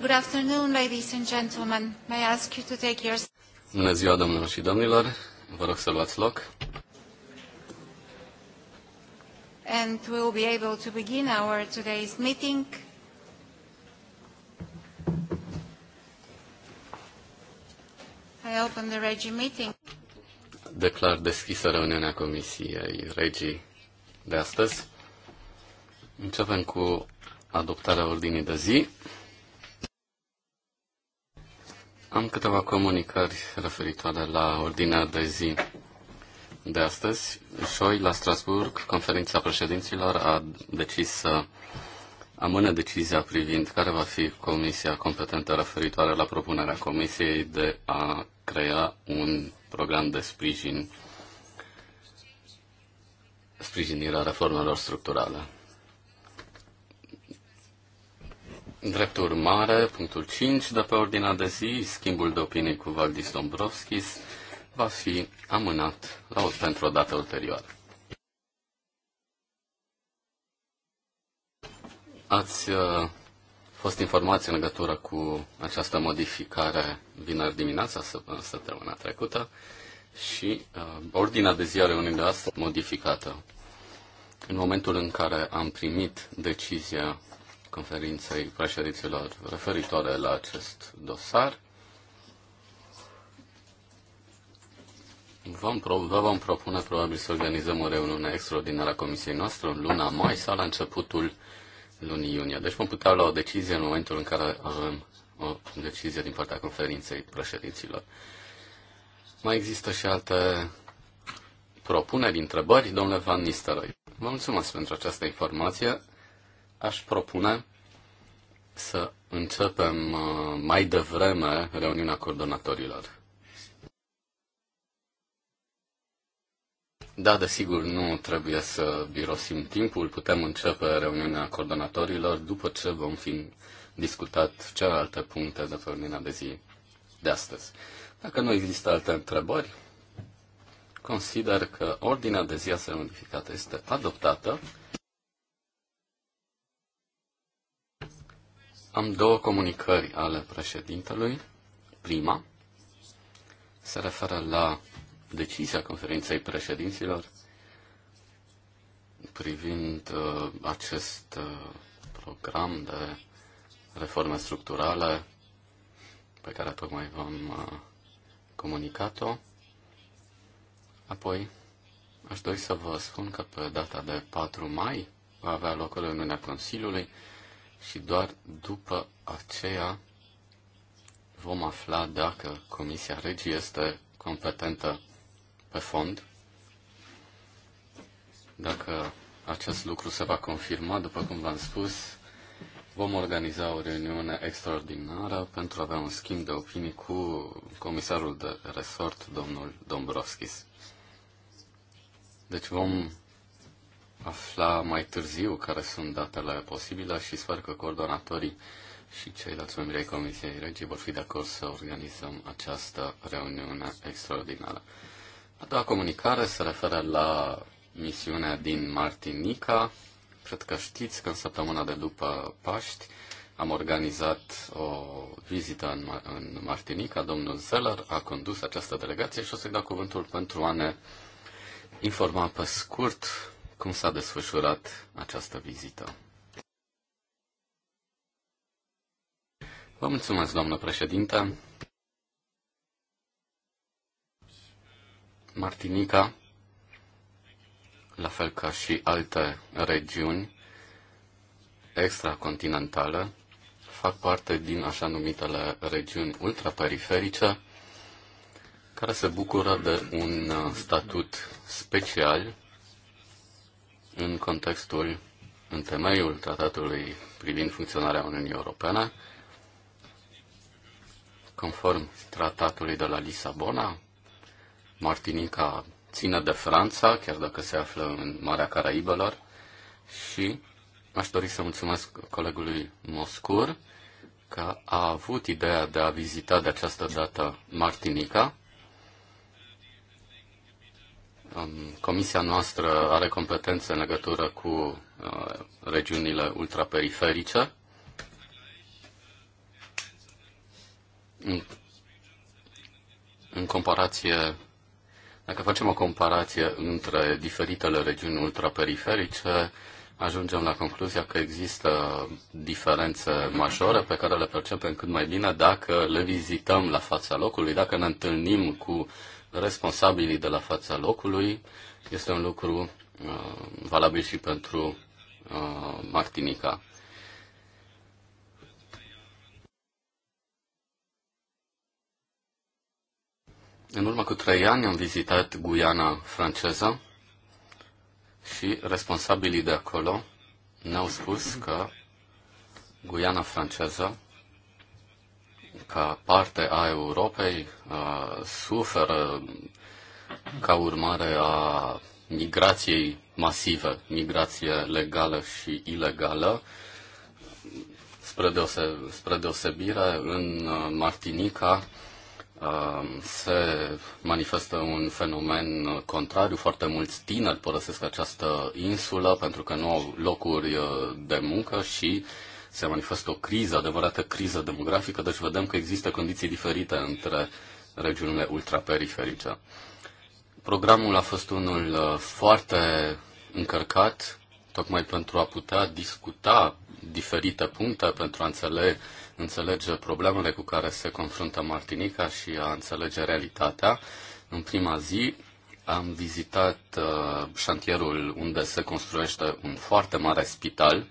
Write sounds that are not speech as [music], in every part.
Good afternoon, ladies and gentlemen. May I ask you to take your... Bună ziua, domnilor și domnilor. Vă rog să luați loc. And we'll be able to begin our today's meeting. I open the Regi meeting. Declar deschisă reuniunea Comisiei Regii de astăzi. Începem cu adoptarea ordinii de zi. Am câteva comunicări referitoare la ordinea de zi de astăzi. Joi, la Strasburg, conferința președinților a decis să amână decizia privind care va fi comisia competentă referitoare la propunerea comisiei de a crea un program de sprijin sprijinirea reformelor structurale. Drept urmare, punctul 5 de pe ordinea de zi, schimbul de opinii cu Valdis Dombrovskis, va fi amânat la, pentru o dată ulterioară. Ați uh, fost informați în legătură cu această modificare vineri dimineața, uh, săptămâna trecută, și uh, ordinea de zi a reuniunii de astăzi modificată. În momentul în care am primit decizia conferinței președinților referitoare la acest dosar. Vom, vă vom propune probabil să organizăm o reuniune extraordinară a comisiei noastre în luna mai sau la începutul lunii iunie. Deci vom putea lua o decizie în momentul în care avem o decizie din partea conferinței președinților. Mai există și alte propuneri, întrebări, domnule Van Nistelrooy. Vă mulțumesc pentru această informație aș propune să începem uh, mai devreme reuniunea coordonatorilor. Da, desigur, nu trebuie să birosim timpul. Putem începe reuniunea coordonatorilor după ce vom fi discutat celelalte puncte de pe ordinea de zi de astăzi. Dacă nu există alte întrebări, consider că ordinea de zi a modificată este adoptată. Am două comunicări ale președintelui. Prima se referă la decizia conferinței președinților privind uh, acest uh, program de reforme structurale pe care tocmai v-am uh, comunicat-o. Apoi, aș dori să vă spun că pe data de 4 mai va avea loc reuniunea Consiliului și doar după aceea vom afla dacă Comisia Regii este competentă pe fond, dacă acest lucru se va confirma, după cum v-am spus, vom organiza o reuniune extraordinară pentru a avea un schimb de opinii cu comisarul de resort, domnul Dombrovskis. Deci vom afla mai târziu care sunt datele posibile și sper că coordonatorii și ceilalți membri ai Comisiei Regii vor fi de acord să organizăm această reuniune extraordinară. A doua comunicare se referă la misiunea din Martinica. Cred că știți că în săptămâna de după Paști am organizat o vizită în, în Martinica. Domnul Zeller a condus această delegație și o să-i dau cuvântul pentru a ne informa pe scurt cum s-a desfășurat această vizită? Vă mulțumesc, doamnă președinte. Martinica, la fel ca și alte regiuni extracontinentale, fac parte din așa numitele regiuni ultraperiferice, care se bucură de un uh, statut special în contextul, în temeiul tratatului privind funcționarea Uniunii Europene, conform tratatului de la Lisabona, Martinica ține de Franța, chiar dacă se află în Marea Caraibelor, și aș dori să mulțumesc colegului Moscur că a avut ideea de a vizita de această dată Martinica Comisia noastră are competențe în legătură cu uh, regiunile ultraperiferice. În comparație, dacă facem o comparație între diferitele regiuni ultraperiferice, ajungem la concluzia că există diferențe majore pe care le percepem cât mai bine dacă le vizităm la fața locului, dacă ne întâlnim cu responsabilii de la fața locului. Este un lucru uh, valabil și pentru uh, Martinica. În urmă cu trei ani am vizitat Guiana franceză și responsabilii de acolo ne-au spus că Guiana franceză ca parte a Europei suferă ca urmare a migrației masive, migrație legală și ilegală. Spre, deose- spre deosebire, în Martinica se manifestă un fenomen contrariu. Foarte mulți tineri părăsesc această insulă pentru că nu au locuri de muncă și uh, se manifestă o criză, adevărată criză demografică, deci vedem că există condiții diferite între regiunile ultraperiferice. Programul a fost unul uh, foarte încărcat, tocmai pentru a putea discuta diferite puncte, pentru a înțelege, înțelege problemele cu care se confruntă Martinica și a înțelege realitatea. În prima zi am vizitat uh, șantierul unde se construiește un foarte mare spital,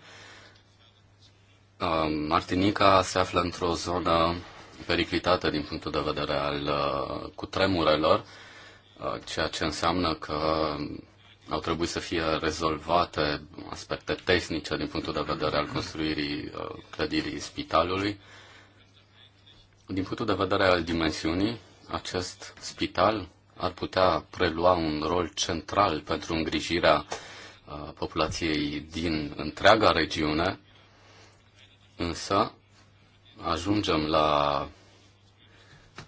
Um, Martinica se află într-o zonă periclitată din punctul de vedere al uh, cutremurelor, uh, ceea ce înseamnă că au trebuit să fie rezolvate aspecte tehnice din punctul de vedere al construirii uh, clădirii spitalului. Din punctul de vedere al dimensiunii, acest spital ar putea prelua un rol central pentru îngrijirea populației din întreaga regiune, Însă ajungem la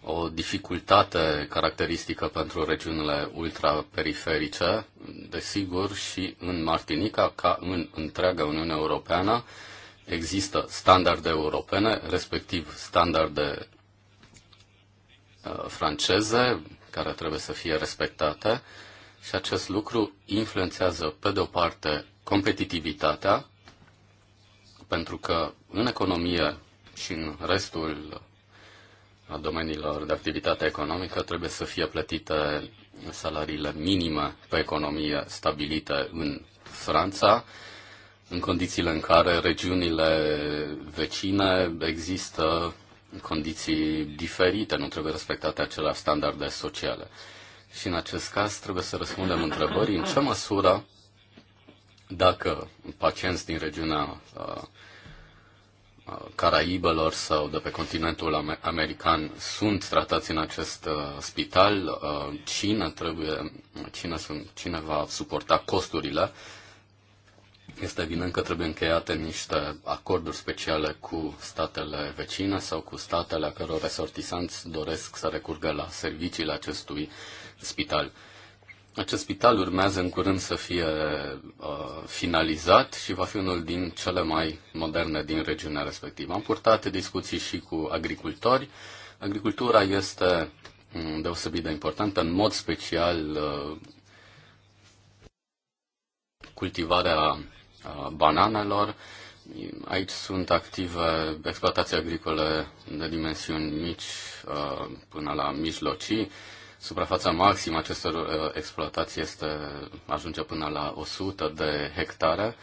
o dificultate caracteristică pentru regiunile ultraperiferice, desigur, și în Martinica, ca în întreaga Uniune Europeană, există standarde europene, respectiv standarde uh, franceze, care trebuie să fie respectate, și acest lucru influențează, pe de o parte, competitivitatea pentru că în economie și în restul domeniilor de activitate economică trebuie să fie plătite salariile minime pe economie stabilite în Franța, în condițiile în care regiunile vecine există condiții diferite, nu trebuie respectate aceleași standarde sociale. Și în acest caz trebuie să răspundem întrebării în ce măsură dacă pacienți din regiunea uh, uh, Caraibelor sau de pe continentul american sunt tratați în acest uh, spital, cine, trebuie, cine, sunt, cine va suporta costurile? Este evident că trebuie încheiate niște acorduri speciale cu statele vecine sau cu statele a căror resortisanți doresc să recurgă la serviciile acestui spital. Acest spital urmează în curând să fie uh, finalizat și va fi unul din cele mai moderne din regiunea respectivă. Am purtat discuții și cu agricultori. Agricultura este um, deosebit de importantă, în mod special uh, cultivarea uh, bananelor. Aici sunt active exploatații agricole de dimensiuni mici uh, până la mijlocii Suprafața maximă acestor uh, exploatații este, ajunge până la 100 de hectare.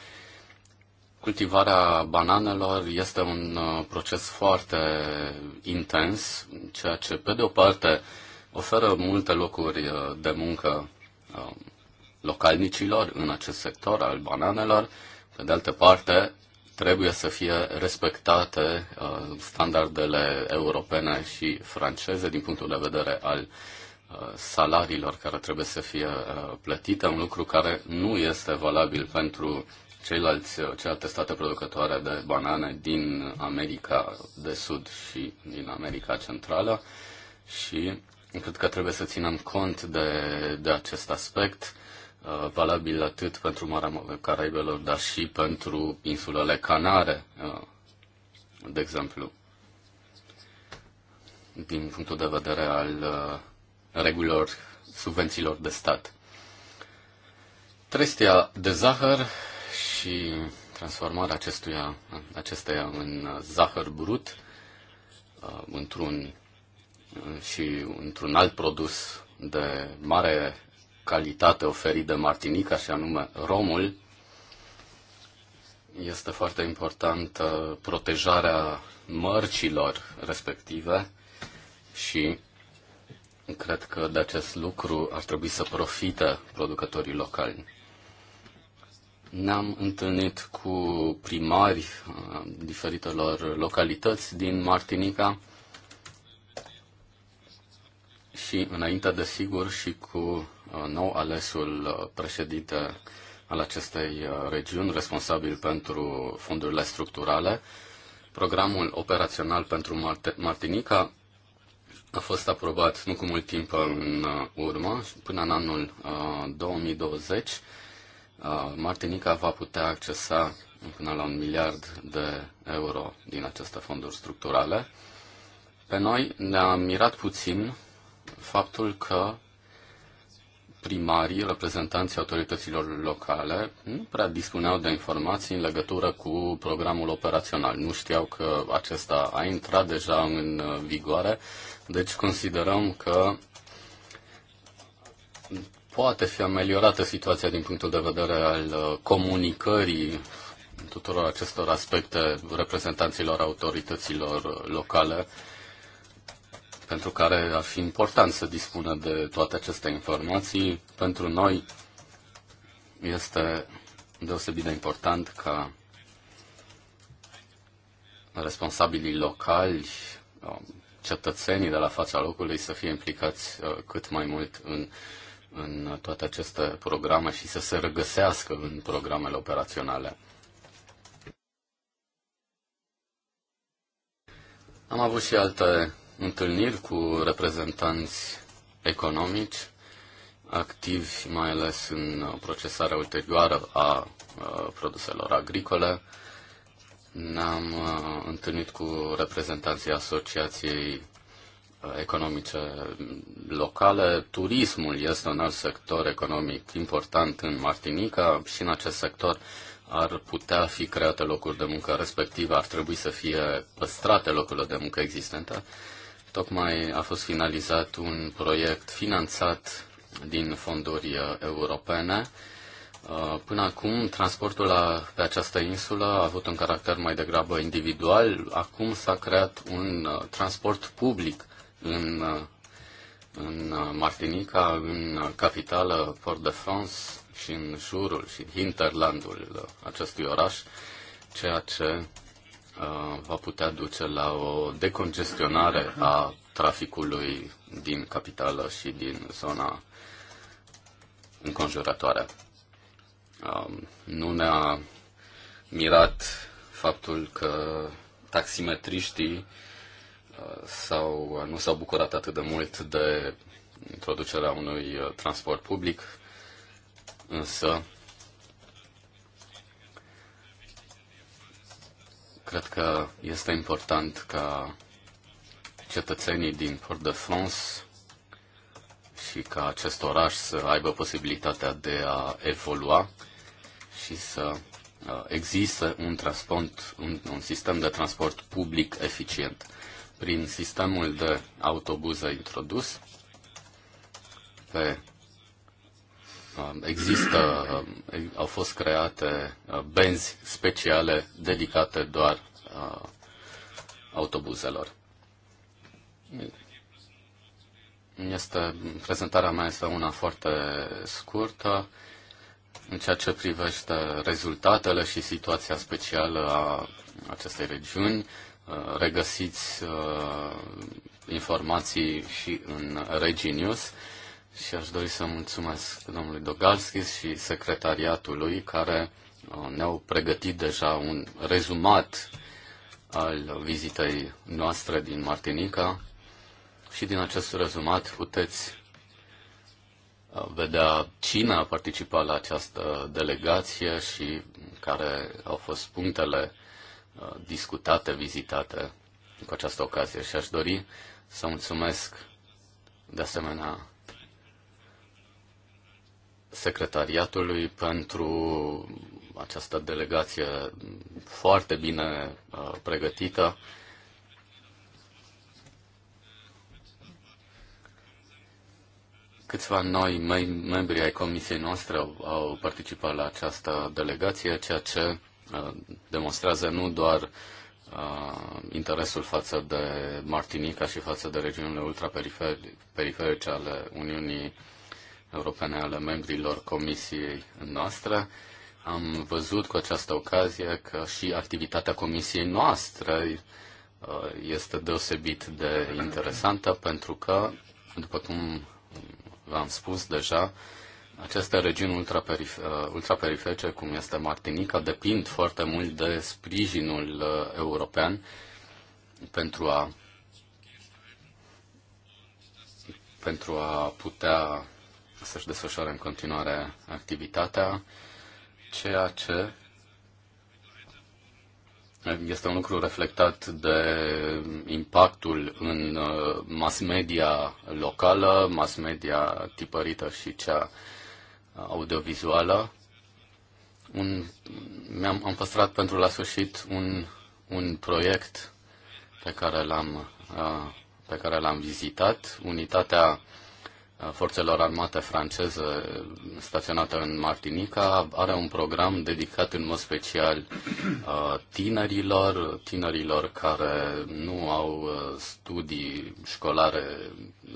Cultivarea bananelor este un uh, proces foarte intens, ceea ce, pe de o parte, oferă multe locuri uh, de muncă localnicilor în acest sector al bananelor, pe de altă parte, trebuie să fie respectate standardele europene și franceze din punctul de vedere al salariilor care trebuie să fie uh, plătite, un lucru care nu este valabil pentru ceilalți, uh, celelalte state producătoare de banane din America de Sud și din America Centrală și cred că trebuie să ținem cont de, de acest aspect uh, valabil atât pentru Marea Caraibelor, dar și pentru insulele Canare, de exemplu. Din punctul de vedere al regulilor subvențiilor de stat. Trestia de zahăr și transformarea acestuia, acesteia în zahăr brut, uh, într-un și într-un alt produs de mare calitate oferit de Martinica, și anume romul, este foarte important protejarea mărcilor respective și Cred că de acest lucru ar trebui să profită producătorii locali. Ne-am întâlnit cu primari uh, diferitelor localități din Martinica și înainte de sigur și cu uh, nou alesul uh, președinte al acestei regiuni, responsabil pentru fondurile structurale. Programul operațional pentru Martinica a fost aprobat nu cu mult timp în uh, urmă, până în anul 2020, uh, uh, Martinica va putea accesa până la un miliard de euro din aceste fonduri structurale. Pe noi ne-a mirat puțin faptul că primarii, reprezentanții autorităților locale, nu prea dispuneau de informații în legătură cu programul operațional. Nu știau că acesta a intrat deja în vigoare deci considerăm că poate fi ameliorată situația din punctul de vedere al uh, comunicării tuturor acestor aspecte reprezentanților autorităților locale, pentru care ar fi important să dispună de toate aceste informații. Pentru noi este deosebit de important ca responsabilii locali uh, cetățenii de la fața locului să fie implicați uh, cât mai mult în, în toate aceste programe și să se regăsească în programele operaționale. Am avut și alte întâlniri cu reprezentanți economici, activi mai ales în procesarea ulterioară a uh, produselor agricole, ne-am uh, întâlnit cu reprezentanții Asociației uh, economice locale. Turismul este un alt sector economic important în Martinica și în acest sector ar putea fi create locuri de muncă respective, ar trebui să fie păstrate locurile de muncă existente. Tocmai a fost finalizat un proiect finanțat din fonduri uh, europene Uh, până acum, transportul la, pe această insulă a avut un caracter mai degrabă individual. Acum s-a creat un uh, transport public în, uh, în Martinica, în capitală Port-de-France și în jurul și hinterlandul acestui oraș, ceea ce va putea duce la o decongestionare a traficului din capitală și din zona înconjurătoare. Nu ne-a mirat faptul că taximetriștii uh, sau nu s-au bucurat atât de mult de introducerea unui uh, transport public, însă cred că este important ca cetățenii din Port-de-France și ca acest oraș să aibă posibilitatea de a evolua și să uh, există un, transport, un, un sistem de transport public eficient. Prin sistemul de autobuze introdus, pe, uh, există, uh, au fost create benzi speciale dedicate doar autobuzelor. Este, prezentarea mea este una foarte scurtă în ceea ce privește rezultatele și situația specială a acestei regiuni. Uh, regăsiți uh, informații și în Reginius și aș dori să mulțumesc domnului Dogalski și secretariatului care uh, ne-au pregătit deja un rezumat al vizitei noastre din Martinica și din acest rezumat puteți vedea cine a participat la această delegație și care au fost punctele uh, discutate, vizitate cu această ocazie. Și aș dori să mulțumesc de asemenea secretariatului pentru această delegație foarte bine uh, pregătită Câțiva noi membri ai comisiei noastre au participat la această delegație, ceea ce uh, demonstrează nu doar uh, interesul față de Martinica și față de regiunile ultraperiferice ale Uniunii Europene, ale membrilor comisiei noastre, am văzut cu această ocazie că și activitatea comisiei noastre uh, este deosebit de interesantă pentru că, după cum v-am spus deja, aceste regiuni ultraperif- uh, ultraperiferice, cum este Martinica, depind foarte mult de sprijinul uh, european pentru a, pentru a putea să-și desfășoare în continuare activitatea, ceea ce este un lucru reflectat de impactul în uh, mass media locală, mass media tipărită și cea audiovizuală. Un, mi-am am păstrat pentru la sfârșit un, un proiect pe care l-am, uh, pe care l-am vizitat, unitatea forțelor armate franceze staționate în Martinica are un program dedicat în mod special tinerilor, tinerilor care nu au studii școlare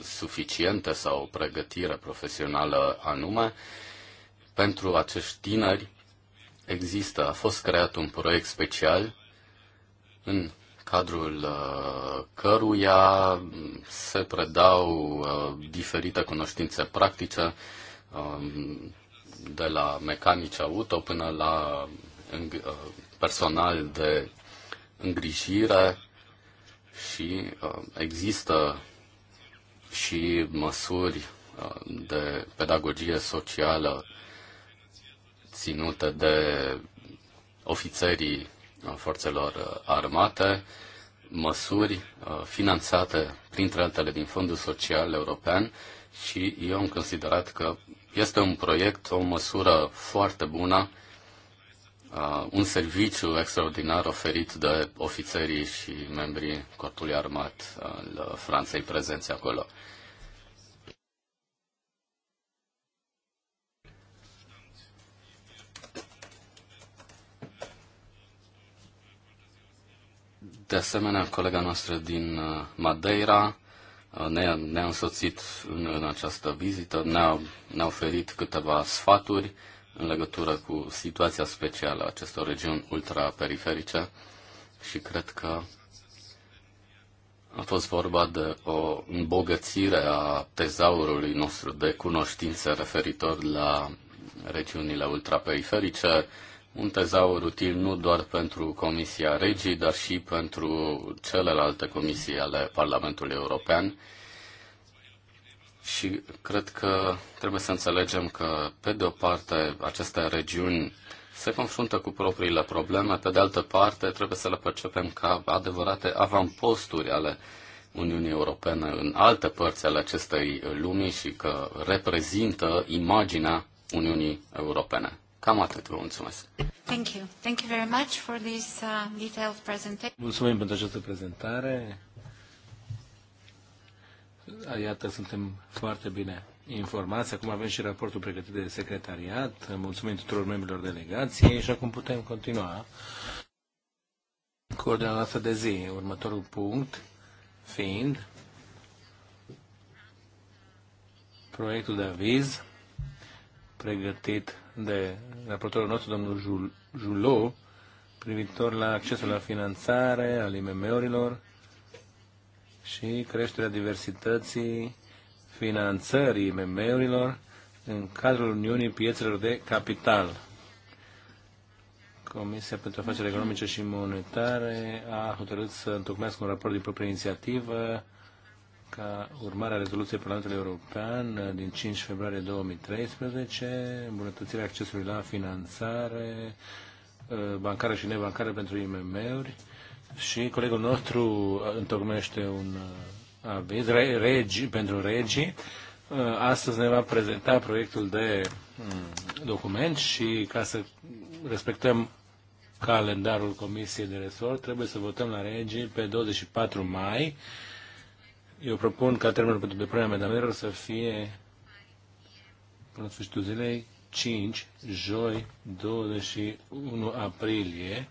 suficiente sau o pregătire profesională anume. Pentru acești tineri există, a fost creat un proiect special în cadrul uh, căruia se predau uh, diferite cunoștințe practice, um, de la mecanici auto până la uh, personal de îngrijire și există și măsuri de pedagogie socială ținute de ofițerii forțelor uh, armate, măsuri uh, finanțate, printre altele, din Fondul Social European și eu am considerat că este un proiect, o măsură foarte bună, uh, un serviciu extraordinar oferit de ofițerii și membrii Corpului Armat al Franței prezenți acolo. De asemenea, colega noastră din uh, Madeira uh, ne-a, ne-a însoțit în, în această vizită, ne-a, ne-a oferit câteva sfaturi în legătură cu situația specială a acestor regiuni ultraperiferice și cred că a fost vorba de o îmbogățire a tezaurului nostru de cunoștințe referitor la regiunile ultraperiferice, un tezaur util nu doar pentru Comisia Regii, dar și pentru celelalte comisii ale Parlamentului European. Și cred că trebuie să înțelegem că, pe de o parte, aceste regiuni se confruntă cu propriile probleme, pe de altă parte, trebuie să le percepem ca adevărate avamposturi ale Uniunii Europene în alte părți ale acestei lumii și că reprezintă imaginea Uniunii Europene. Cam atât, vă mulțumesc. Thank you. Thank you very much for this uh, detailed presentation. Mulțumim pentru această prezentare. Iată, suntem foarte bine informați. Acum avem și raportul pregătit de secretariat. Mulțumim tuturor membrilor delegației și acum putem continua cu ordinea noastră de zi. Următorul punct fiind proiectul de aviz pregătit de raportorul nostru, domnul Julo, privitor la accesul la finanțare al IMM-urilor și creșterea diversității finanțării IMM-urilor în cadrul Uniunii Piețelor de Capital. Comisia pentru Afaceri Economice și Monetare a hotărât să întocmească un raport din proprie inițiativă ca urmare a rezoluției Parlamentului European din 5 februarie 2013, îmbunătățirea accesului la finanțare uh, bancară și nebancară pentru IMM-uri și colegul nostru uh, întocmește un uh, aviz regi, pentru regii. Astăzi ne va prezenta proiectul de um, document și ca să respectăm calendarul Comisiei de Resort, trebuie să votăm la regii pe 24 mai eu propun ca termenul pentru depunerea amendamentelor să fie până la sfârșitul zilei 5, joi, 21 aprilie.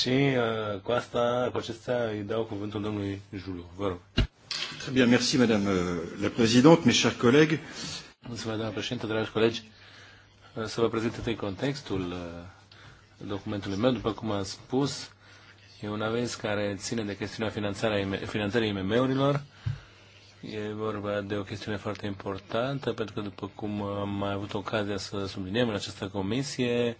Și uh, cu asta, cu acestea, îi dau cuvântul domnului Julu. Vă rog. Très bien, merci madame euh, la présidente, mes chers collègues. Mulțumesc, doamna președinte, dragi colegi. Uh, să vă prezint întâi contextul uh, documentului meu, după cum am spus, E un avens care ține de chestiunea finanțării IMM-urilor. E vorba de o chestiune foarte importantă, pentru că, după cum am mai avut ocazia să subliniem în această comisie,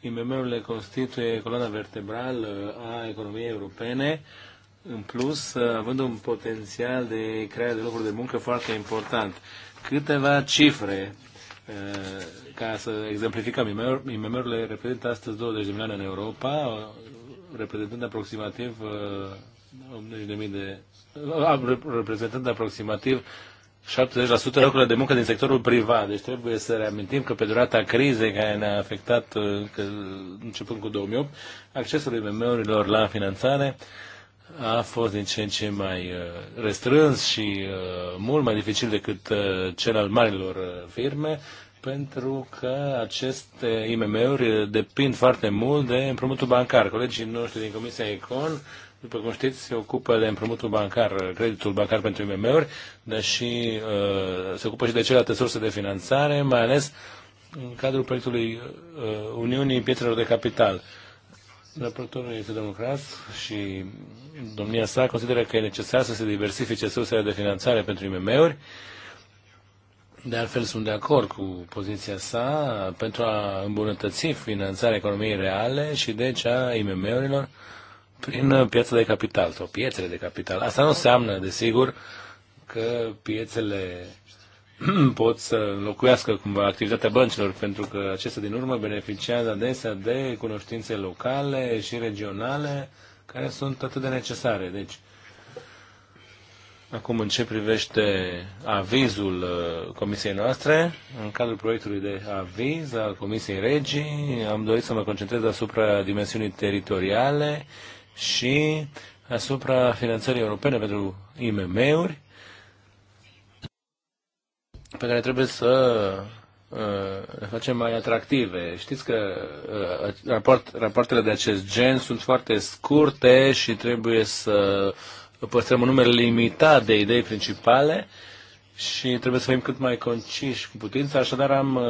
IMM-urile constituie coloana vertebrală a economiei europene, în plus, având un potențial de creare de locuri de muncă foarte important. Câteva cifre eh, ca să exemplificăm, IMM-urile reprezintă astăzi 20 de milioane în Europa, reprezentând aproximativ 80.000 uh, de... Uh, reprezentând aproximativ 70% locurile de muncă din sectorul privat. Deci trebuie să reamintim că pe durata crizei care ne-a afectat uh, că, începând cu 2008, accesul IMM-urilor la finanțare a fost din ce în ce mai restrâns și mult mai dificil decât cel al marilor firme pentru că aceste IMM-uri depind foarte mult de împrumutul bancar. Colegii noștri din Comisia Econ, după cum știți, se ocupă de împrumutul bancar, creditul bancar pentru IMM-uri, dar și uh, se ocupă și de celelalte surse de finanțare, mai ales în cadrul proiectului uh, Uniunii Pietrelor de Capital. Raportorul este domnul Cras și domnia sa consideră că e necesar să se diversifice sursele de finanțare pentru IMM-uri, uh, de altfel, sunt de acord cu poziția sa pentru a îmbunătăți finanțarea economiei reale și deci a IMM-urilor prin piața de capital sau piețele de capital. Asta nu înseamnă, desigur, că piețele [clears throat] pot să înlocuiască cumva activitatea băncilor, pentru că acestea din urmă beneficiază adesea de cunoștințe locale și regionale care sunt atât de necesare. Deci, Acum, în ce privește avizul uh, comisiei noastre, în cadrul proiectului de aviz al Comisiei Regii, am dorit să mă concentrez asupra dimensiunii teritoriale și asupra finanțării europene pentru IMM-uri, pe care trebuie să uh, le facem mai atractive. Știți că uh, rapoartele de acest gen sunt foarte scurte și trebuie să păstrăm un număr limitat de idei principale și trebuie să fim cât mai conciși cu putință, așadar am uh,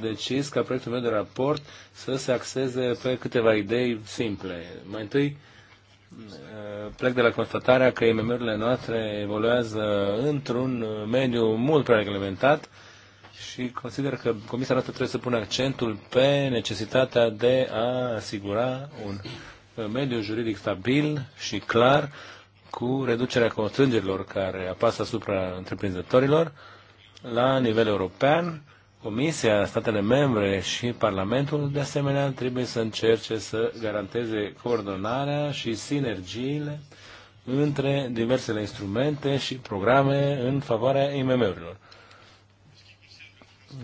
decis ca proiectul meu de raport să se axeze pe câteva idei simple. Mai întâi, uh, plec de la constatarea că IMM-urile noastre evoluează într-un mediu mult prea reglementat și consider că Comisia noastră trebuie să pună accentul pe necesitatea de a asigura un uh, mediu juridic stabil și clar cu reducerea constrângerilor care apasă asupra întreprinzătorilor la nivel european. Comisia, statele membre și Parlamentul, de asemenea, trebuie să încerce să garanteze coordonarea și sinergiile între diversele instrumente și programe în favoarea IMM-urilor.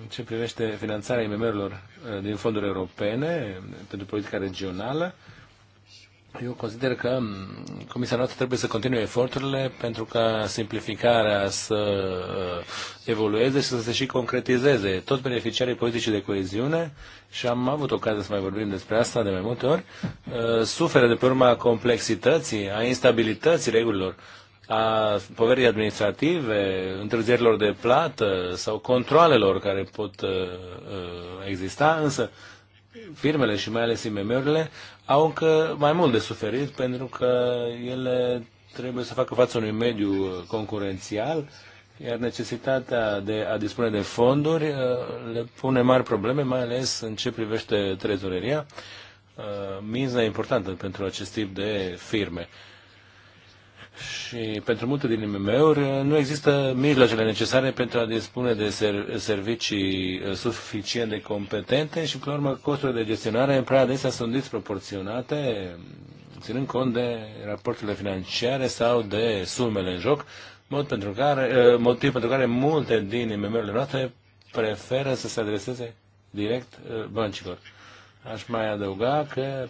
În ce privește finanțarea IMM-urilor eh, din fonduri europene pentru politica regională, eu consider că mm, Comisia noastră trebuie să continue eforturile pentru ca simplificarea să uh, evolueze și să se și concretizeze. Tot beneficiarii politicii de coeziune, și am avut ocazia să mai vorbim despre asta de mai multe ori, uh, suferă de pe urma complexității, a instabilității regulilor, a poverii administrative, întârzierilor de plată sau controlelor care pot uh, exista, însă firmele și mai ales IMM-urile au încă mai mult de suferit pentru că ele trebuie să facă față unui mediu uh, concurențial, iar necesitatea de a dispune de fonduri uh, le pune mari probleme, mai ales în ce privește trezoreria, uh, miza importantă pentru acest tip de firme. Și pentru multe din IMM-uri eh, nu există mijloacele necesare pentru a dispune de ser- servicii eh, suficient de competente și, până la urmă, costurile de gestionare în prea adesea sunt disproporționate, ținând cont de raporturile financiare sau de sumele în joc, mod pentru care, eh, motiv pentru care multe din IMM-urile noastre preferă să se adreseze direct băncilor. Aș mai adăuga că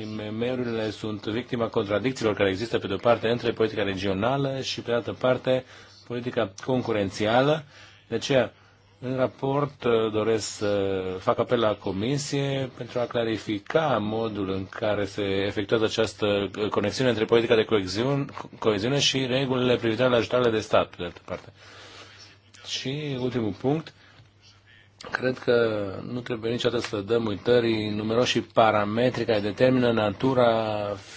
IMM-urile sunt victima contradicțiilor care există, pe de-o parte, între politica regională și, pe de altă parte, politica concurențială. De aceea, în raport uh, doresc să fac apel la Comisie pentru a clarifica modul în care se efectuează această uh, conexiune între politica de coeziune și regulile privitoare la ajutoarele de stat, pe de altă parte. Și ultimul punct, Cred că nu trebuie niciodată să dăm uitării numeroși parametri care determină natura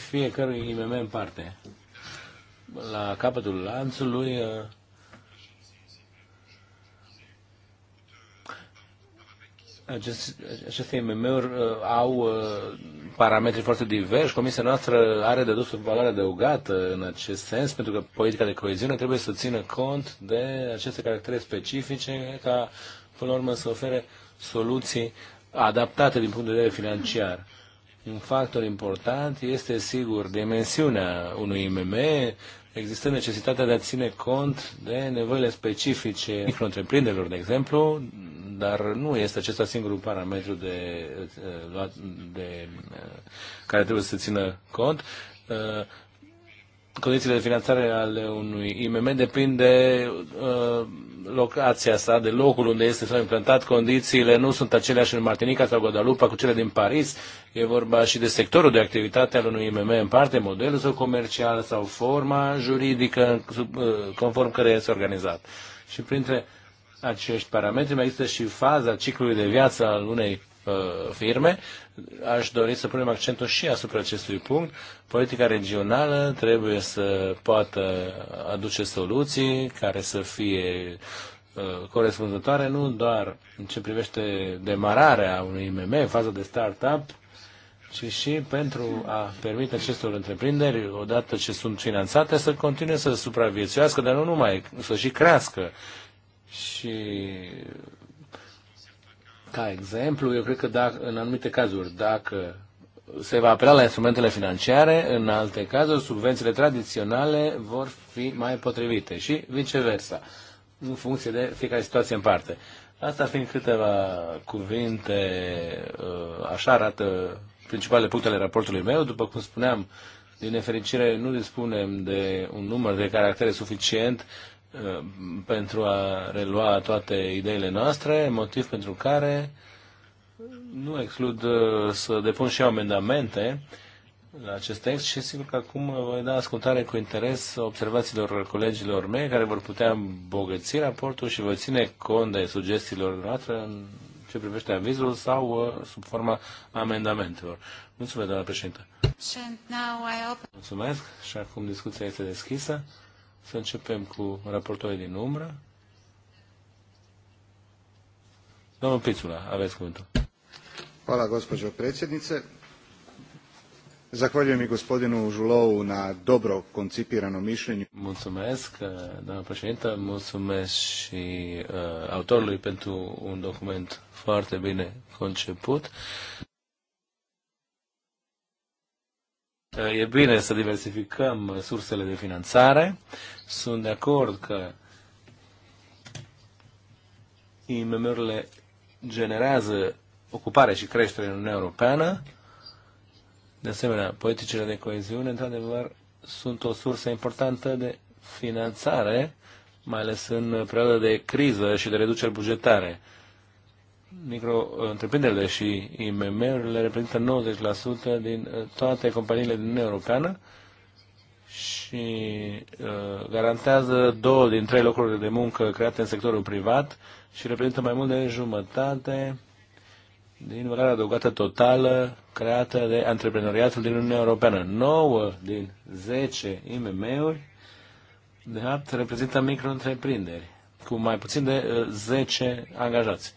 fiecărui IMM în parte. La capătul lanțului uh, aceste IMM-uri uh, au uh, parametri foarte diversi. Comisia noastră are de dus o valoare adăugată în acest sens, pentru că politica de coeziune trebuie să țină cont de aceste caractere specifice ca până la urmă să ofere soluții adaptate din punct de vedere financiar. Un factor important este, sigur, dimensiunea unui IMM, există necesitatea de a ține cont de nevoile specifice micro-întreprinderilor, de exemplu, dar nu este acesta singurul parametru de, de, de care trebuie să țină cont condițiile de finanțare ale unui IMM depind de uh, locația sa, de locul unde este sau implantat. Condițiile nu sunt aceleași în Martinica sau Guadalupe cu cele din Paris. E vorba și de sectorul de activitate al unui IMM în parte, modelul sau comercial sau forma juridică sub, uh, conform care este organizat. Și printre acești parametri mai există și faza ciclului de viață al unei uh, firme aș dori să punem accentul și asupra acestui punct. Politica regională trebuie să poată aduce soluții care să fie uh, corespunzătoare, nu doar în ce privește demararea unui IMM, faza de start-up, ci și pentru a permite acestor întreprinderi, odată ce sunt finanțate, să continue să supraviețuiască, dar nu numai, să și crească. Și ca exemplu, eu cred că dacă, în anumite cazuri, dacă se va apela la instrumentele financiare, în alte cazuri, subvențiile tradiționale vor fi mai potrivite și viceversa, în funcție de fiecare situație în parte. Asta fiind câteva cuvinte, uh, așa arată principalele puncte ale raportului meu. După cum spuneam, din nefericire nu dispunem de un număr de caractere suficient Uh, pentru a relua toate ideile noastre, motiv pentru care nu exclud uh, să depun și eu amendamente la acest text și sigur că acum voi da ascultare cu interes observațiilor colegilor mei care vor putea îmbogăți raportul și voi ține cont de sugestiilor noastre în ce privește avizul sau uh, sub forma amendamentelor. Mulțumesc, doamna președintă. Mulțumesc și acum discuția este deschisă. Să începem cu raportorii din umbră. Domnul Pițula, aveți cuvântul. Hvala, gospođo predsjednice. Zahvaljujem i gospodinu Žulovu na dobro koncipirano mišljenju. Mulțumesc, uh, doamna președintă, mulțumesc și uh, autorului pentru un document foarte bine conceput. Eh, e bine să diversificăm sursele de finanțare. Sunt de acord că IMM-urile generează ocupare și creștere în Uniunea Europeană. De asemenea, politicile de coeziune, într-adevăr, sunt o sursă importantă de finanțare, mai ales în perioada de criză și de reducere bugetare micro-întreprinderile și IMM-urile reprezintă 90% din uh, toate companiile din Uniunea Europeană și uh, garantează două din trei locuri de muncă create în sectorul privat și reprezintă mai mult de jumătate din valoarea adăugată totală creată de antreprenoriatul din Uniunea Europeană. 9 din 10 IMM-uri, de fapt, reprezintă micro-întreprinderi cu mai puțin de uh, 10 angajați.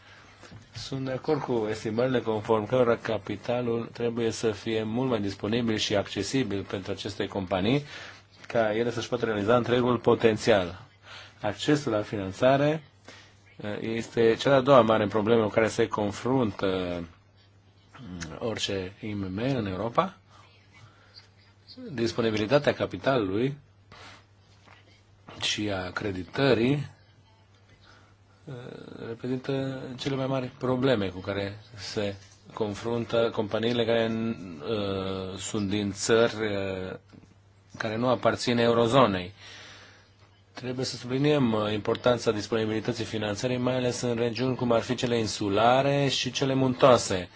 Sunt de acord cu estimările conform cărora capitalul trebuie să fie mult mai disponibil și accesibil pentru aceste companii, ca ele să-și poată realiza întregul potențial. Accesul la finanțare eh, este cea de-a doua mare problemă cu care se confruntă mm, orice IMM în Europa. Disponibilitatea capitalului și a creditării Uh, reprezintă cele mai mari probleme cu care se confruntă companiile care uh, sunt din țări uh, care nu aparțin eurozonei. Trebuie să subliniem uh, importanța disponibilității finanțării, mai ales în regiuni cum ar fi cele insulare și cele muntoase.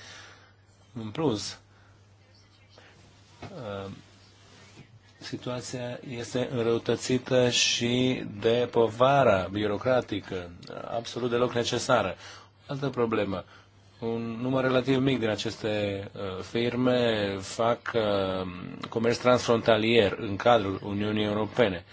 În plus, uh, situația este înrăutățită și de povara birocratică, absolut deloc necesară. Altă problemă. Un număr relativ mic din aceste uh, firme fac uh, comerț transfrontalier în cadrul Uniunii Europene.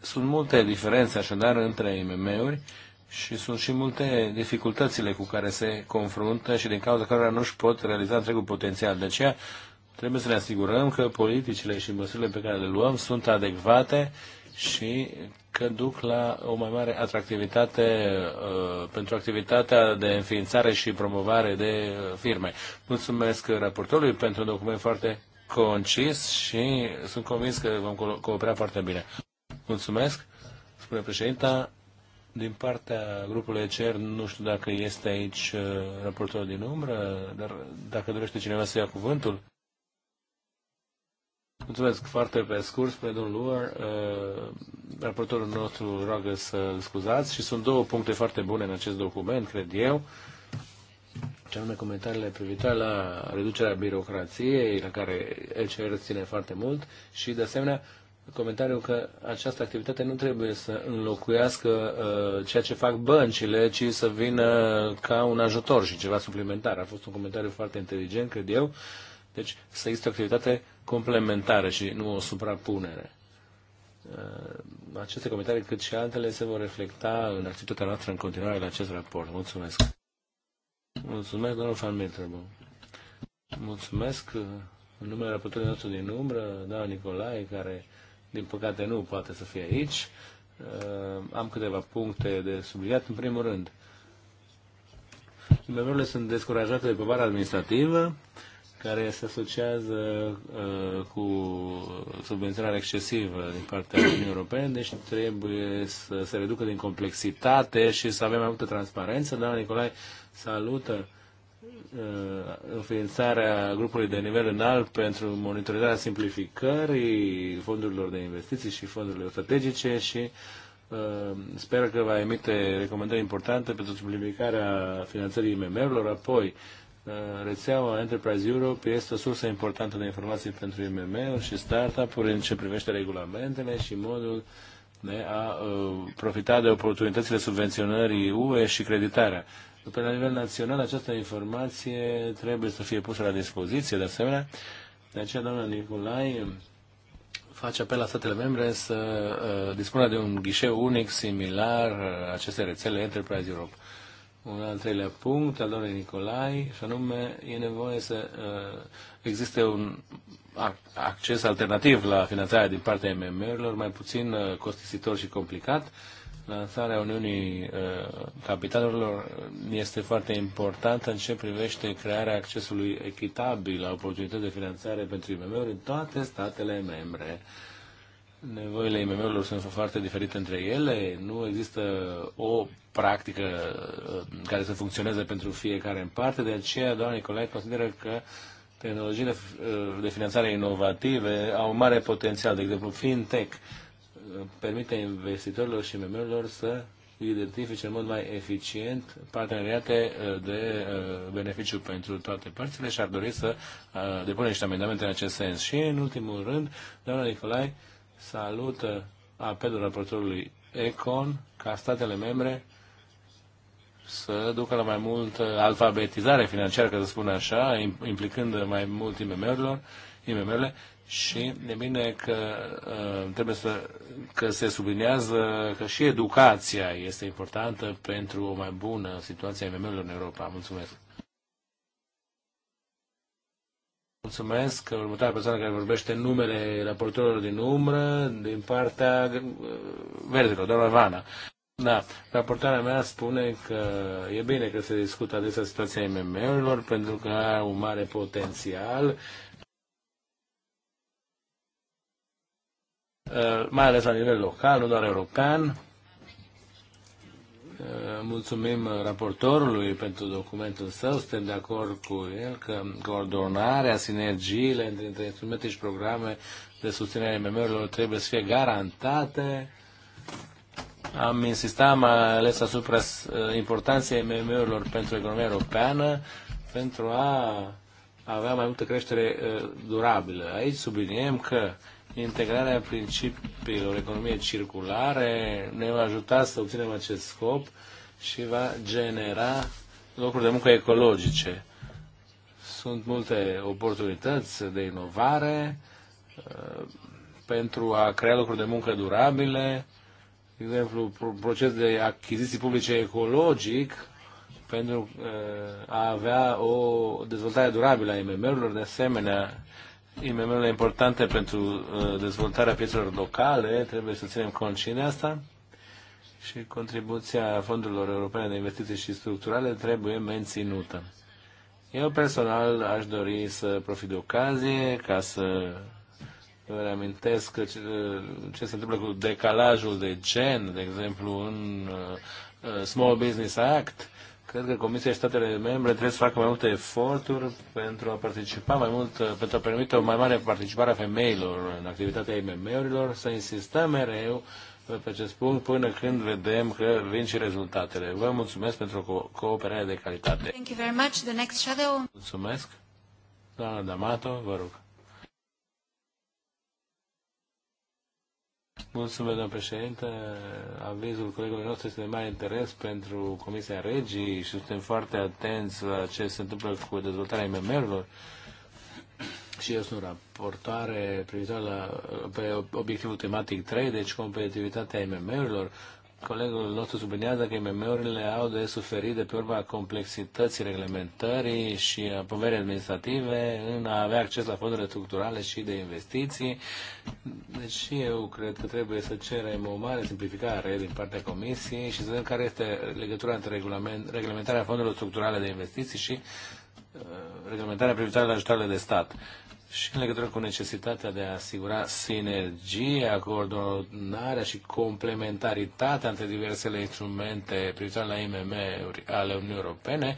Sunt multe diferențe așadar între IMM-uri și sunt și multe dificultățile cu care se confruntă și din cauza cărora nu își pot realiza întregul potențial. De aceea, Trebuie să ne asigurăm că politicile și măsurile pe care le luăm sunt adecvate și că duc la o mai mare atractivitate uh, pentru activitatea de înființare și promovare de uh, firme. Mulțumesc raportorului pentru un document foarte concis și sunt convins că vom co coopera foarte bine. Mulțumesc, spune președinta. Din partea grupului ECR, nu știu dacă este aici uh, raportorul din umbră, dar dacă dorește cineva să ia cuvântul. Mulțumesc foarte pe scurt, pe domnul Luar. Uh, raportorul nostru roagă să-l scuzați și sunt două puncte foarte bune în acest document, cred eu. Ce anume comentariile privitoare la reducerea birocrației, la care ECR ține foarte mult și, de asemenea, comentariul că această activitate nu trebuie să înlocuiască uh, ceea ce fac băncile, ci să vină ca un ajutor și ceva suplimentar. A fost un comentariu foarte inteligent, cred eu. Uh, deci să există o activitate complementară și nu o suprapunere. Uh, aceste comentarii, cât și altele, se vor reflecta în activitatea noastră în continuare la acest raport. Mulțumesc! Mulțumesc, domnul Van Mitterbu. Mulțumesc uh, în numele raportului nostru din umbră, doamna Nicolae, care din păcate nu poate să fie aici. Uh, am câteva puncte de subliniat. În primul rând, Membrele sunt descurajate de povara administrativă care se asociază uh, cu subvenționare excesivă din partea Uniunii Europene, deci trebuie să se reducă din complexitate și să avem mai multă transparență. Doamna Nicolae salută uh, înființarea grupului de nivel înalt pentru monitorizarea simplificării fondurilor de investiții și fondurilor strategice și uh, sper că va emite recomandări importante pentru simplificarea finanțării IMM-urilor, apoi uh, Uh, rețeaua Enterprise Europe este o sursă importantă de informații pentru IMM-uri și startup-uri în ce privește regulamentele și modul de a uh, profita de oportunitățile subvenționării UE și creditarea. Pe la nivel național, această informație trebuie să fie pusă la dispoziție, de asemenea. De aceea, doamna Nicolai uh, face apel la statele membre să dispună de un ghișeu unic similar acestei rețele Enterprise Europe un al treilea punct al domnului Nicolai, și anume e nevoie să uh, existe un acces alternativ la finanțarea din partea mmr urilor mai puțin uh, costisitor și complicat. Lansarea Uniunii uh, Capitalurilor uh, este foarte importantă în ce privește crearea accesului echitabil la oportunități de finanțare pentru mmr uri în toate statele membre. Uh, nevoile IMM-urilor sunt foarte diferite între ele, nu există o practică uh, care să funcționeze pentru fiecare în parte, de aceea doamna Nicolae consideră că tehnologiile uh, de finanțare inovative au mare potențial, de exemplu fintech uh, permite investitorilor și IMM-urilor să identifice în mod mai eficient parteneriate de beneficiu pentru toate părțile și ar dori să depună niște amendamente în acest sens. Și, în ultimul rând, doamna Nicolae salută apelul raportorului Econ ca statele membre să ducă la mai mult alfabetizare financiară, ca să spun așa, implicând mai mult IMM-urilor, IMM-urile și e bine că uh, trebuie să că se sublinează că și educația este importantă pentru o mai bună situație a IMM-urilor în Europa. Mulțumesc! Mulțumesc. Următoarea persoană care vorbește în numele raportorilor din umbră, din partea uh, verzilor, doamna Vana. Da, raportarea mea spune că e bine că se discută adesea situația IMM-urilor pentru că are un mare potențial uh, mai ales la nivel local, nu doar european, Eh, mulțumim raportorului pentru documentul său. Suntem de acord cu el că coordonarea, sinergiile între instrumente și programe de susținere MMR-urilor trebuie să fie garantate. Am insistat mai ales asupra eh, importanței MMR-urilor pentru economia europeană pentru a avea mai multă creștere eh, durabilă. Aici subliniem că Integrarea principiilor economiei circulare ne va ajuta să obținem acest scop și va genera locuri de muncă ecologice. Sunt multe oportunități de inovare uh, pentru a crea locuri de muncă durabile, de exemplu, proces de achiziții publice ecologic pentru uh, a avea o dezvoltare durabilă a IMM-urilor, de asemenea, IMM-urile importante pentru uh, dezvoltarea piețelor locale, trebuie să ținem cont și de asta și contribuția fondurilor europene de investiții și structurale trebuie menținută. Eu personal aș dori să profit de ocazie ca să vă reamintesc ce, uh, ce se întâmplă cu decalajul de gen, de exemplu, în uh, Small Business Act, Cred că Comisia și statele membre trebuie să facă mai multe eforturi pentru a participa mai mult, uh, pentru a permite o mai mare participare a femeilor în activitatea IMM-urilor, să insistăm mereu pe acest punct până când vedem că vin și rezultatele. Vă mulțumesc pentru co- cooperare de calitate. Thank you very much. The next shadow. Mulțumesc. Doamna D'Amato, vă rog. Mulțumesc, domnul președinte. Avizul colegului nostru este de mare interes pentru Comisia Regii și suntem foarte atenți la ce se întâmplă cu dezvoltarea IMM-urilor. Și eu sunt raportoare privitoare la, pe obiectivul tematic 3, deci competitivitatea IMM-urilor. Colegul nostru subliniază că IMM-urile au de suferit de pe urma complexității reglementării și a poverii administrative în a avea acces la fondurile structurale și de investiții. Deci și eu cred că trebuie să cerem o mare simplificare din partea Comisiei și să vedem care este legătura între reglementarea fondurilor structurale de investiții și Uh, reglementarea privitoare la ajutoarele de stat și în legătură cu necesitatea de a asigura sinergia, coordonarea și complementaritatea între diversele instrumente privitoare la IMM-uri ale Uniunii Europene,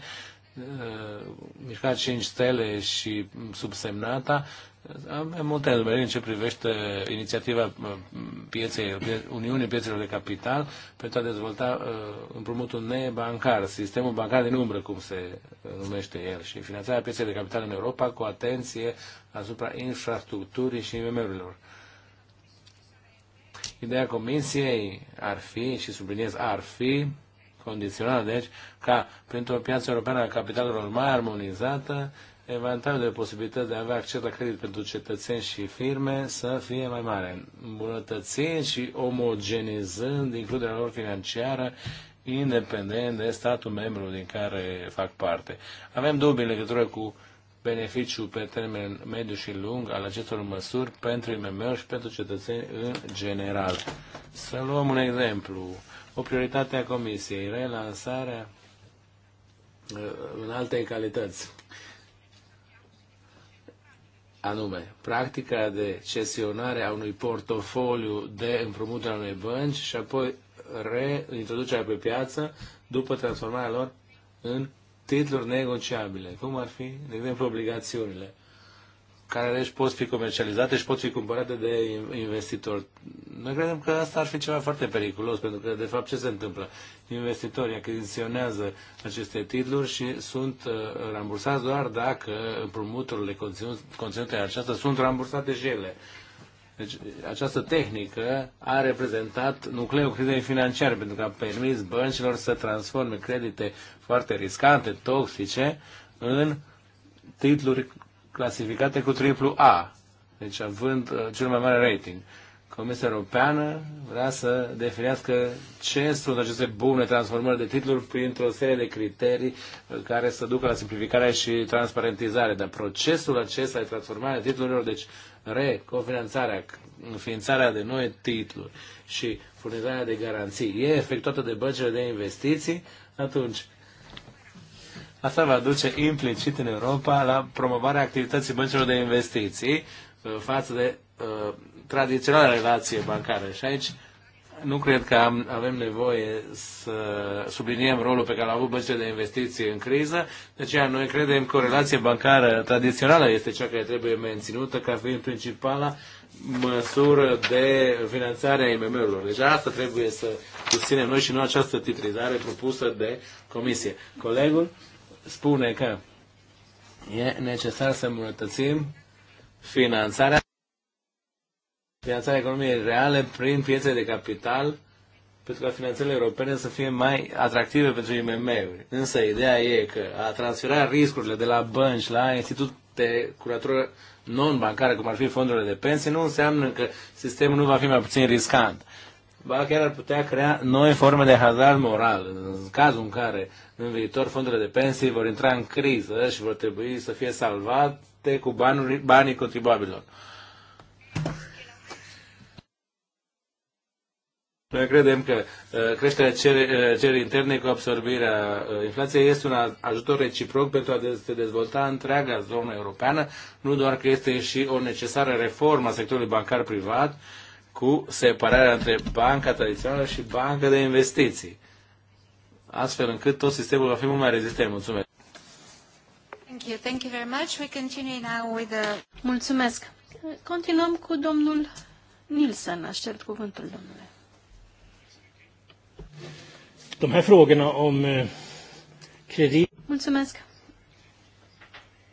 uh, Mișcarea 5 Stele și subsemnata am, multe îndoieli în ce privește inițiativa uh, pieței, Uniunii Piețelor de Capital pentru a dezvolta uh, împrumutul nebancar, sistemul bancar din umbră, cum se uh, numește el, și finanțarea pieței de capital în Europa cu atenție asupra infrastructurii și IMM-urilor. Ideea Comisiei ar fi, și subliniez ar fi, condiționată, deci, ca printr-o piață europeană a capitalelor mai armonizată, uh, Avantajul de posibilități de a avea acces la credit pentru cetățeni și firme să fie mai mare, îmbunătățind și omogenizând includerea lor financiară independent de statul membru din care fac parte. Avem dubii în legătură cu beneficiul pe termen mediu și lung al acestor măsuri pentru IMM-uri și pentru cetățeni în general. Să luăm un exemplu. O prioritate a Comisiei, relansarea uh, în alte calități anume practica de cesionare a unui portofoliu de împrumuturi a unei bănci și apoi reintroducerea pe piață după transformarea lor în titluri negociabile, cum ar fi, de exemplu, obligațiunile care deci pot fi comercializate și pot fi cumpărate de investitori. Noi credem că asta ar fi ceva foarte periculos, pentru că, de fapt, ce se întâmplă? Investitorii achiziționează aceste titluri și sunt uh, rambursați doar dacă împrumuturile conținute în aceasta sunt rambursate și ele. Deci, această tehnică a reprezentat nucleul crizei financiare, pentru că a permis băncilor să transforme credite foarte riscante, toxice, în titluri clasificate cu triplu A, deci având uh, cel mai mare rating. Comisia Europeană vrea să definească ce sunt aceste bune transformări de titluri printr-o serie de criterii uh, care să ducă la simplificare și transparentizare. Dar procesul acesta de transformare a titlurilor, deci recofinanțarea, înființarea de noi titluri și furnizarea de garanții e efectuată de băncile de investiții, atunci Asta va duce implicit în Europa la promovarea activității băncilor de investiții uh, față de uh, tradiționala relație bancară. Și aici nu cred că am, avem nevoie să subliniem rolul pe care l-au avut băncile de investiții în criză. De aceea noi credem că o relație bancară tradițională este cea care trebuie menținută ca fiind principala măsură de finanțare a IMM-urilor. Deci asta trebuie să susținem noi și nu această titrizare propusă de comisie. Colegul? spune că e necesar să îmbunătățim finanțarea, finanțarea economiei reale prin piețe de capital, pentru ca finanțele europene să fie mai atractive pentru IMM-uri. Însă ideea e că a transfera riscurile de la bănci la institute curatură non bancare cum ar fi fondurile de pensie, nu înseamnă că sistemul nu va fi mai puțin riscant ba chiar ar putea crea noi forme de hazard moral, în cazul în care în viitor fondurile de pensii vor intra în criză și vor trebui să fie salvate cu banuri, banii contribuabililor. Noi credem că uh, creșterea uh, cererii interne cu absorbirea uh, inflației este un ajutor reciproc pentru a se dezvolta întreaga zonă europeană, nu doar că este și o necesară reformă a sectorului bancar privat, cu separarea între banca tradițională și banca de investiții, astfel încât tot sistemul va fi mult mai rezistent. Mulțumesc! Thank you. very much. We continue now with the... Mulțumesc. Continuăm cu domnul Nilsen. Aștept cuvântul, domnule. De här frågorna om eh, credit. Mulțumesc.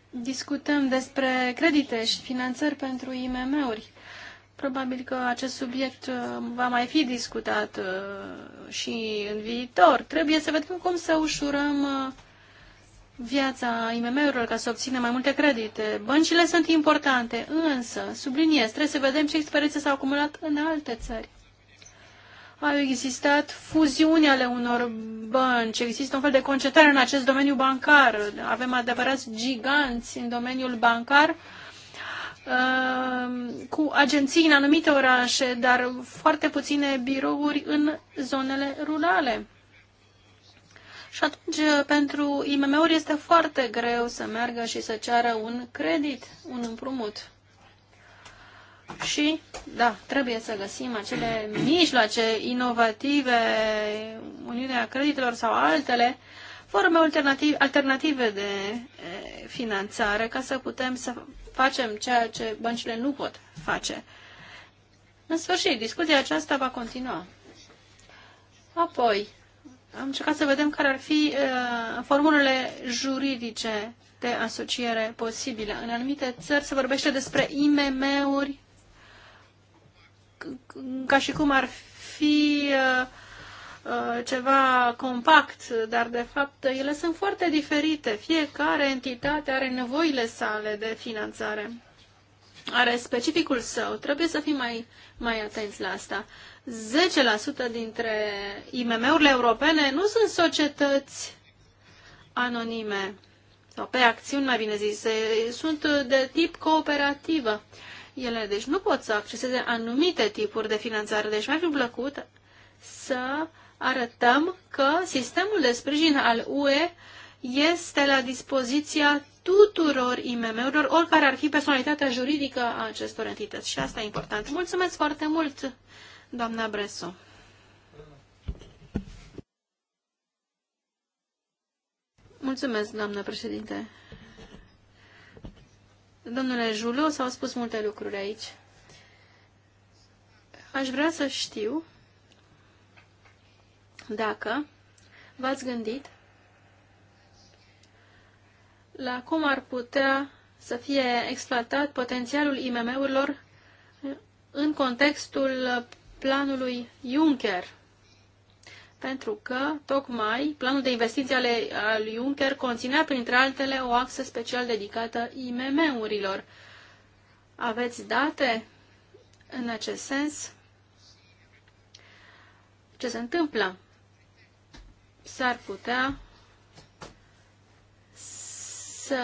Discutăm despre credite și finanțări pentru IMM-uri. Probabil că acest subiect uh, va mai fi discutat uh, și în viitor. Trebuie să vedem cum să ușurăm uh, viața IMM-urilor ca să obțină mai multe credite. Băncile sunt importante, însă, subliniez, trebuie să vedem ce experiențe s-au acumulat în alte țări. Au existat fuziuni ale unor bănci, există un fel de concentrare în acest domeniu bancar. Avem adevărați giganți în domeniul bancar Ehm, cu agenții în anumite orașe, dar foarte puține birouri în zonele rurale. Și atunci, eh, pentru IMM-uri este foarte greu să meargă și să ceară un credit, un împrumut. Și, da, trebuie să găsim acele mijloace inovative, Uniunea Creditelor sau altele, forme alternative, alternative de finanțare ca să putem să facem ceea ce băncile nu pot face. În sfârșit, discuția aceasta va continua. Apoi, am încercat să vedem care ar fi uh, formulele juridice de asociere posibile. În anumite țări se vorbește despre IMM-uri, ca și cum ar fi uh, Uh, ceva compact, dar de fapt ele sunt foarte diferite. Fiecare entitate are nevoile sale de finanțare, are specificul său. Trebuie să fim mai, mai atenți la asta. 10% dintre IMM-urile europene nu sunt societăți anonime sau pe acțiuni, mai bine zis, sunt de tip cooperativă. Ele, deci, nu pot să acceseze anumite tipuri de finanțare. Deci, mi-ar fi plăcut să uh, arătăm că sistemul de sprijin al UE este la dispoziția tuturor IMM-urilor, oricare ar fi personalitatea juridică a acestor entități. Și asta e important. Mulțumesc foarte mult, doamna Bresu. Mulțumesc, doamnă președinte. Domnule Julu, s-au spus multe lucruri aici. Aș vrea să știu dacă v-ați gândit la cum ar putea să fie exploatat potențialul IMM-urilor în contextul planului Juncker. Pentru că, tocmai, planul de investiții ale, al Juncker conținea, printre altele, o axă special dedicată IMM-urilor. Aveți date în acest sens? Ce se întâmplă? s-ar putea să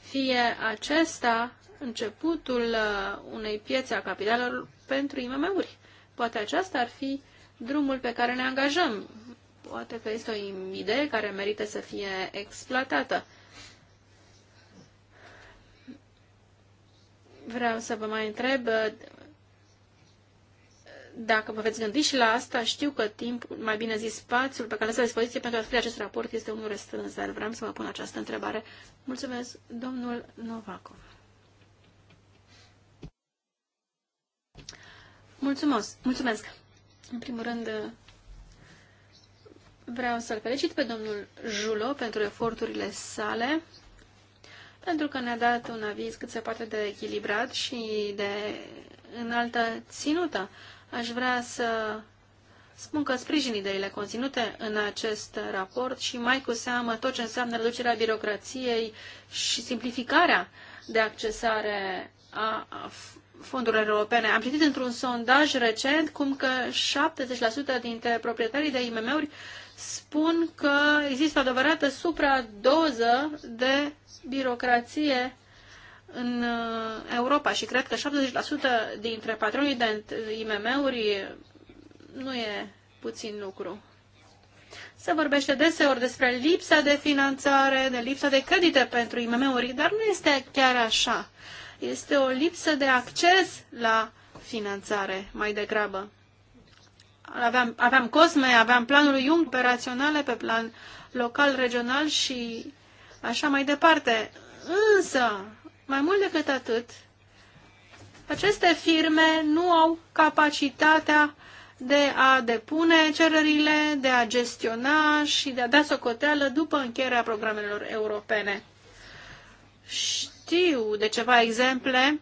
fie acesta începutul uh, unei piețe a capitalelor pentru IMM-uri. Poate aceasta ar fi drumul pe care ne angajăm. Poate că este o idee care merită să fie exploatată. Vreau să vă mai întreb uh, dacă vă veți gândi și la asta, știu că timp, mai bine zis spațiul pe care l-ați la dispoziție pentru a scrie acest raport este unul restrâns, dar vreau să vă pun această întrebare. Mulțumesc, domnul Novakov. Mulțumos. Mulțumesc. În primul rând, vreau să-l felicit pe domnul Julo pentru eforturile sale, pentru că ne-a dat un aviz cât se poate de echilibrat și de înaltă ținută. Aș vrea să spun că sprijin ideile conținute în acest raport și mai cu seamă tot ce înseamnă reducerea birocrației și simplificarea de accesare a fondurilor europene. Am citit într-un sondaj recent cum că 70% dintre proprietarii de IMM-uri spun că există o adevărată supradoză de birocrație în uh, Europa și cred că 70% dintre patronii de IMM-uri nu e puțin lucru. Se vorbește deseori despre lipsa de finanțare, de lipsa de credite pentru IMM-uri, dar nu este chiar așa. Este o lipsă de acces la finanțare mai degrabă. Aveam, aveam COSME, aveam planul Jung operaționale pe plan local, regional și așa mai departe. Însă, mai mult decât atât, aceste firme nu au capacitatea de a depune cererile, de a gestiona și de a da socoteală după încheierea programelor europene. Știu de ceva exemple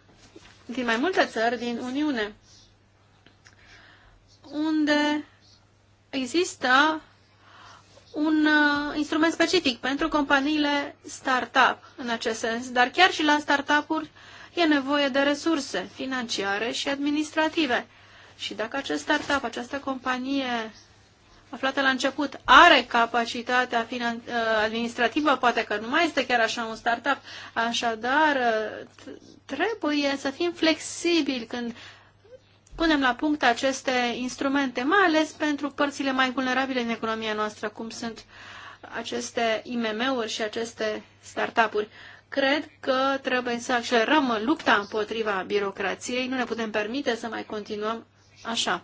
din mai multe țări din Uniune, unde există un uh, instrument specific pentru companiile startup în acest sens, dar chiar și la startup-uri e nevoie de resurse financiare și administrative. Și dacă acest startup, această companie aflată la început, are capacitatea uh, administrativă, poate că nu mai este chiar așa un startup, așadar uh, trebuie să fim flexibili când punem la punct aceste instrumente, mai ales pentru părțile mai vulnerabile în economia noastră, cum sunt aceste IMM-uri și aceste startup-uri. Cred că trebuie să accelerăm lupta împotriva birocrației. Nu ne putem permite să mai continuăm așa.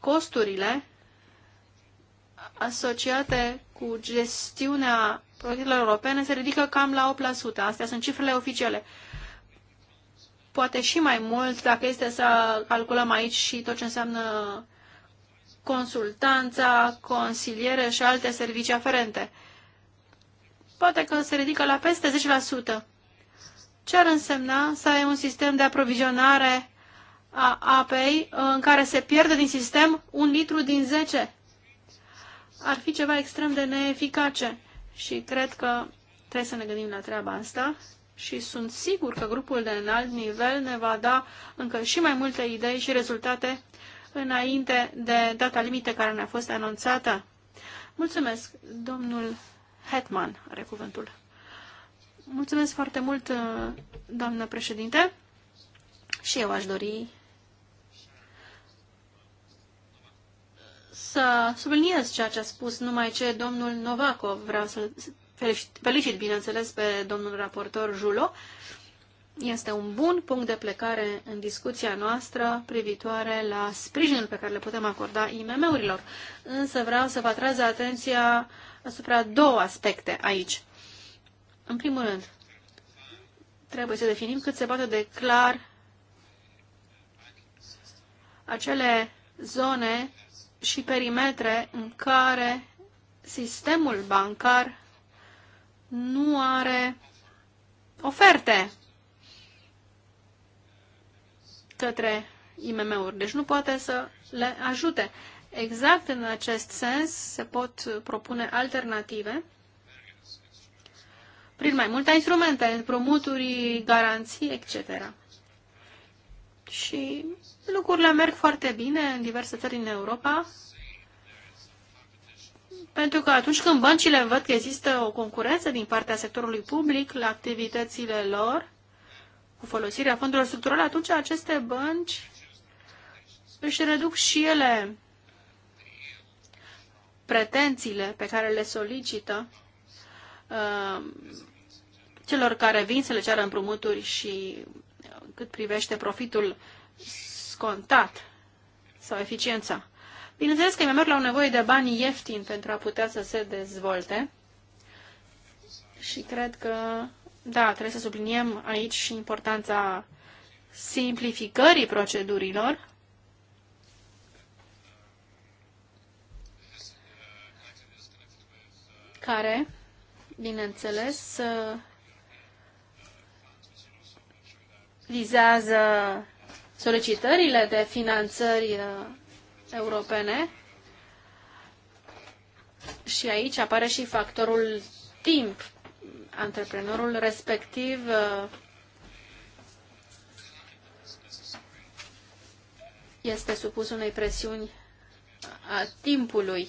Costurile asociate cu gestiunea proiectelor europene se ridică cam la 8%. Astea sunt cifrele oficiale poate și mai mult, dacă este să calculăm aici și tot ce înseamnă consultanța, consiliere și alte servicii aferente. Poate că se ridică la peste 10%. Ce ar însemna să ai un sistem de aprovizionare a apei în care se pierde din sistem un litru din 10? Ar fi ceva extrem de neeficace și cred că trebuie să ne gândim la treaba asta și sunt sigur că grupul de înalt nivel ne va da încă și mai multe idei și rezultate înainte de data limite care ne-a fost anunțată. Mulțumesc, domnul Hetman are cuvântul. Mulțumesc foarte mult, doamnă președinte. Și eu aș dori să subliniez ceea ce a spus numai ce domnul Novakov. Vreau să Felicit, bineînțeles, pe domnul raportor Julo. Este un bun punct de plecare în discuția noastră privitoare la sprijinul pe care le putem acorda IMM-urilor. Însă vreau să vă atrag atenția asupra două aspecte aici. În primul rând, trebuie să definim cât se poate de clar acele zone și perimetre în care sistemul bancar nu are oferte către IMM-uri, deci nu poate să le ajute. Exact în acest sens se pot propune alternative prin mai multe instrumente, împrumuturi, garanții, etc. Și lucrurile merg foarte bine în diverse țări în Europa, pentru că atunci când băncile văd că există o concurență din partea sectorului public la activitățile lor, cu folosirea fondurilor structurale, atunci aceste bănci își reduc și ele pretențiile pe care le solicită uh, celor care vin să le ceară împrumuturi și uh, cât privește profitul scontat sau eficiența. Bineînțeles că imm au nevoie de bani ieftini pentru a putea să se dezvolte și cred că, da, trebuie să subliniem aici și importanța simplificării procedurilor. care, bineînțeles, vizează solicitările de finanțări europene. Și aici apare și factorul timp. Antreprenorul respectiv uh, este supus unei presiuni a timpului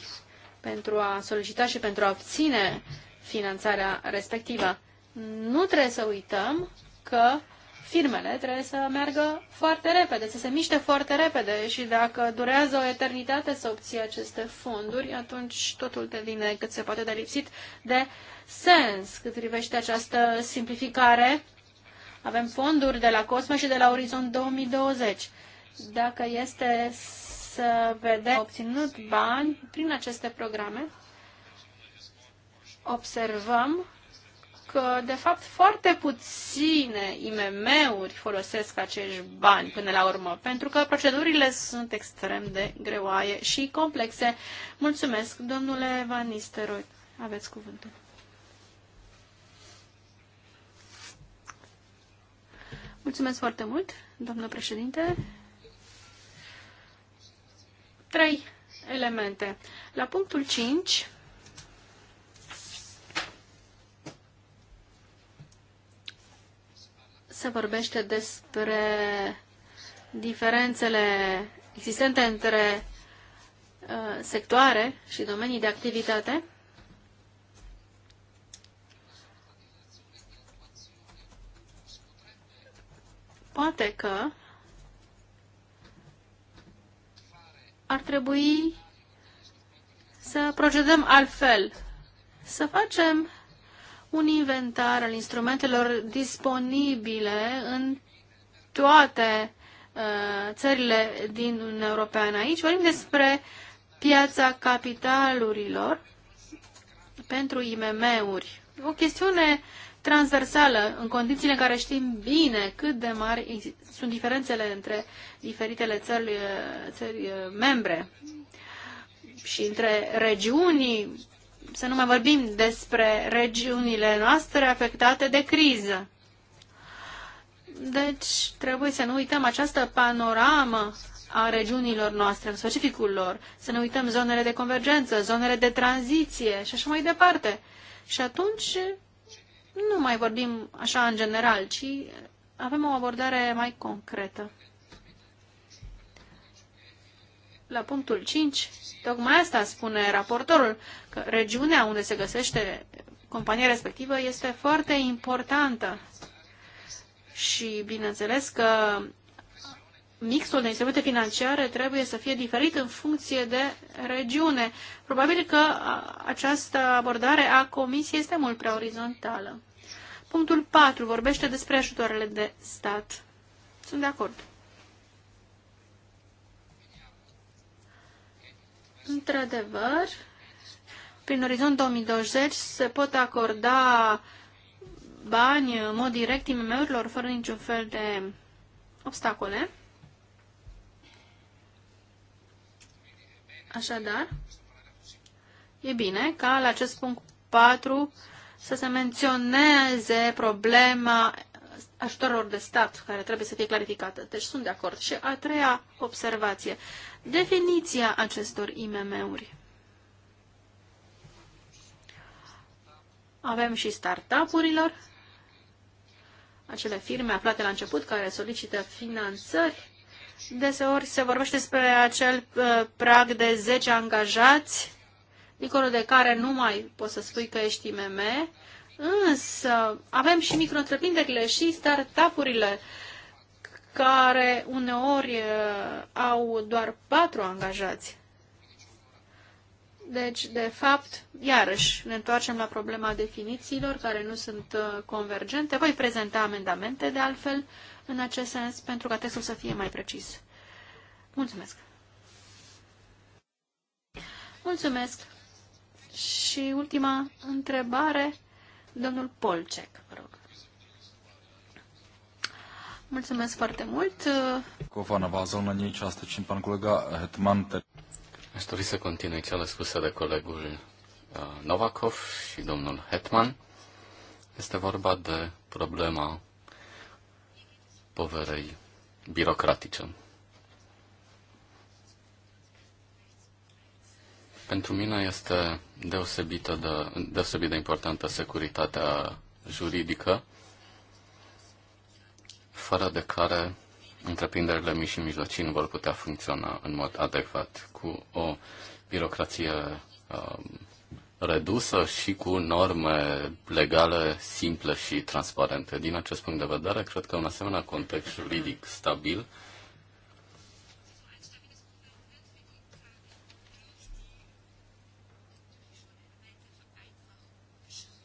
pentru a solicita și pentru a obține finanțarea respectivă. Nu trebuie să uităm că uh, firmele trebuie să meargă foarte repede, să se miște foarte repede și dacă durează o eternitate să obții aceste fonduri, atunci totul devine cât se poate de lipsit de sens cât privește această simplificare. Avem fonduri de la Cosme și de la Orizont 2020. Dacă este să vedem obținut bani prin aceste programe, observăm că, de fapt, foarte puține IMM-uri folosesc acești bani până la urmă, pentru că procedurile sunt extrem de greoaie și complexe. Mulțumesc, domnule Van Nistelrooy. Aveți cuvântul. Mulțumesc foarte mult, domnule președinte. Trei elemente. La punctul 5 se vorbește despre diferențele existente între uh, sectoare și domenii de activitate. Poate că ar trebui să procedăm altfel, să facem un inventar al instrumentelor disponibile în toate uh, țările din Uniunea Europeană. Aici vorbim despre piața capitalurilor pentru IMM-uri. O chestiune transversală, în condițiile în care știm bine cât de mari sunt diferențele între diferitele țări, uh, țări uh, membre și între regiunii să nu mai vorbim despre regiunile noastre afectate de criză. Deci, trebuie să nu uităm această panoramă a regiunilor noastre, specificul lor, să ne uităm zonele de convergență, zonele de tranziție și așa mai departe. Și atunci nu mai vorbim așa în general, ci avem o abordare mai concretă la punctul 5, tocmai asta spune raportorul, că regiunea unde se găsește compania respectivă este foarte importantă. Și bineînțeles că mixul de instrumente financiare trebuie să fie diferit în funcție de regiune. Probabil că această abordare a comisiei este mult prea orizontală. Punctul 4 vorbește despre ajutoarele de stat. Sunt de acord. Într-adevăr, prin orizont 2020 se pot acorda bani în mod direct IMM-urilor fără niciun fel de obstacole. Așadar, e bine ca la acest punct 4 să se menționeze problema ajutorilor de stat care trebuie să fie clarificată. Deci sunt de acord. Și a treia observație definiția acestor IMM-uri. Avem și startup-urilor, acele firme aflate la început care solicită finanțări. Deseori se vorbește despre acel uh, prag de 10 angajați, dincolo de care nu mai poți să spui că ești IMM, însă avem și micro și startup-urile care uneori uh, au doar patru angajați. Deci, de fapt, iarăși ne întoarcem la problema definițiilor care nu sunt uh, convergente. Voi prezenta amendamente, de altfel, în acest sens, pentru ca textul să fie mai precis. Mulțumesc! Mulțumesc! Și ultima întrebare, domnul Polcec, vă rog. Mulțumesc foarte mult. Covana Vazon, la nici asta, cin pan colega Hetman. Aș dori să continui cele spuse de colegul uh, Novakov și domnul Hetman. Este vorba de problema poverei birocratice. Pentru mine este deosebită de, deosebit de importantă securitatea juridică fără de care întreprinderile mici și mijlocii nu vor putea funcționa în mod adecvat, cu o birocrație um, redusă și cu norme legale simple și transparente. Din acest punct de vedere, cred că un asemenea context juridic stabil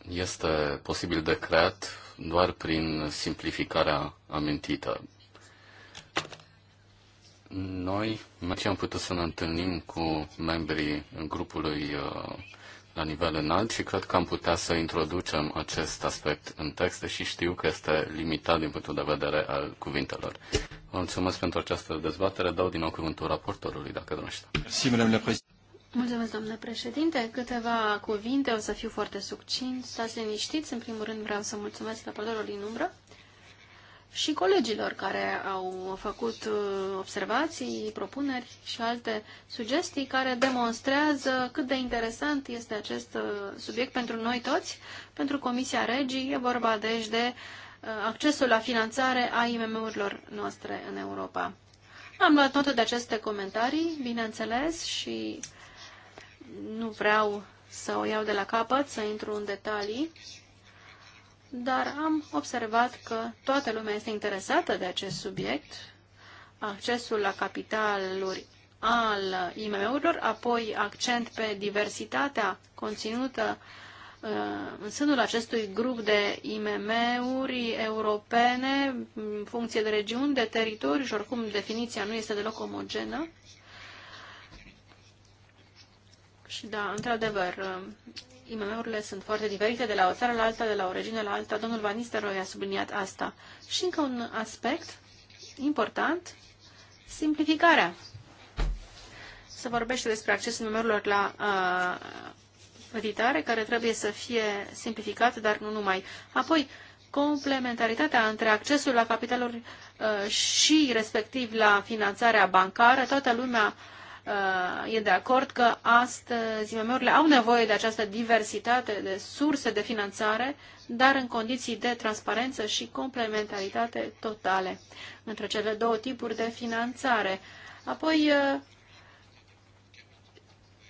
este posibil de creat doar prin simplificarea amintită. Noi ce am putut să ne întâlnim cu membrii grupului uh, la nivel înalt și cred că am putea să introducem acest aspect în text, și știu că este limitat din punctul de vedere al cuvintelor. Vă mulțumesc pentru această dezbatere. Dau din nou cuvântul raportorului, dacă dorește. Mulțumesc, domnule președinte. Câteva cuvinte, o să fiu foarte succint. Stați liniștiți. În primul rând vreau să mulțumesc raportorul din umbră și colegilor care au făcut uh, observații, propuneri și alte sugestii care demonstrează cât de interesant este acest uh, subiect pentru noi toți, pentru Comisia Regii. E vorba deci de uh, accesul la finanțare a IMM-urilor noastre în Europa. Am luat notă de aceste comentarii, bineînțeles, și nu vreau să o iau de la capăt, să intru în detalii, dar am observat că toată lumea este interesată de acest subiect, accesul la capitaluri al IMM-urilor, apoi accent pe diversitatea conținută uh, în sânul acestui grup de IMM-uri europene, în funcție de regiuni, de teritoriu și oricum definiția nu este deloc omogenă. Și da, într-adevăr, um, IMM-urile sunt foarte diferite de la o țară la alta, de la o regiune la alta. Domnul Van Nistelrooy a subliniat asta. Și încă un aspect important, simplificarea. Se vorbește despre accesul imm la la uh, editare, care trebuie să fie simplificat, dar nu numai. Apoi, complementaritatea între accesul la capitaluri uh, și respectiv la finanțarea bancară, toată lumea uh, Uh, e de acord că astăzi IMM-urile au nevoie de această diversitate de surse de finanțare, dar în condiții de transparență și complementaritate totale între cele două tipuri de finanțare. Apoi, uh,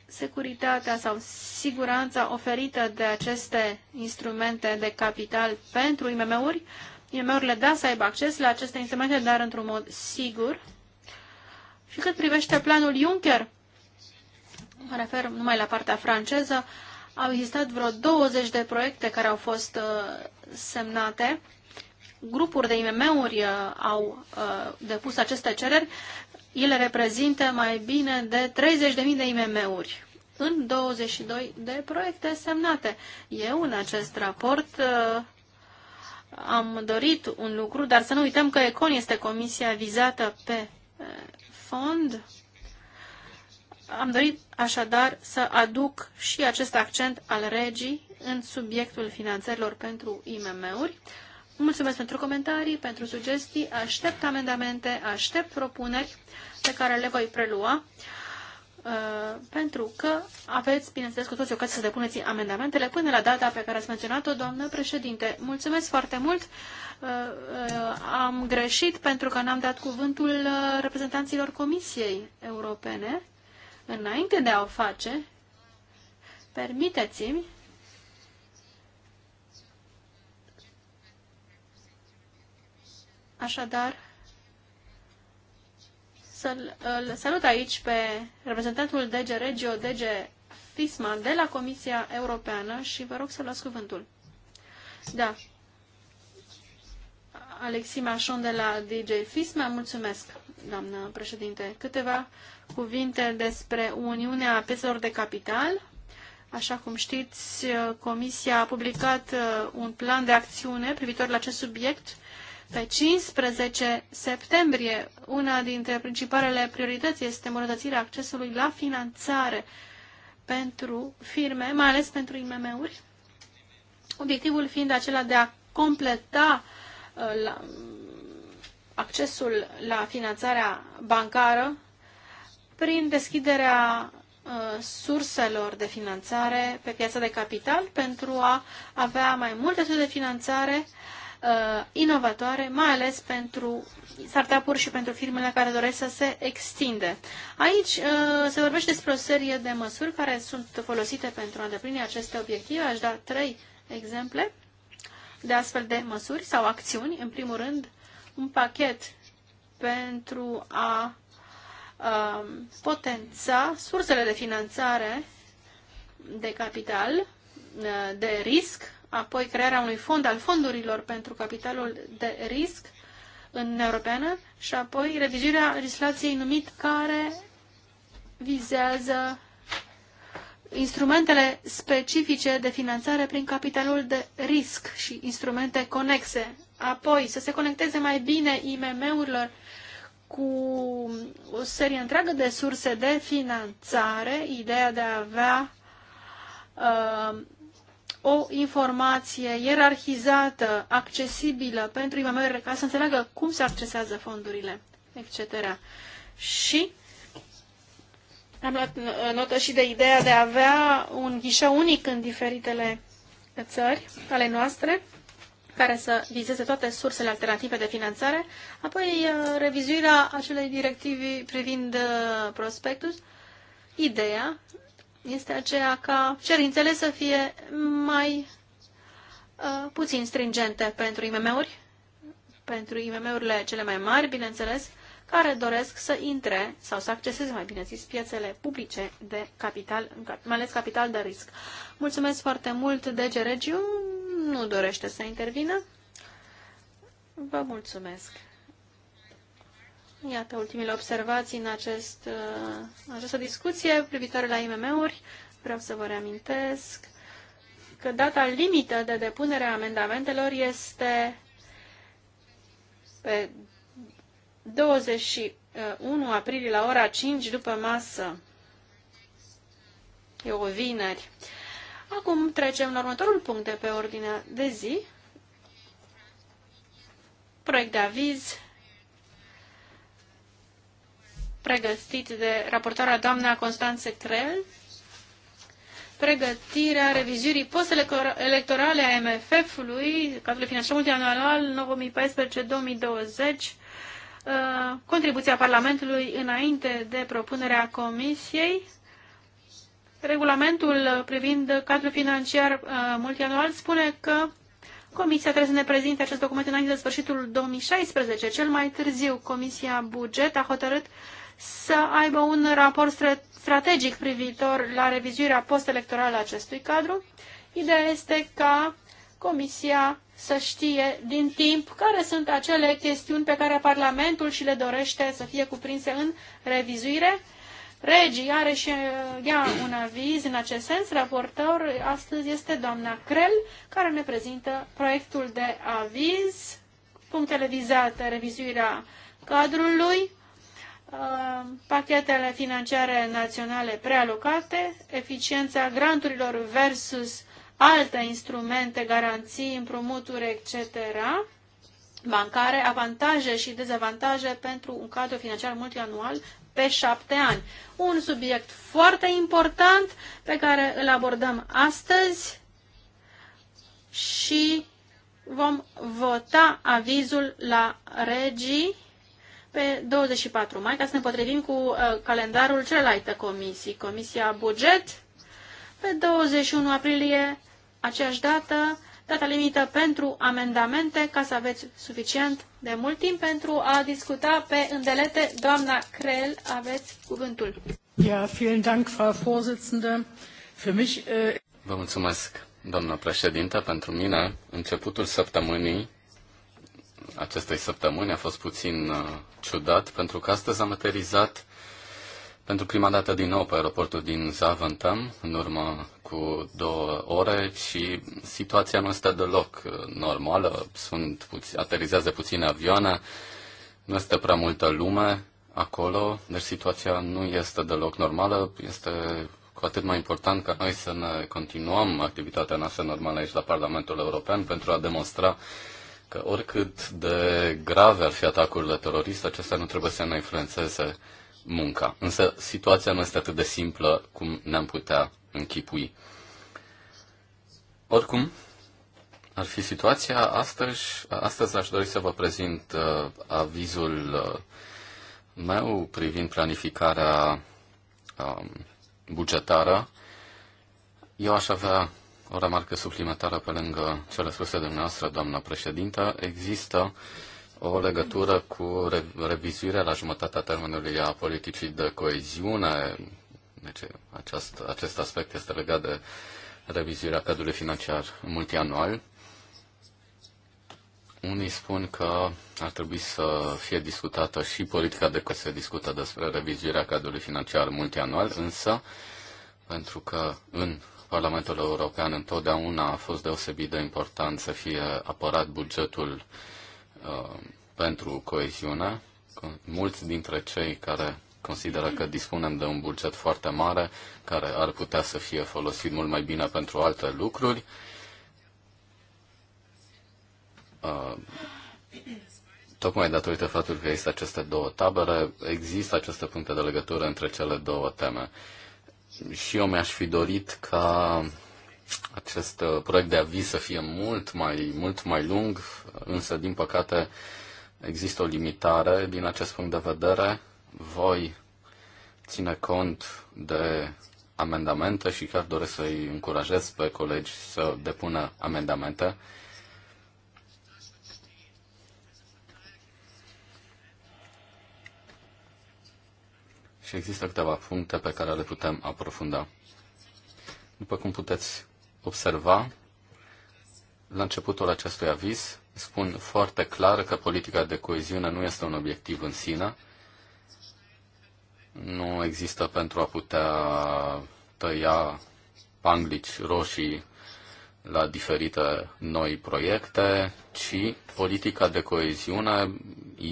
securitatea sau siguranța oferită de aceste instrumente de capital pentru IMM-uri. IMM-urile da să aibă acces la aceste instrumente, dar într-un mod sigur și cât privește planul Juncker, mă refer numai la partea franceză, au existat vreo 20 de proiecte care au fost uh, semnate. Grupuri de IMM-uri uh, au uh, depus aceste cereri. Ele reprezintă mai bine de 30.000 de IMM-uri în 22 de proiecte semnate. Eu, în acest raport, am dorit un lucru, dar să nu uităm că ECON este comisia vizată pe fond. Am dorit așadar să aduc și acest accent al regii în subiectul finanțărilor pentru IMM-uri. Mulțumesc pentru comentarii, pentru sugestii, aștept amendamente, aștept propuneri pe care le voi prelua. Uh, pentru că aveți, bineînțeles, cu toți ocazia să depuneți amendamentele până la data pe care ați menționat-o, doamnă președinte. Mulțumesc foarte mult! Uh, uh, am greșit pentru că n-am dat cuvântul reprezentanților Comisiei Europene. Înainte de a o face, permiteți-mi așadar să-l salut aici pe reprezentantul DG Regio, DG FISMA de la Comisia Europeană și vă rog să luați cuvântul. Da. Alexi Mașon de la DJ FISMA, mulțumesc, doamnă președinte. Câteva cuvinte despre Uniunea Pieselor de Capital. Așa cum știți, Comisia a publicat uh, un plan de acțiune privitor la acest subiect pe 15 septembrie, una dintre principalele priorități este îmbunătățirea accesului la finanțare pentru firme, mai ales pentru IMM-uri, obiectivul fiind acela de a completa uh, la, accesul la finanțarea bancară prin deschiderea uh, surselor de finanțare pe piața de capital pentru a avea mai multe surse de finanțare uh, uh, inovatoare, mai ales pentru startup-uri și pentru firmele care doresc să se extinde. Aici uh, se vorbește despre o serie de măsuri care sunt folosite pentru a îndeplini aceste obiective. Aș da trei exemple de astfel de măsuri sau acțiuni. În primul rând, un pachet pentru a um, potența sursele de finanțare de capital, uh, de risc apoi crearea unui fond al fondurilor pentru capitalul de risc în Europeană și apoi revizuirea legislației numit care vizează instrumentele specifice de finanțare prin capitalul de risc și instrumente conexe. Apoi, să se conecteze mai bine IMM-urilor cu o serie întreagă de surse de finanțare, ideea de a avea uh, o informație ierarhizată, accesibilă pentru imm ca să înțeleagă cum se accesează fondurile, etc. Și am luat notă și de ideea de a avea un ghișeu unic în diferitele țări ale noastre, care să vizeze toate sursele alternative de finanțare, apoi uh, revizuirea acelei directivi privind uh, prospectus, ideea este aceea ca cerințele să fie mai uh, puțin stringente pentru IMM-uri, pentru IMM-urile cele mai mari, bineînțeles, care doresc să intre sau să acceseze, mai bine zis, piețele publice de capital, mai ales capital de risc. Mulțumesc foarte mult, DG Regiu nu dorește să intervină. Vă mulțumesc. Iată ultimile observații în, acest, în uh, această discuție privitoare la IMM-uri. Vreau să vă reamintesc că data limită de depunere a amendamentelor este pe 21 aprilie la ora 5 după masă. E o vineri. Acum trecem la următorul punct de pe ordinea de zi. Proiect de aviz pregătit de raportoarea doamna Constanțe Crel, pregătirea revizuirii post-electorale a MFF-ului, cadrul financiar multianual 2014-2020, uh, contribuția Parlamentului înainte de propunerea Comisiei, Regulamentul privind cadrul financiar uh, multianual spune că Comisia trebuie să ne prezinte acest document înainte de sfârșitul 2016. Cel mai târziu, Comisia Buget a hotărât uh, să aibă un raport strategic privitor la revizuirea postelectorală a acestui cadru. Ideea este ca Comisia să știe din timp care sunt acele chestiuni pe care Parlamentul și le dorește să fie cuprinse în revizuire. Regii are și ea uh, un aviz în acest sens. Raportor astăzi este doamna Crel, care ne prezintă proiectul de aviz, punctele vizate, revizuirea cadrului, Uh, pachetele financiare naționale prealocate, eficiența granturilor versus alte instrumente, garanții, împrumuturi, etc., bancare, avantaje și dezavantaje pentru un cadru financiar multianual pe șapte ani. Un subiect foarte important pe care îl abordăm astăzi și vom vota avizul la regii pe 24 mai, ca să ne potrivim cu uh, calendarul celelalte comisii. Comisia Buget, pe 21 aprilie, aceeași dată, data limită pentru amendamente, ca să aveți suficient de mult timp pentru a discuta pe îndelete. Doamna Crel, aveți cuvântul. Ja, vielen Dank, Frau Vorsitzende. Für mich, äh, Vă mulțumesc, doamna președintă. Pentru mine, începutul săptămânii acestei săptămâni a fost puțin uh, ciudat, pentru că astăzi am aterizat pentru prima dată din nou pe aeroportul din Zaventem, în urmă cu două ore și situația nu este deloc uh, normală. Sunt puț- aterizează puține avioane, nu este prea multă lume acolo, deci situația nu este deloc normală. Este cu atât mai important ca noi să ne continuăm activitatea noastră normală aici la Parlamentul European pentru a demonstra că oricât de grave ar fi atacurile teroriste, acestea nu trebuie să ne influențeze munca. Însă situația nu este atât de simplă cum ne-am putea închipui. Oricum, ar fi situația, astăzi, astăzi aș dori să vă prezint uh, avizul uh, meu privind planificarea uh, bugetară. Eu aș avea o remarcă suplimentară pe lângă cele spuse de dumneavoastră, doamna președintă. Există o legătură cu re- revizuirea la jumătatea termenului a politicii de coeziune. Deci acest, acest aspect este legat de revizuirea cadrului financiar multianual. Unii spun că ar trebui să fie discutată și politica de că se discută despre revizuirea cadrului financiar multianual, însă pentru că în Parlamentul European întotdeauna a fost deosebit de important să fie apărat bugetul uh, pentru coeziune. Mulți dintre cei care consideră că dispunem de un buget foarte mare, care ar putea să fie folosit mult mai bine pentru alte lucruri. Uh, tocmai datorită faptului că există aceste două tabere, există aceste puncte de legătură între cele două teme. Uh, și eu mi-aș fi dorit ca acest uh, proiect de aviz să fie mult mai, mult mai lung, însă, din păcate, există o limitare din acest punct de vedere. Voi ține cont de amendamente și chiar doresc să-i încurajez pe colegi să depună amendamente. și există câteva puncte pe care le putem aprofunda. După cum puteți observa, la începutul acestui aviz spun foarte clar că politica de coeziune nu este un obiectiv în sine, nu există pentru a putea tăia panglici roșii la diferite noi proiecte, ci politica de coeziune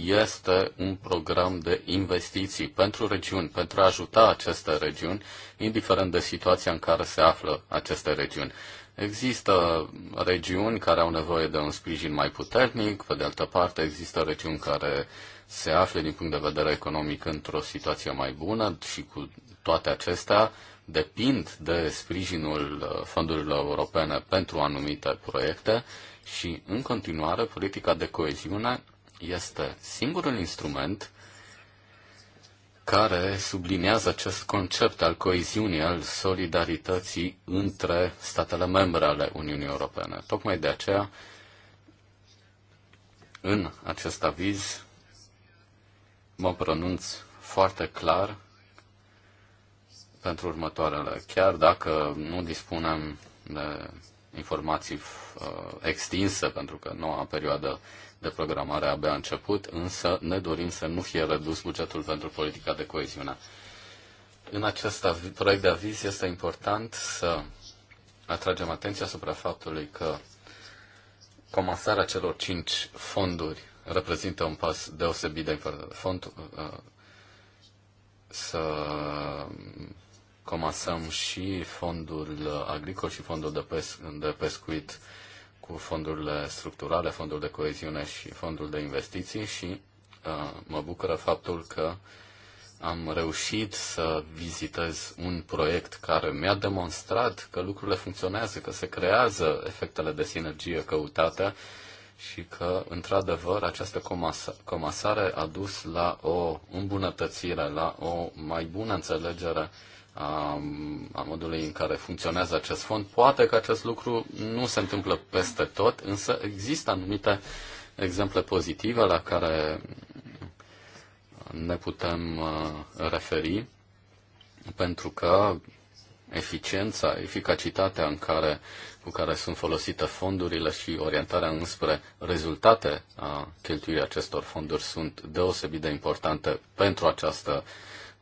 este un program de investiții pentru regiuni, pentru a ajuta aceste regiuni, indiferent de situația în care se află aceste regiuni. Există regiuni care au nevoie de un sprijin mai puternic, pe de altă parte există regiuni care se află din punct de vedere economic într-o situație mai bună și cu toate acestea depind de sprijinul uh, fondurilor europene pentru anumite proiecte și, în continuare, politica de coeziune este singurul instrument care subliniază acest concept al coeziunii, al solidarității între statele membre ale Uniunii Europene. Tocmai de aceea, în acest aviz, mă pronunț foarte clar pentru următoarele. Chiar dacă nu dispunem de informații uh, extinse, pentru că noua perioadă de programare abia a început, însă ne dorim să nu fie redus bugetul pentru politica de coeziune. În acest proiect de aviz este important să atragem atenția asupra faptului că comasarea celor cinci fonduri reprezintă un pas deosebit de important. Fond, uh, să comasăm și fondul agricol și fondul de, pes- de pescuit cu fondurile structurale, fondul de coeziune și fondul de investiții și uh, mă bucură faptul că am reușit să vizitez un proiect care mi-a demonstrat că lucrurile funcționează, că se creează efectele de sinergie căutate și că, într-adevăr, această comasare a dus la o îmbunătățire, la o mai bună înțelegere a, a modului în care funcționează acest fond. Poate că acest lucru nu se întâmplă peste tot, însă există anumite exemple pozitive la care ne putem referi, pentru că eficiența, eficacitatea în care, cu care sunt folosite fondurile și orientarea înspre rezultate a cheltuirii acestor fonduri sunt deosebit de importante pentru această uh,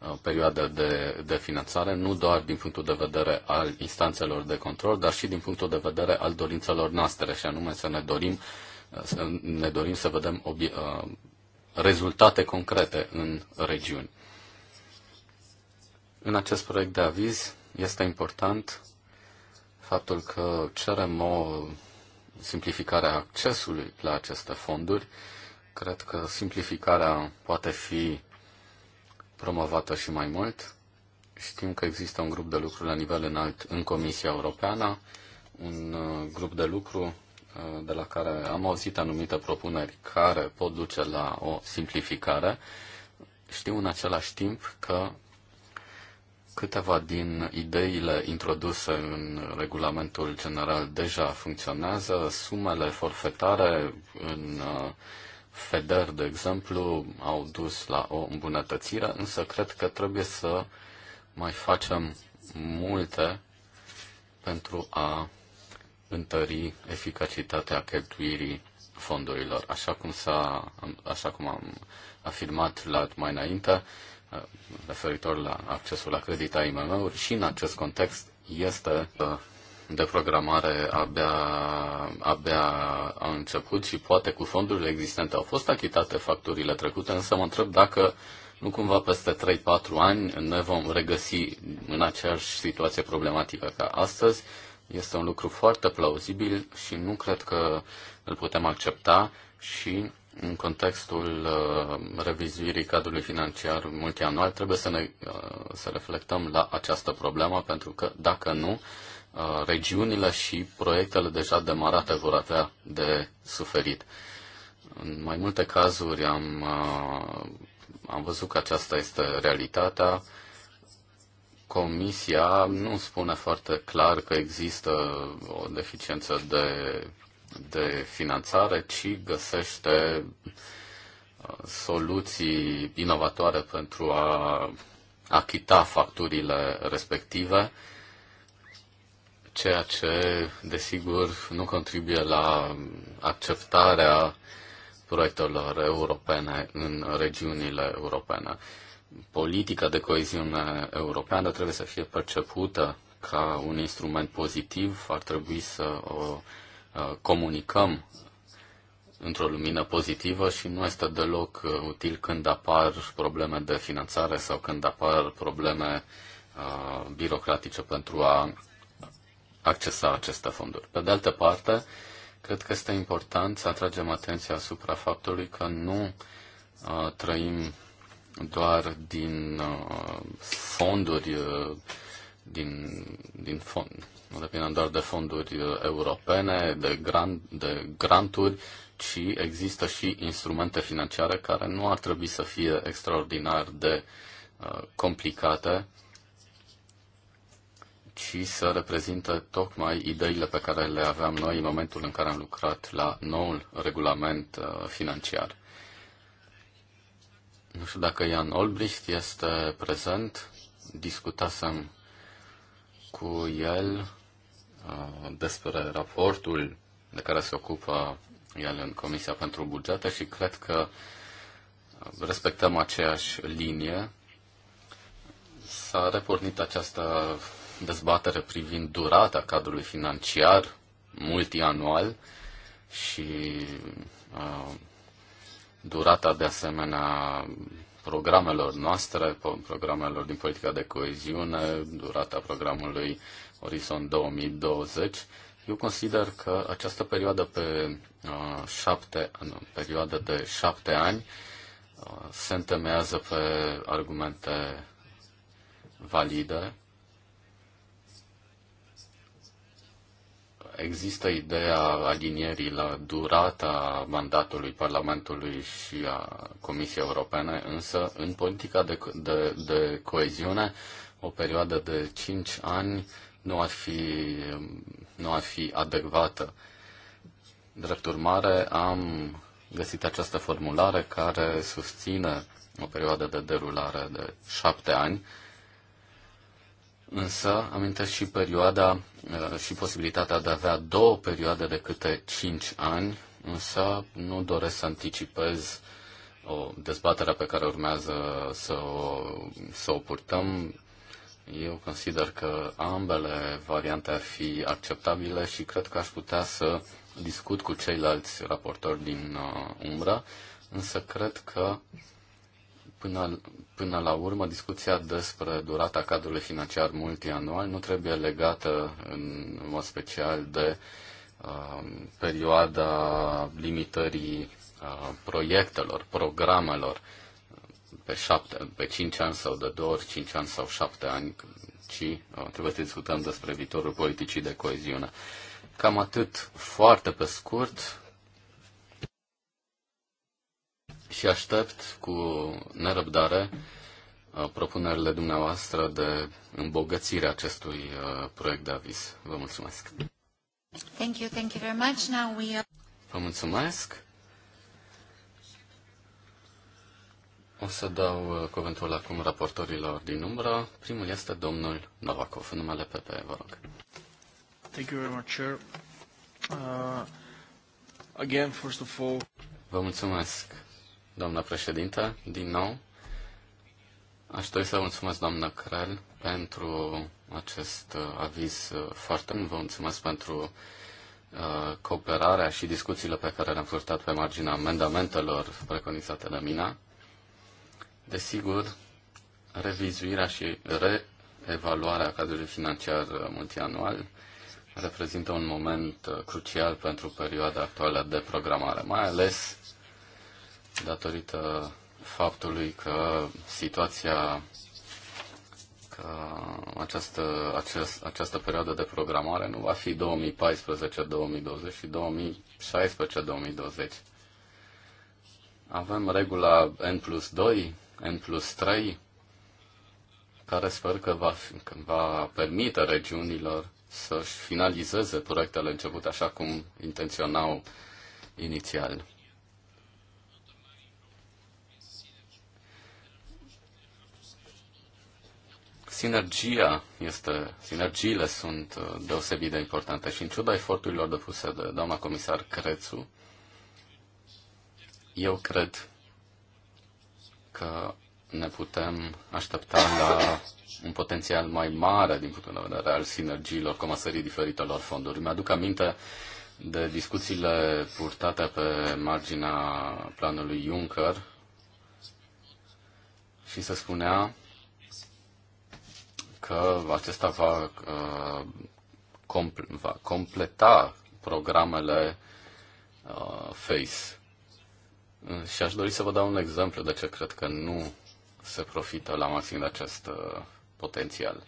Uh, perioadă de, de finanțare, nu doar din punctul de vedere al instanțelor de control, dar și din punctul de vedere al dorințelor noastre, și anume să ne dorim uh, să, ne dorim să vedem obi- uh, rezultate concrete în regiuni. În acest proiect de aviz este important faptul că cerem o simplificare a accesului la aceste fonduri. Cred că simplificarea poate fi promovată și mai mult. Știm că există un grup de lucru la nivel înalt în Comisia Europeană, un uh, grup de lucru uh, de la care am auzit anumite propuneri care pot duce la o simplificare. Știu în același timp că câteva din ideile introduse în regulamentul general deja funcționează, sumele forfetare în uh, FEDER, de exemplu, au dus la o îmbunătățire, însă cred că trebuie să mai facem multe pentru a întări eficacitatea cheltuirii fondurilor. Așa cum, s-a, așa cum am afirmat la mai înainte, referitor la accesul la credit a IMM-uri și în acest context este uh, de programare abia, abia a început și poate cu fondurile existente au fost achitate facturile trecute, însă mă întreb dacă nu cumva peste 3-4 ani ne vom regăsi în aceeași situație problematică ca astăzi. Este un lucru foarte plauzibil și nu cred că îl putem accepta și în contextul uh, revizuirii cadrului financiar multianual trebuie să ne uh, să reflectăm la această problemă pentru că dacă nu, Uh, regiunile și proiectele deja demarate vor avea de suferit. În mai multe cazuri am, uh, am văzut că aceasta este realitatea. Comisia nu spune foarte clar că există o deficiență de, de finanțare, ci găsește uh, soluții inovatoare pentru a achita facturile respective ceea ce, desigur, nu contribuie la acceptarea proiectelor europene în regiunile europene. Politica de coeziune europeană trebuie să fie percepută ca un instrument pozitiv, ar trebui să o uh, comunicăm într-o lumină pozitivă și nu este deloc uh, util când apar probleme de finanțare sau când apar probleme uh, birocratice pentru a accesa aceste fonduri. Pe de altă parte, cred că este important să atragem atenția asupra faptului că nu uh, trăim doar din uh, fonduri, uh, din, din fond, nu depindem doar de fonduri uh, europene, de, grant, de granturi, ci există și instrumente financiare care nu ar trebui să fie extraordinar de uh, complicate ci să reprezinte tocmai ideile pe care le aveam noi în momentul în care am lucrat la noul regulament uh, financiar. Nu știu dacă Ian Olbricht este prezent. Discutasem cu el uh, despre raportul de care se ocupă el în Comisia pentru Bugete și cred că respectăm aceeași linie. S-a repornit această dezbatere privind durata cadrului financiar multianual și uh, durata de asemenea programelor noastre, programelor din politica de coeziune, durata programului Orizont 2020. Eu consider că această perioadă pe uh, șapte, nu, perioadă de șapte ani uh, se întemeiază pe argumente valide Există ideea alinierii la durata mandatului Parlamentului și a Comisiei Europene, însă în politica de, de, de coeziune, o perioadă de 5 ani nu ar fi, nu ar fi adecvată. Drept urmare, am găsit această formulare care susține o perioadă de derulare de 7 ani, Însă amintesc și perioada uh, și posibilitatea de a avea două perioade de câte cinci ani, însă nu doresc să anticipez o dezbatere pe care urmează să o, să o purtăm. Eu consider că ambele variante ar fi acceptabile și cred că aș putea să discut cu ceilalți raportori din uh, umbra, însă cred că uh, Până, până la urmă, discuția despre durata cadrului financiar multianual nu trebuie legată în mod special de uh, perioada limitării uh, proiectelor, programelor pe, șapte, pe cinci ani sau de două ori cinci ani sau șapte ani, ci uh, trebuie să discutăm despre viitorul politicii de coeziune. Cam atât, foarte pe scurt, și aștept cu nerăbdare uh, propunerile dumneavoastră de îmbogățire a acestui uh, proiect de aviz. Vă mulțumesc. Thank you, thank you very much. Now we are... Vă mulțumesc. O să dau uh, cuvântul acum raportorilor din umbră. Primul este domnul Novakov, în numele PP, vă rog. Thank you very much, Chair. Uh, again, first of all... Vă mulțumesc, doamnă președintă, din nou. Aș dori să mulțumesc, doamnă Crel, pentru acest uh, aviz uh, foarte mult. Vă mulțumesc pentru uh, cooperarea și discuțiile pe care le-am purtat pe marginea amendamentelor preconizate de mine. Desigur, revizuirea și reevaluarea cadrului financiar multianual reprezintă un moment crucial pentru perioada actuală de programare, mai ales datorită faptului că situația că această, această, această perioadă de programare nu va fi 2014-2020 și 2016-2020. Avem regula N plus 2, N plus 3, care sper că va, că va permite regiunilor să-și finalizeze proiectele începute așa cum intenționau inițial. sinergia este, sinergiile sunt uh, deosebit de importante și în ciuda eforturilor depuse de doamna comisar Crețu, eu cred că ne putem aștepta la un potențial mai mare din punctul de vedere al sinergiilor comasării diferitelor fonduri. Mi-aduc aminte de discuțiile purtate pe marginea planului Juncker și se spunea că acesta va, uh, va completa programele uh, FACE. Și aș dori să vă dau un exemplu de ce cred că nu se profită la maxim de acest uh, potențial.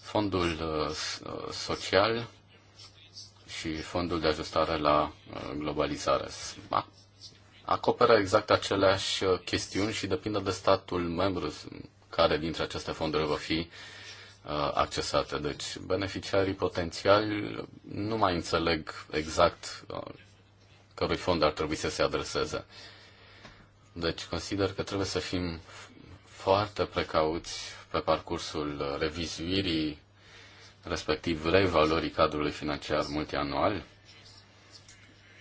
Fondul social și fondul de ajustare la globalizare acoperă exact aceleași chestiuni și depinde de statul membru care dintre aceste fonduri vor fi uh, accesate. Deci beneficiarii potențiali nu mai înțeleg exact uh, cărui fond ar trebui să se adreseze. Deci consider că trebuie să fim foarte precauți pe parcursul revizuirii, respectiv revalorii cadrului financiar multianual.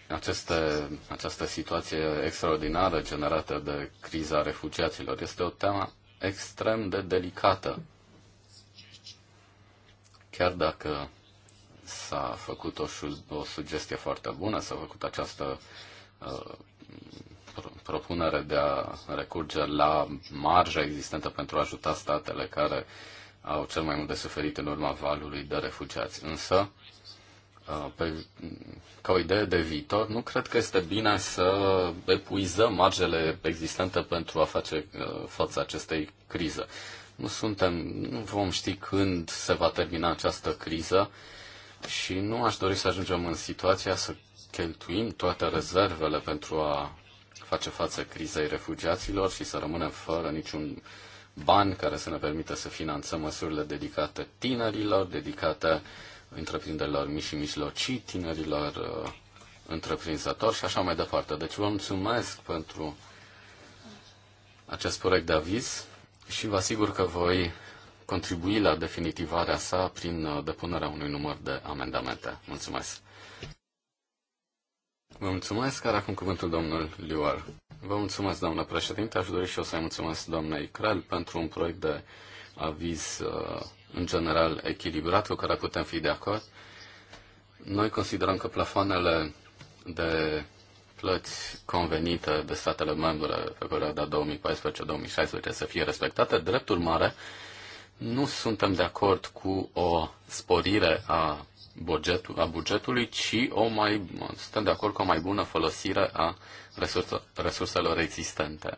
Aceste, această situație extraordinară generată de criza refugiaților este o temă extrem de delicată. Chiar dacă s-a făcut o, o sugestie foarte bună, s-a făcut această uh, propunere de a recurge la marja existentă pentru a ajuta statele care au cel mai mult de suferit în urma valului de refugiați. Însă, uh, Uh, pe, ca o idee de viitor, nu cred că este bine să epuizăm margele existente pentru a face uh, față acestei crize. Nu suntem, nu vom ști când se va termina această criză și nu aș dori să ajungem în situația să cheltuim toate rezervele pentru a face față crizei refugiaților și să rămânem fără niciun bani care să ne permită să finanțăm măsurile dedicate tinerilor, dedicate uh, întreprinderilor mici și mijlocii, tinerilor uh, întreprinzători și așa mai departe. Deci vă mulțumesc pentru acest proiect de aviz și vă asigur că voi contribui la definitivarea sa prin uh, depunerea unui număr de amendamente. Mulțumesc! Vă mulțumesc, care acum cuvântul domnul Liuar. Vă mulțumesc, doamnă președinte. Aș dori și eu să-i mulțumesc doamnei Crel pentru un proiect de aviz uh, în general echilibrat, cu care putem fi de acord. Noi considerăm că plafoanele de plăți convenite de statele membre pe perioada 2014-2016 să fie respectate. Drept urmare, nu suntem de acord cu o sporire a, bugetul, a bugetului, ci o mai, suntem de acord cu o mai bună folosire a resurselor existente.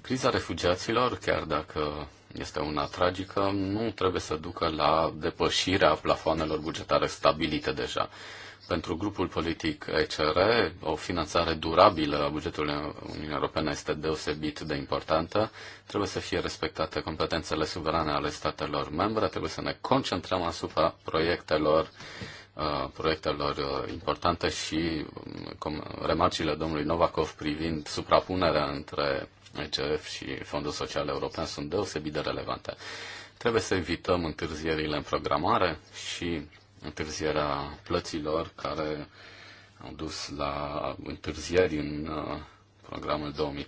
Criza refugiaților, chiar dacă este una tragică, nu trebuie să ducă la depășirea plafoanelor bugetare stabilite deja. Pentru grupul politic ECR, o finanțare durabilă a bugetului Uniunii Europene este deosebit de importantă. Trebuie să fie respectate competențele suverane ale statelor membre, trebuie să ne concentrăm asupra proiectelor uh, proiectelor uh, importante și um, remarcile domnului Novakov privind suprapunerea între ECF și Fondul Social European sunt deosebit de relevante. Trebuie să evităm întârzierile în programare și întârzierea plăților care au dus la întârzieri în uh, programul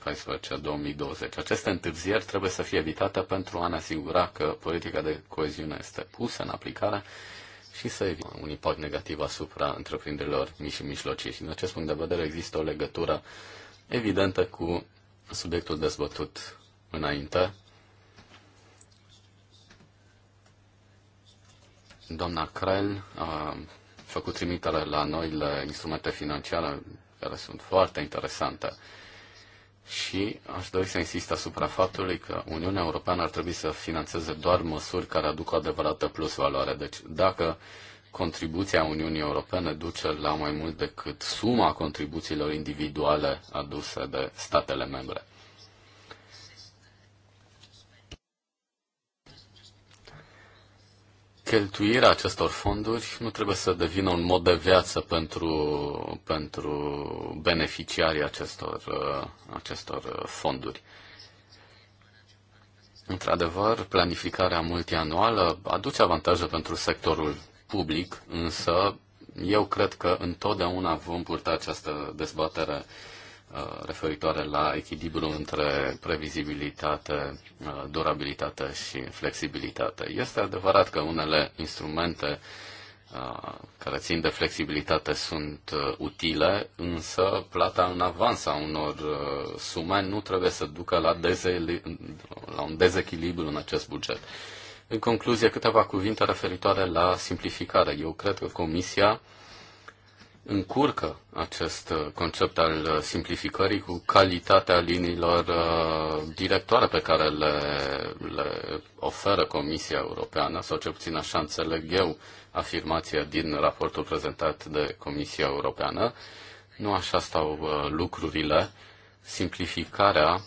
2014-2020. Aceste întârzieri trebuie să fie evitate pentru a ne asigura că politica de coeziune este pusă în aplicare și să evite un impact negativ asupra întreprinderilor mici și mijlocii. Și din acest punct de vedere există o legătură evidentă cu subiectul dezbătut înainte. Doamna Crel a făcut trimitere la noile instrumente financiare care sunt foarte interesante. Și aș dori să insist asupra faptului că Uniunea Europeană ar trebui să financeze doar măsuri care aduc o adevărată plus valoare. Deci dacă contribuția Uniunii Europene duce la mai mult decât suma contribuțiilor individuale aduse de statele membre. Cheltuirea acestor fonduri nu trebuie să devină un mod de viață pentru, pentru beneficiarii acestor, uh, acestor uh, fonduri. Într-adevăr, planificarea multianuală aduce avantaje pentru sectorul public, însă eu cred că întotdeauna vom purta această dezbatere uh, referitoare la echilibru între previzibilitate, uh, durabilitate și flexibilitate. Este adevărat că unele instrumente uh, care țin de flexibilitate sunt utile, însă plata în avans a unor sume nu trebuie să ducă la, dezeli, la un dezechilibru în acest buget. În concluzie, câteva cuvinte referitoare la simplificare. Eu cred că Comisia încurcă acest concept al simplificării cu calitatea liniilor uh, directoare pe care le, le oferă Comisia Europeană, sau cel puțin așa înțeleg eu afirmația din raportul prezentat de Comisia Europeană. Nu așa stau uh, lucrurile. Simplificarea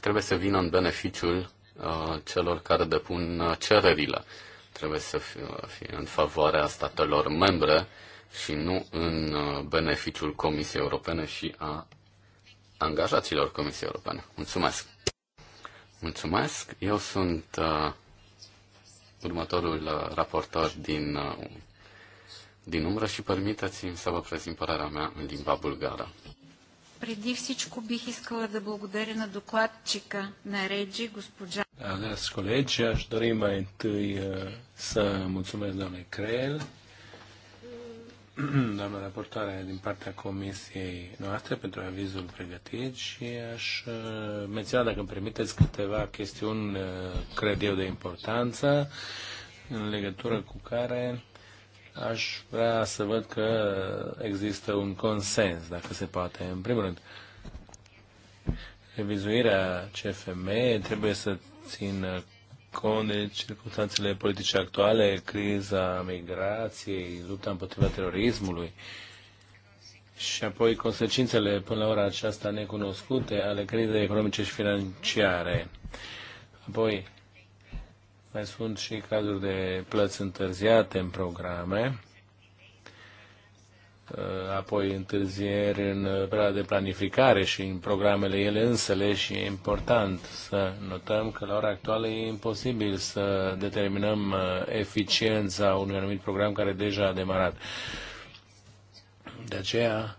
trebuie să vină în beneficiul celor care depun cererile. Trebuie să fie în favoarea statelor membre și nu în beneficiul Comisiei Europene și a angajaților Comisiei Europene. Mulțumesc! Mulțumesc! Eu sunt uh, următorul raportor din, uh, din umbră și permiteți-mi să vă prezint părerea mea în limba bulgară. Преди всичко бих искала да благодаря на докладчика на Реджи, госпожа... Dragi colegi, aș dori mai întâi să mulțumesc doamnei Creel, doamna raportoare din partea comisiei noastre pentru avizul pregătit și aș menționa, dacă îmi permiteți, câteva chestiuni, cred eu, de importanță în legătură cu care Aș vrea să văd că există un consens, dacă se poate. În primul rând, revizuirea CFM trebuie să țină cont de circunstanțele politice actuale, criza migrației, lupta împotriva terorismului și apoi consecințele până la ora aceasta necunoscute ale crizei economice și financiare. Apoi, mai sunt și cazuri de plăți întârziate în programe, uh, apoi întârzieri în perioada de planificare și în programele ele însele și e important să notăm că la ora actuală e imposibil să determinăm uh, eficiența unui anumit program care deja a demarat. De aceea,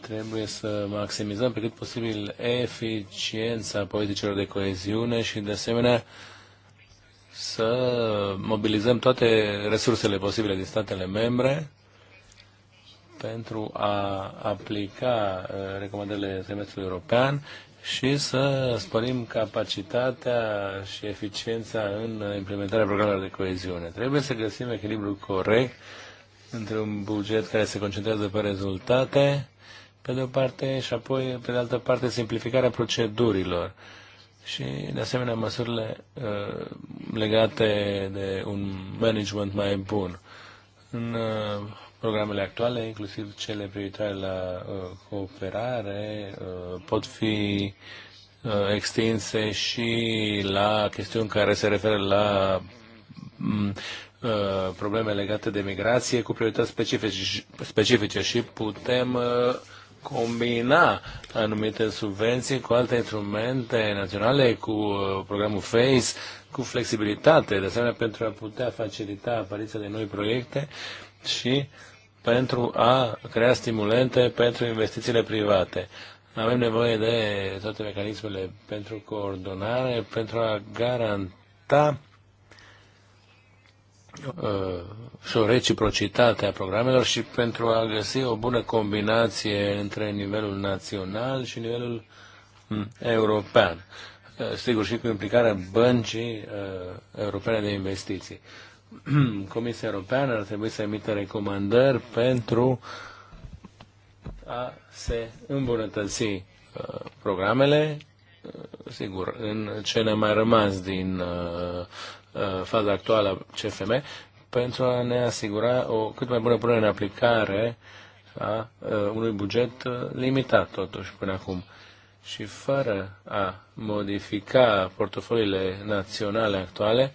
trebuie să maximizăm pe cât posibil eficiența politicilor de coeziune și, de asemenea, să mobilizăm toate resursele posibile din statele membre pentru a aplica uh, recomandările semestrului european și să sporim capacitatea și eficiența în implementarea programelor de coeziune. Trebuie să găsim echilibrul corect între un buget care se concentrează pe rezultate, pe de o parte, și apoi, pe de altă parte, simplificarea procedurilor și, de asemenea, măsurile uh, legate de un management mai bun. În uh, programele actuale, inclusiv cele privitoare la uh, cooperare, uh, pot fi uh, extinse și la chestiuni care se referă la um, uh, probleme legate de migrație cu priorități specifice, specifice și putem uh, combina anumite subvenții cu alte instrumente naționale, cu uh, programul FACE, cu flexibilitate, de asemenea pentru a putea facilita apariția de noi proiecte și pentru a crea stimulente pentru investițiile private. Avem nevoie de toate mecanismele pentru coordonare, pentru a garanta Uh, și o reciprocitate a programelor și pentru a găsi o bună combinație între nivelul național și nivelul mm, european. Uh, sigur, și cu implicarea băncii uh, europene de investiții. [clears throat] Comisia Europeană ar trebui să emită recomandări pentru a se îmbunătăți programele sigur, în ce a mai rămas din Uh, faza actuală a CFM pentru a ne asigura o cât mai bună punere în aplicare a uh, unui buget uh, limitat totuși până acum și fără a modifica portofoliile naționale actuale,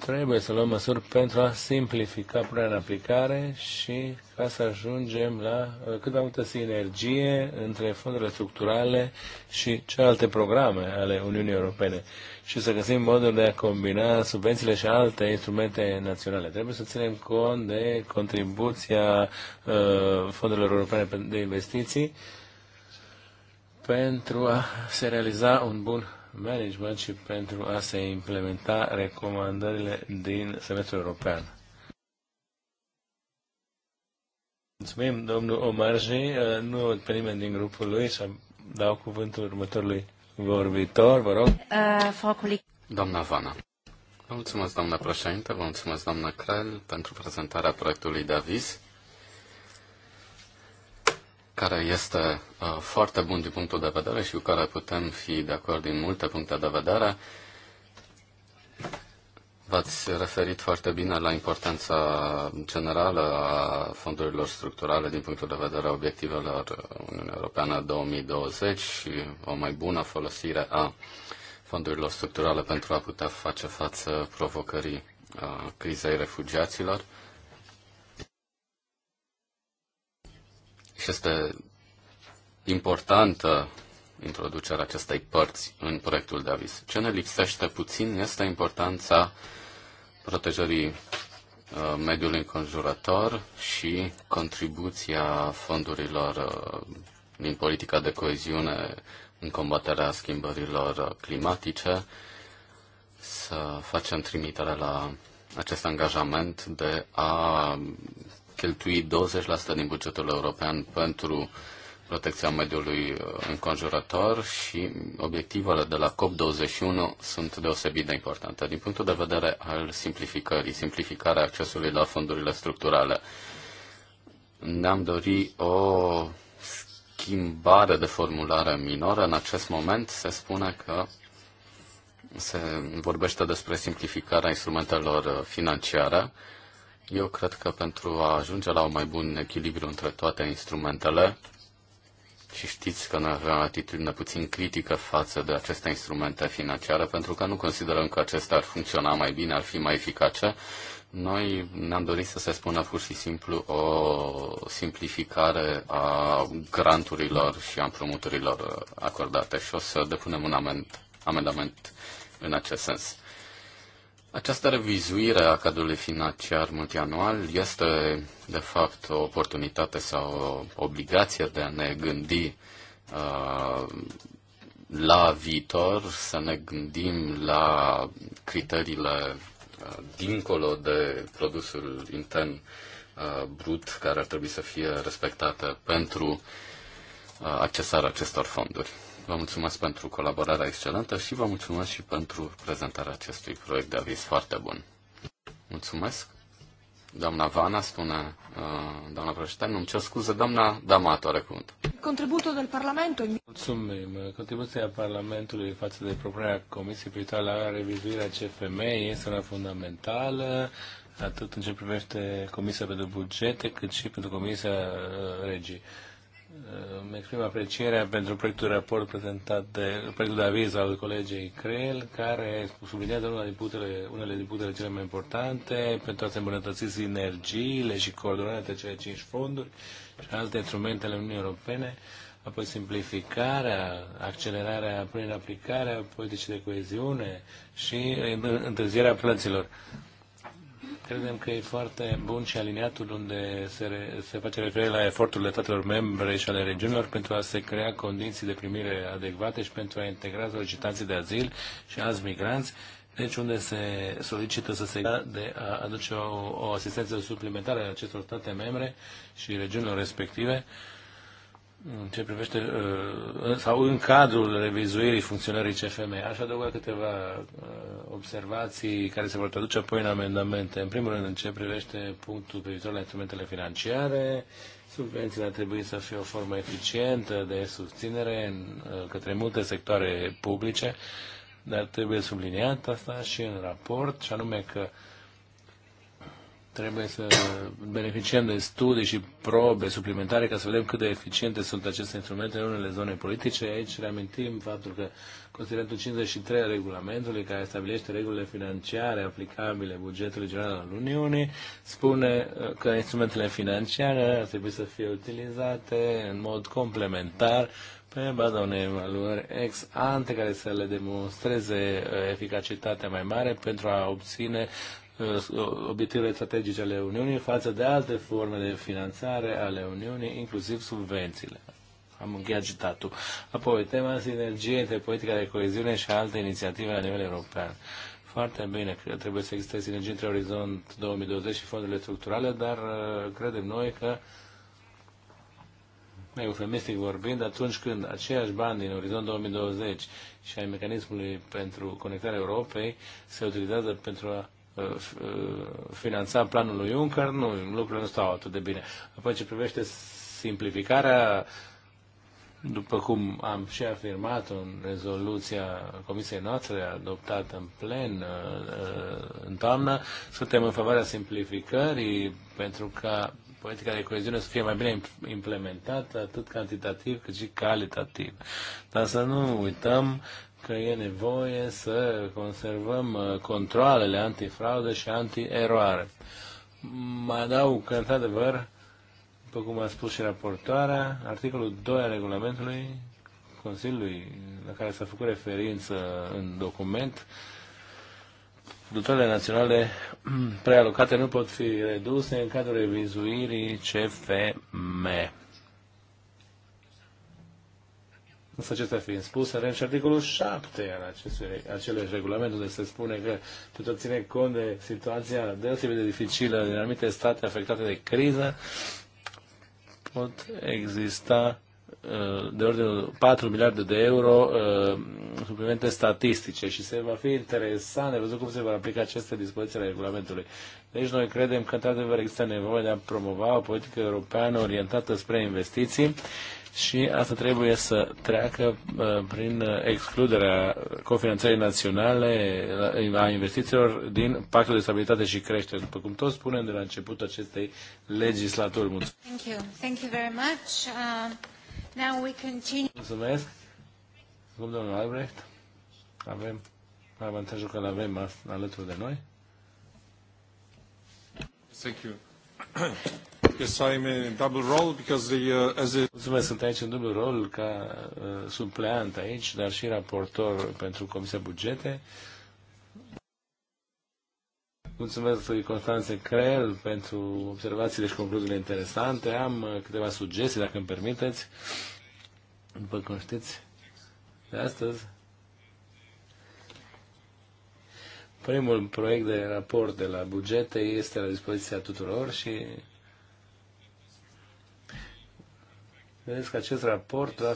trebuie să luăm măsuri pentru a simplifica punerea în aplicare și ca să ajungem la uh, cât mai multă sinergie între fondurile structurale și celelalte programe ale Uniunii Europene și să găsim moduri de a combina subvențiile și alte instrumente naționale. Trebuie să ținem cont de contribuția uh, fondurilor europene de investiții pentru a se realiza un bun management și pentru a se implementa recomandările din semestrul european. Mulțumim, domnul Omarji. Uh, nu pe nimeni din grupul lui să dau cuvântul următorului vorbitor, vă rog. Uh, doamna Vana. Vă mulțumesc, doamna președinte, vă mulțumesc, doamna Crel, pentru prezentarea proiectului de aviz care este uh, foarte bun din punctul de vedere și cu care putem fi de acord din multe puncte de vedere. V-ați referit foarte bine la importanța generală a fondurilor structurale din punctul de vedere a obiectivelor Uniunii Europeană 2020 și o mai bună folosire a fondurilor structurale pentru a putea face față provocării uh, crizei refugiaților. și este importantă introducerea acestei părți în proiectul de avis. Ce ne lipsește puțin este importanța protejării uh, mediul înconjurător și contribuția fondurilor uh, din politica de coeziune în combaterea schimbărilor uh, climatice, să facem trimitere la acest angajament de a cheltui 20% din bugetul european pentru protecția mediului uh, înconjurător și obiectivele de la COP21 sunt deosebit de importante. Din punctul de vedere al simplificării, simplificarea accesului la fondurile structurale, ne-am dori o schimbare de formulare minoră. În acest moment se spune că se vorbește despre simplificarea instrumentelor financiare, eu cred că pentru a ajunge la un mai bun echilibru între toate instrumentele, și știți că noi avem atitudine puțin critică față de aceste instrumente financiare, pentru că nu considerăm că acestea ar funcționa mai bine, ar fi mai eficace. Noi ne-am dorit să se spună pur și simplu o simplificare a granturilor și a împrumuturilor acordate și o să depunem un amend- amendament în acest sens. Această revizuire a cadrului financiar multianual este, de fapt, o oportunitate sau o obligație de a ne gândi uh, la viitor, să ne gândim la criteriile uh, dincolo de produsul intern uh, brut care ar trebui să fie respectate pentru uh, accesarea acestor fonduri. Vă mulțumesc pentru colaborarea excelentă și vă mulțumesc și pentru prezentarea acestui proiect de aviz foarte bun. Mulțumesc. Doamna Vana spune, uh, doamna președinte, nu-mi cer scuze, doamna Damato are cuvânt. Contributul del Parlamento. Mulțumim. Contribuția Parlamentului față de propunerea Comisiei privitoare la revizuirea CFM este una fundamentală, atât în ce privește Comisia pentru Bugete, cât și pentru Comisia uh, Regii. Îmi exprim aprecierea pentru proiectul de raport prezentat de proiectul de aviz al colegei Creel, care sublinează una din putere, unele din putere cele mai importante pentru a se îmbunătăți sinergiile și coordonarea între cele cinci fonduri și alte instrumente ale Uniunii Europene, apoi simplificarea, accelerarea prin aplicarea politicii de coeziune și întârzierea plăților. Credem că e foarte bun și aliniatul unde se, re, se face referire la eforturile statelor membre și ale regiunilor pentru a se crea condiții de primire adecvate și pentru a integra solicitanții de azil și alți migranți, deci unde se solicită să se de a aduce o, o asistență suplimentară a acestor state membre și regiunilor respective. Uh, în ce privește, uh, sau în cadrul revizuirii funcționării CFM. Aș adăuga câteva uh, observații care se vor traduce apoi în amendamente. În primul rând, în ce privește punctul privitor la instrumentele financiare, subvențiile ar trebui să fie o formă eficientă de susținere uh, către multe sectoare publice, dar trebuie subliniat asta și în raport, și anume că uh, trebuie să beneficiem de studii și probe suplimentare ca să vedem cât de eficiente sunt aceste instrumente în unele zone politice. Aici reamintim faptul că Constituentul 53 al regulamentului, care stabilește regulile financiare aplicabile bugetului general al Uniunii, spune uh, că instrumentele financiare ar trebui să fie utilizate în mod complementar pe baza unei evaluări ex ante care să le demonstreze uh, eficacitatea mai mare pentru a obține Uh, obiectivele strategice ale Uniunii față de alte forme de finanțare ale Uniunii, inclusiv subvențiile. Am încheiat citatul. Apoi, tema sinergie între politica de coeziune și alte inițiative la nivel european. Foarte bine, că trebuie să existe sinergie între Orizont 2020 și fondurile structurale, dar uh, credem noi că eufemistic vorbind, atunci când aceiași bani din Orizont 2020 și ai mecanismului pentru conectarea Europei se utilizează pentru a Uh, uh, finanța planul lui Juncker, nu, lucrurile nu stau atât de bine. Apoi ce privește simplificarea, după cum am și afirmat în rezoluția Comisiei noastre adoptată în plen uh, în toamnă, suntem în favoarea simplificării pentru ca politica de coeziune să fie mai bine implementată atât cantitativ cât și calitativ. Dar să nu uităm că e nevoie să conservăm uh, controlele antifraudă și antieroare. Mă adaug că, într-adevăr, după cum a spus și raportoarea, articolul 2 al regulamentului Consiliului, la care s-a făcut referință în document, dotoarele naționale [clears throat] prealocate nu pot fi reduse în cadrul revizuirii CFM. Însă acestea fiind spuse, avem și articolul 7 al acelui regulament unde se spune că pentru a ține cont de situația deosebit de dificilă din anumite state afectate de criză, pot exista uh, de ordinul 4 miliarde de euro uh, suplimente statistice și se va fi interesant de văzut cum se vor aplica aceste dispoziții ale regulamentului. Deci noi credem că într-adevăr există nevoie de a promova o politică europeană orientată spre investiții și asta trebuie să treacă uh, prin excluderea cofinanțării naționale uh, a investițiilor din Pactul de Stabilitate și Creștere, după cum toți spunem de la începutul acestei legislaturi. Mulțumesc! Thank you. Thank you very much. Uh, now we continue. Mulțumesc! Cum domnul Albrecht, avem avantajul că îl avem alături de noi. Thank you because I'm in double role, because the, uh, as a... Mulțumesc, sunt aici în dublu rol ca uh, supleant aici, dar și raportor pentru Comisia Bugete. Mulțumesc lui Constanțe Crel pentru observațiile și concluziile interesante. Am uh, câteva sugestii, dacă îmi permiteți. După cum știți, de astăzi. Primul proiect de raport de la bugete este la dispoziția tuturor și Vedeți că acest raport va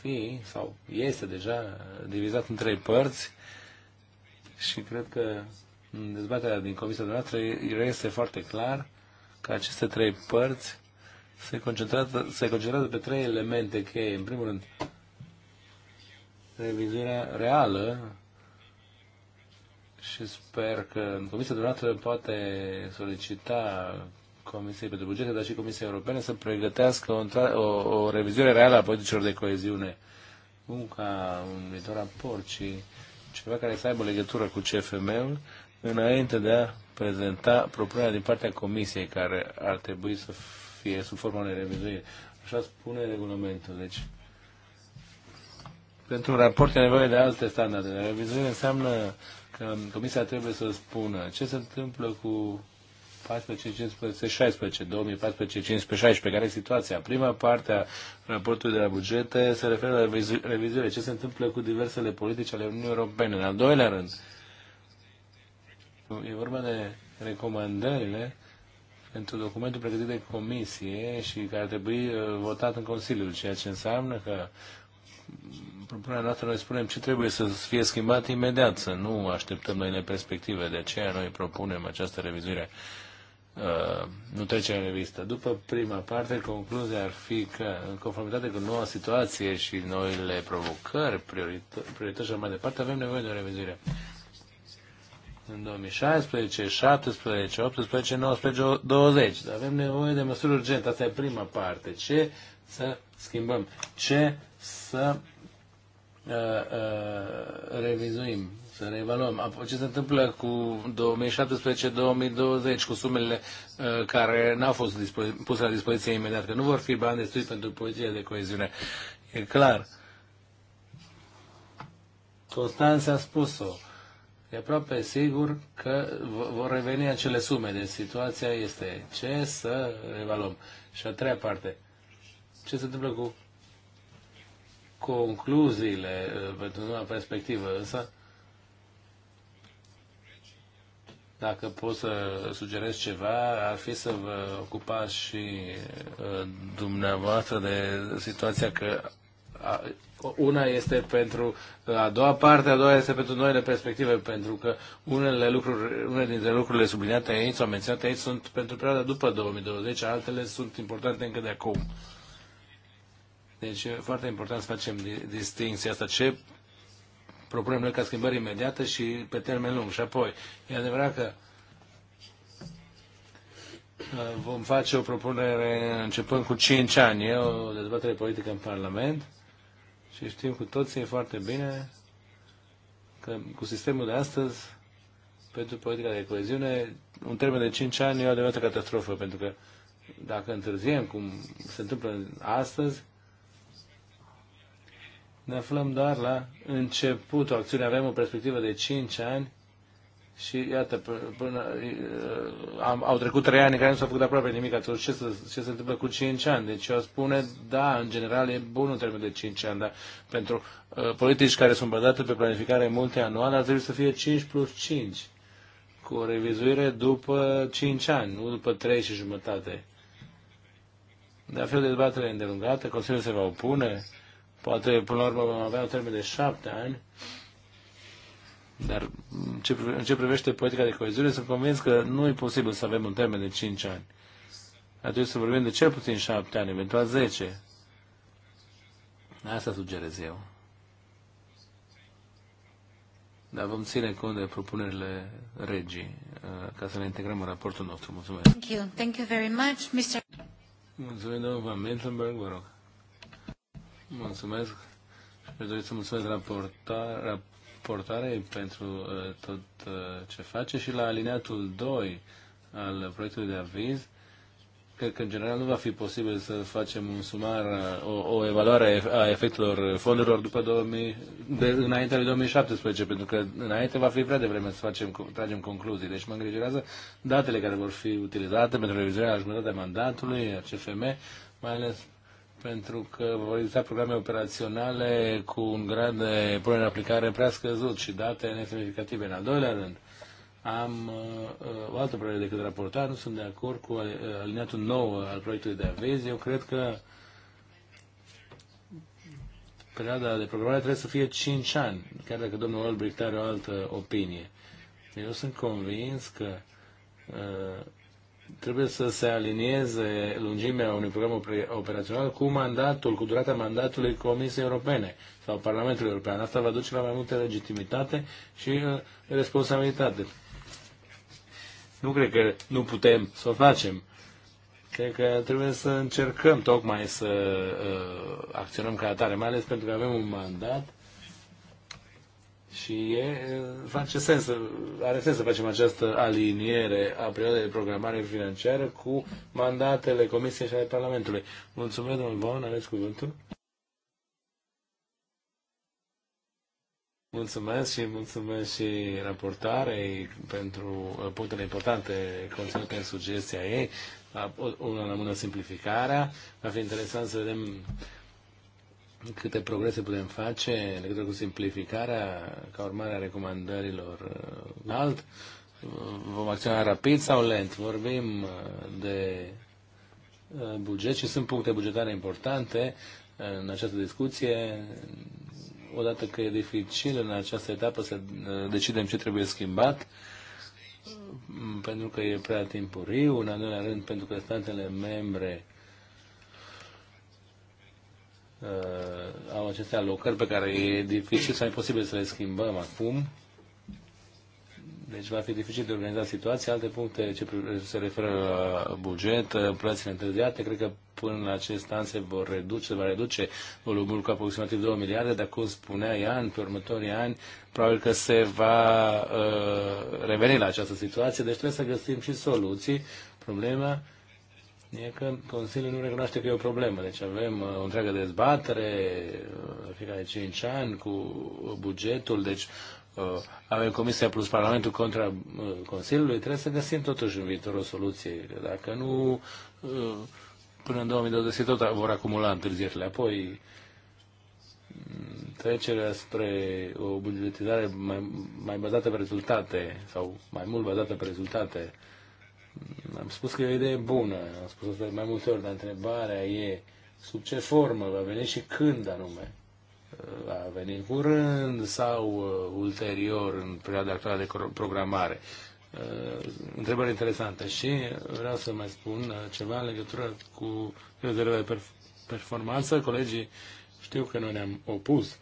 fi, sau este deja, divizat în trei părți și cred că în dezbaterea din comisia noastră este foarte clar că aceste trei părți se concentrează, se concentrează pe trei elemente cheie. În primul rând, revizuirea reală și sper că comisia noastră poate solicita Comisiei pentru Bugete, dar și Comisia Europeană să pregătească o, o, o revizuire reală a politicilor de coeziune. Nu ca un viitor raport, ci ceva care să aibă legătură cu CFM-ul înainte de a prezenta propunerea din partea Comisiei care ar trebui să fie sub formă de revizuire. Așa spune regulamentul. Deci, pentru un raport e nevoie de alte standarde. Revizuire înseamnă că Comisia trebuie să spună ce se întâmplă cu 14, 15, 16, 2014, 15, 16. Care e situația? Prima parte a raportului de la bugete se referă la revizuire. Ce se întâmplă cu diversele politici ale Uniunii Europene? În al doilea rând, e vorba de recomandările pentru documentul pregătit de comisie și care ar trebui votat în Consiliul, ceea ce înseamnă că propunerea noastră noi spunem ce trebuie să fie schimbat imediat, să nu așteptăm noi perspective. De aceea noi propunem această revizuire Uh, nu trece în revistă. După prima parte, concluzia ar fi că, în conformitate cu noua situație și noile provocări, priorită, priorități și mai departe, avem nevoie de o revizuire. În 2016, 17, 18, 19, 20. Avem nevoie de măsuri urgente. Asta e prima parte. Ce să schimbăm? Ce să uh, uh, revizuim? să reevaluăm. Apoi, ce se întâmplă cu 2017-2020, cu sumele uh, care n-au fost puse la dispoziție imediat, că nu vor fi bani destui pentru poziția de coeziune. E clar. Constanța a spus-o. E aproape sigur că vor reveni acele sume. Deci situația este ce să evaluăm. Și a treia parte. Ce se întâmplă cu concluziile uh, pentru noua perspectivă? Însă Dacă pot să sugerez ceva, ar fi să vă ocupați și uh, dumneavoastră de situația că una este pentru uh, a doua parte, a doua este pentru noile perspective, pentru că unele lucruri, unele dintre lucrurile subliniate aici sau menționate aici sunt pentru perioada după 2020, altele sunt importante încă de acum. Deci e foarte important să facem distinția asta. Ce propunem noi ca schimbări imediată și pe termen lung. Și apoi, e adevărat că uh, vom face o propunere începând cu 5 ani. E o dezbatere politică în Parlament și știm cu toții foarte bine că cu sistemul de astăzi, pentru politica de coeziune, un termen de 5 ani e o adevărată catastrofă, pentru că dacă întârziem, cum se întâmplă astăzi, ne aflăm doar la începutul acțiunii. Avem o perspectivă de 5 ani și iată, până, uh, am, au trecut 3 ani în care nu s-a făcut aproape nimic, atunci ce, ce se întâmplă cu 5 ani? Deci eu spune, da, în general e bun un termen de 5 ani, dar pentru uh, politici care sunt bădate pe planificare multianuală ar trebui să fie 5 plus 5, cu o revizuire după 5 ani, nu după 3 și jumătate. De a fel de dezbatere îndelungată, Consiliul se va opune, Poate, până la urmă, vom avea un termen de șapte ani, dar în ce, ce privește politica de coeziune, sunt convins că nu e posibil să avem un termen de cinci ani. Atunci să vorbim de cel puțin șapte ani, eventual zece. Asta sugerez eu. Dar vom ține cont de propunerile regii uh, ca să ne integrăm în raportul nostru. Mulțumesc. Thank you. Thank you very much, Mr. Mulțumesc, domnul Van Miltenberg, vă rog. Mulțumesc. Aș dori să mulțumesc raportarea portare pentru uh, tot uh, ce face și la alineatul 2 al proiectului de aviz. Cred că, în general, nu va fi posibil să facem un sumar, uh, o, o evaluare a efectelor fondurilor după 2000, de, înainte de 2017, pentru că înainte va fi prea devreme să facem, tragem concluzii. Deci mă îngrijorează datele care vor fi utilizate pentru revizuirea la jumătatea mandatului, CFM, mai ales pentru că vor exista programe operaționale cu un grad de punere în aplicare prea scăzut și date nesemnificative. În al doilea rând, am uh, o altă problemă decât raportar, nu sunt de acord cu uh, alineatul nou al proiectului de aviz. Eu cred că perioada de programare trebuie să fie 5 ani, chiar dacă domnul Albrecht are o altă opinie. Eu sunt convins că uh, trebuie să se alinieze lungimea unui program operațional cu mandatul, cu durata mandatului Comisiei Europene sau Parlamentului European. Asta va duce la mai multă legitimitate și uh, responsabilitate. Nu cred că nu putem să o facem. Cred că trebuie să încercăm tocmai să uh, acționăm ca atare, mai ales pentru că avem un mandat și e, face sens, are sens să facem această aliniere a perioadei de programare financiară cu mandatele Comisiei și ale Parlamentului. Mulțumesc, domnul Bon, aveți cuvântul. Mulțumesc și mulțumesc și raportarei pentru uh, punctele importante conținute în sugestia ei. Una la mână simplificarea. Va fi interesant să vedem câte progrese putem face în legătură cu simplificarea ca urmare a recomandărilor uh, alt. Vom acționa rapid sau lent? Vorbim uh, de uh, buget și sunt puncte bugetare importante în această discuție. Odată că e dificil în această etapă să decidem ce trebuie schimbat, pentru că e prea timpuriu, în al doilea rând pentru că statele membre uh, au aceste alocări pe care e dificil sau imposibil să le schimbăm acum. Deci va fi dificil de organizat situația. Alte puncte ce se referă la buget, uh, plățile întârziate, cred că până la acest an se vor reduce, se va reduce volumul cu aproximativ 2 miliarde, dar cum spunea Ian, pe următorii ani, probabil că se va uh, reveni la această situație, deci trebuie să găsim și soluții. Problema e că Consiliul nu recunoaște că e o problemă. Deci avem uh, o întreagă dezbatere la uh, fiecare 5 ani cu bugetul, deci uh, avem Comisia plus Parlamentul contra Consiliului, trebuie să găsim totuși în viitor o soluție. Dacă nu, până în 2020 tot vor acumula întârzierile. Apoi, mm, trecerea spre o bugetizare mai, mai bazată pe rezultate sau mai mult bazată pe rezultate am spus că e o idee bună, am spus asta mai multe ori, dar întrebarea e sub ce formă va veni și când anume. Va veni în curând sau uh, ulterior în perioada actuală de programare. Uh, întrebare interesantă și vreau să mai spun uh, ceva în legătură cu rezerva de perf- performanță. Colegii știu că noi ne-am opus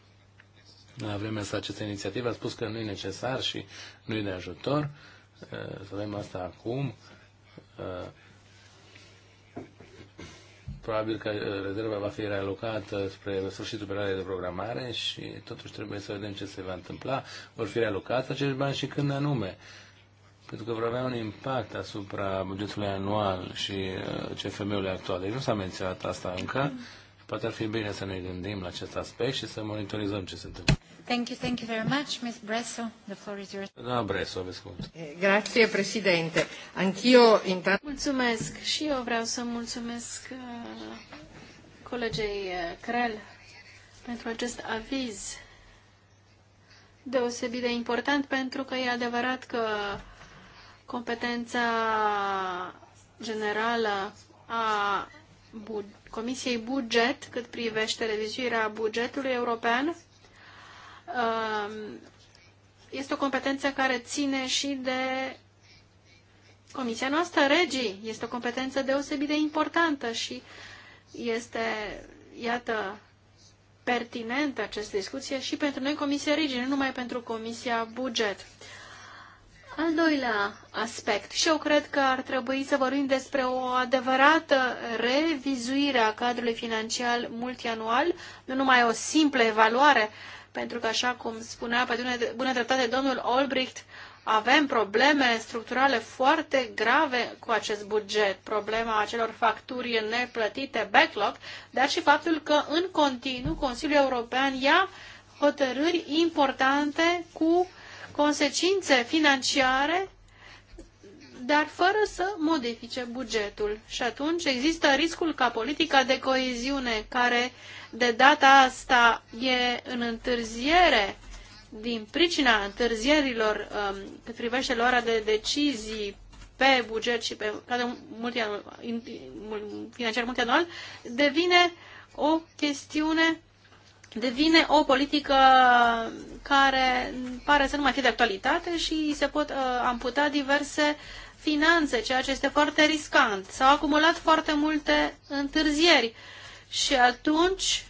la vremea asta această inițiativă. a spus că nu e necesar și nu e de ajutor. Uh, să avem asta acum. Uh, Uh, probabil că uh, rezerva va fi realocată spre sfârșitul perioadei de programare și totuși trebuie să vedem ce se va întâmpla. Vor fi realocați acești bani și când anume. Pentru că vor avea un impact asupra bugetului anual și uh, CFM-ului actual. Deci nu s-a menționat asta încă. Poate ar fi bine să ne gândim la acest aspect și să monitorizăm ce se întâmplă. Thank you, thank you very much, Ms. Bresso. The floor is yours. Da, Bresso, vă cuvânt. Eh, grazie, Presidente. Anch'io intanto... Mulțumesc. Și eu vreau să mulțumesc eh, colegei eh, Crel pentru acest aviz deosebit de important pentru că e adevărat că competența generală a Comisiei Buget cât privește revizuirea bugetului european. Um, este o competență care ține și de Comisia noastră, regii. Este o competență deosebit de importantă și este, iată, pertinentă această discuție și pentru noi Comisia Regii, nu numai pentru Comisia Buget. Al doilea aspect, și eu cred că ar trebui să vorbim despre o adevărată revizuire a cadrului financiar multianual, nu numai o simplă evaluare, pentru că, așa cum spunea pe bună dreptate domnul Olbricht, avem probleme structurale foarte grave cu acest buget, problema acelor facturi neplătite, backlog, dar și faptul că în continuu Consiliul European ia hotărâri importante cu consecințe financiare, dar fără să modifice bugetul. Și atunci există riscul ca politica de coeziune, care de data asta e în întârziere, din pricina întârzierilor um, cât privește luarea de decizii pe buget și pe cadrul multianual, financiar multianual, devine o chestiune devine o politică care pare să nu mai fie de actualitate și se pot uh, amputa diverse finanțe, ceea ce este foarte riscant. S-au acumulat foarte multe întârzieri și atunci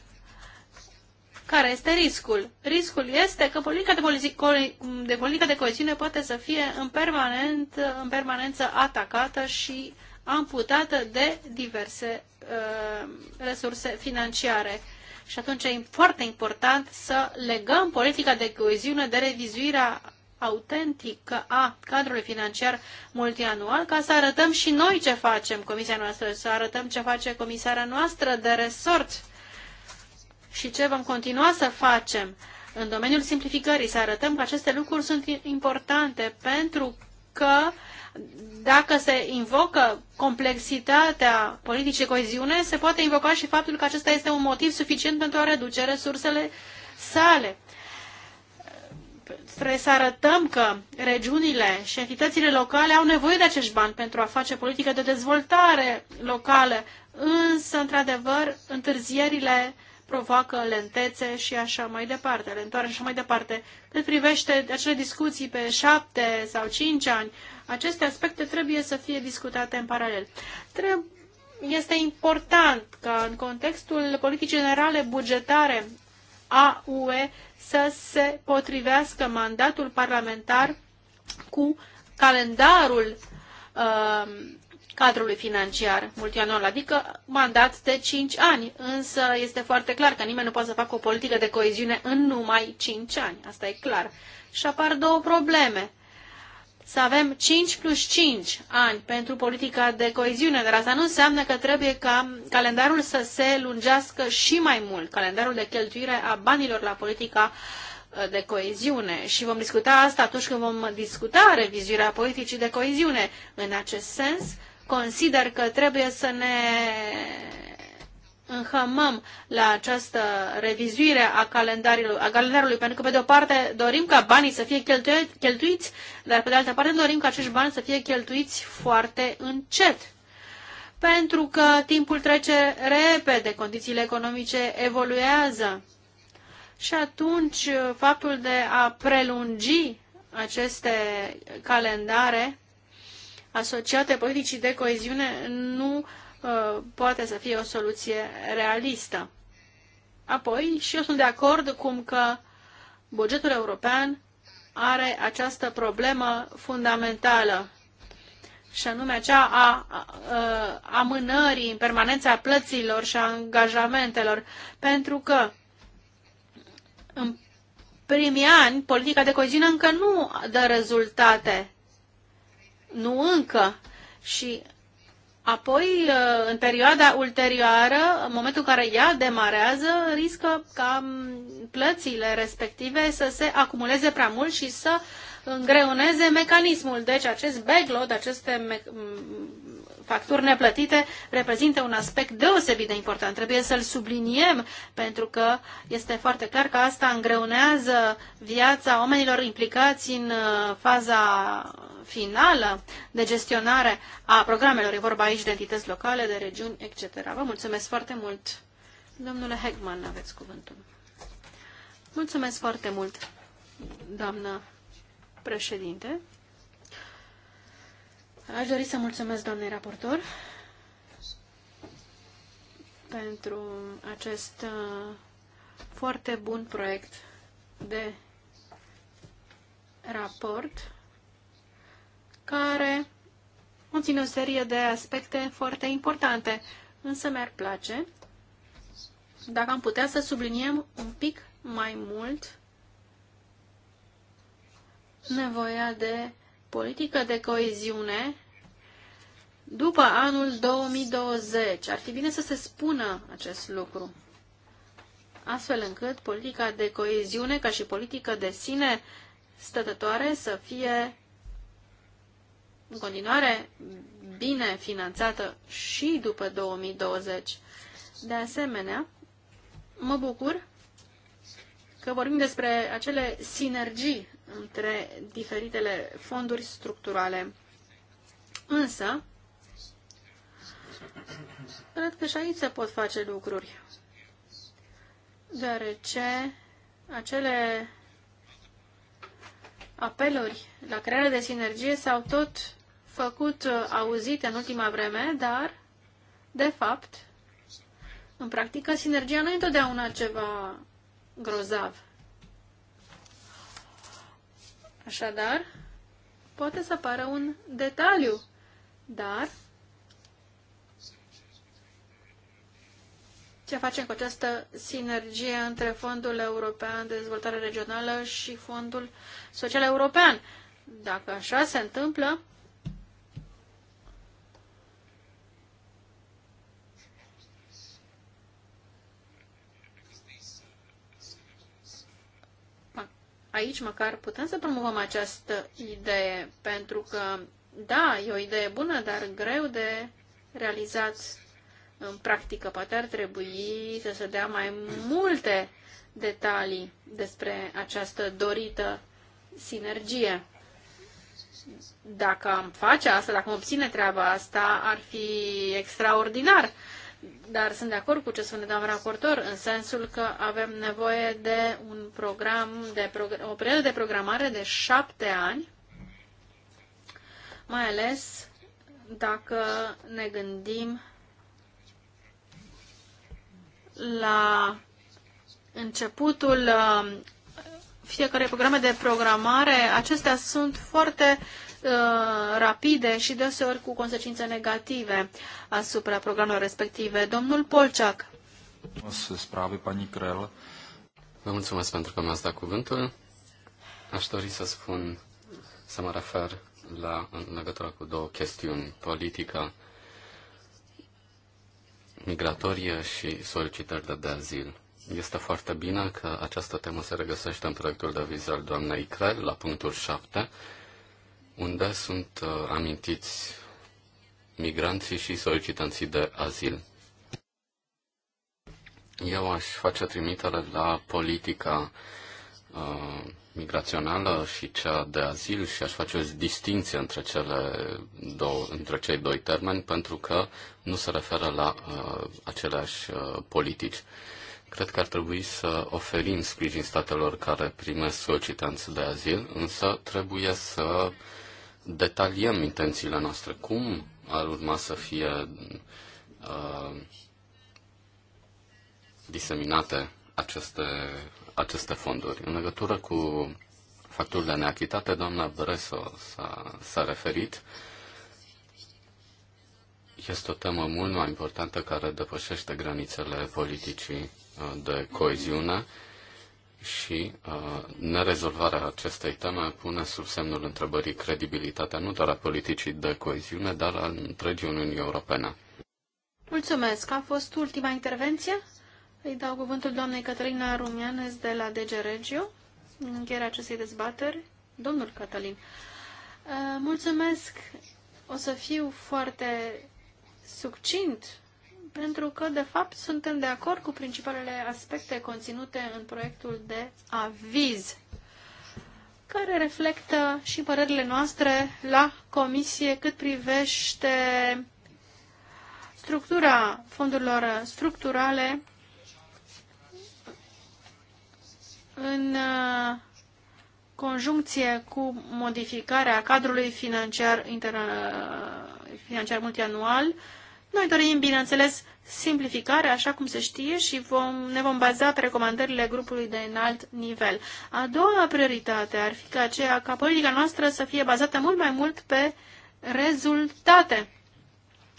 care este riscul? Riscul este că politica de, de, politica de coeziune poate să fie în, permanent, în permanență atacată și amputată de diverse uh, resurse financiare. Și atunci e foarte important să legăm politica de coeziune de revizuirea autentică a cadrului financiar multianual, ca să arătăm și noi ce facem, comisia noastră, să arătăm ce face comisarea noastră de resort și ce vom continua să facem în domeniul simplificării, să arătăm că aceste lucruri sunt importante pentru că dacă se invocă complexitatea politicii de coeziune, se poate invoca și faptul că acesta este un motiv suficient pentru a reduce resursele sale. Trebuie să arătăm că regiunile și entitățile locale au nevoie de acești bani pentru a face politică de dezvoltare locală, însă, într-adevăr, întârzierile provoacă lentețe și așa mai departe, lentoare și așa mai departe. Cât privește acele discuții pe șapte sau cinci ani, aceste aspecte trebuie să fie discutate în paralel. Trebuie este important ca în contextul politicii generale bugetare a UE să se potrivească mandatul parlamentar cu calendarul uh, cadrului financiar multianual, adică mandat de 5 ani. Însă este foarte clar că nimeni nu poate să facă o politică de coeziune în numai 5 ani. Asta e clar. Și apar două probleme să avem 5 plus 5 ani pentru politica de coeziune, dar asta nu înseamnă că trebuie ca calendarul să se lungească și mai mult, calendarul de cheltuire a banilor la politica uh, de coeziune și vom discuta asta atunci când vom discuta revizuirea politicii de coeziune. În acest sens, consider că trebuie să ne înhămăm la această revizuire a calendarului, a calendarului, pentru că, pe de o parte, dorim ca banii să fie cheltuiți, dar, pe de altă parte, dorim ca acești bani să fie cheltuiți foarte încet. Pentru că timpul trece repede, condițiile economice evoluează. Și atunci, faptul de a prelungi aceste calendare asociate politicii de coeziune nu uh, Uh, poate să fie o soluție realistă. Apoi, și eu sunt de acord cum că bugetul european are această problemă fundamentală și anume aceea a, a, a uh, amânării în permanența plăților și a angajamentelor, pentru că în primii ani politica de coziune încă nu dă rezultate, nu încă, și Apoi, uh, în perioada ulterioară, în momentul în care ea demarează, riscă ca mm, plățile respective să se acumuleze prea mult și să îngreuneze mecanismul. Deci acest backload, aceste facturi neplătite reprezintă un aspect deosebit de important. Trebuie să-l subliniem pentru că este foarte clar că asta îngreunează viața oamenilor implicați în uh, faza finală de gestionare a programelor. E vorba aici de entități locale, de regiuni, etc. Vă mulțumesc foarte mult. Domnule Hegman, aveți cuvântul. Mulțumesc foarte mult, doamnă președinte. Aș dori să mulțumesc doamnei raportor pentru acest uh, foarte bun proiect de raport care conține o serie de aspecte foarte importante, însă mi-ar place dacă am putea să subliniem un pic mai mult nevoia de politică de coeziune după anul 2020. Ar fi bine să se spună acest lucru, astfel încât politica de coeziune ca și politică de sine stătătoare să fie în continuare bine finanțată și după 2020. De asemenea, mă bucur că vorbim despre acele sinergii între diferitele fonduri structurale. Însă, cred că și aici se pot face lucruri, deoarece acele apeluri la creare de sinergie s-au tot făcut uh, auzite în ultima vreme, dar, de fapt, în practică, sinergia nu e întotdeauna ceva grozav. Așadar, poate să pară un detaliu, dar ce facem cu această sinergie între Fondul European de Dezvoltare Regională și Fondul Social European? Dacă așa se întâmplă, aici măcar putem să promovăm această idee, pentru că, da, e o idee bună, dar greu de realizat în practică. Poate ar trebui să se dea mai multe detalii despre această dorită sinergie. Dacă am face asta, dacă am obține treaba asta, ar fi extraordinar. Dar sunt de acord cu ce spune doamna raportor, în sensul că avem nevoie de un program, de o perioadă de programare de șapte ani, mai ales dacă ne gândim la începutul um, fiecare programe de programare, acestea sunt foarte uh, Uh, rapide și deseori cu consecințe negative asupra programelor respective. Domnul Polceac. Vă mulțumesc pentru că mi-ați dat cuvântul. Aș dori să spun, să mă refer la, în legătură cu două chestiuni, politică, migratorie și solicitări de, de azil. Este foarte bine că această temă se regăsește în proiectul de viză al doamnei Crel, la punctul 7, unde sunt uh, amintiți migranții și solicitanții de azil. Eu aș face trimitere la politica uh, migrațională și cea de azil și aș face o distinție între, cele două, între cei doi termeni pentru că nu se referă la uh, aceleași uh, politici. Cred că ar trebui să oferim sprijin statelor care primesc solicitanți de azil, însă trebuie să detaliem intențiile noastre, cum ar urma să fie uh, diseminate aceste, aceste fonduri. În legătură cu facturile neachitate, doamna Breso s-a, s-a referit. Este o temă mult mai importantă care depășește granițele politicii uh, de coeziune. Mm-hmm și uh, nerezolvarea acestei teme pune sub semnul întrebării credibilitatea nu doar a politicii de coeziune, dar a întregii Uniunii Europene. Mulțumesc. A fost ultima intervenție. Îi dau cuvântul doamnei Cătălina Rumianes de la DG Regio în încheierea acestei dezbateri. Domnul Cătălin, uh, mulțumesc. O să fiu foarte succint pentru că, de fapt, suntem de acord cu principalele aspecte conținute în proiectul de aviz, care reflectă și părerile noastre la comisie cât privește structura fondurilor structurale în uh, conjuncție cu modificarea cadrului financiar, inter, uh, financiar multianual noi dorim, bineînțeles, simplificare, așa cum se știe, și vom, ne vom baza pe recomandările grupului de înalt nivel. A doua prioritate ar fi ca aceea ca politica noastră să fie bazată mult mai mult pe rezultate.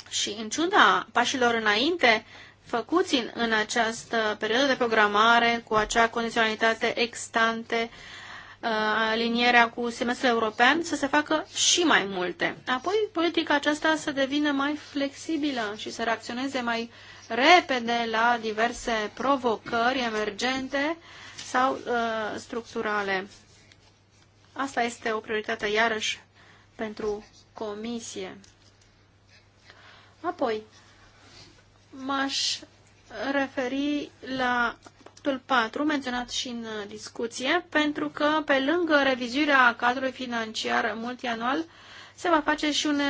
Și în ciuda pașilor înainte, făcuți în, în această perioadă de programare cu acea condiționalitate extante, uh, Uh, alinierea cu semestrul european, să se facă și mai multe. Apoi, politica aceasta să devină mai flexibilă și să reacționeze mai repede la diverse provocări emergente sau uh, structurale. Asta este o prioritate, iarăși, pentru comisie. Apoi, m-aș referi la punctul 4, menționat și în uh, discuție, pentru că pe lângă revizuirea cadrului financiar multianual, se va face și un uh,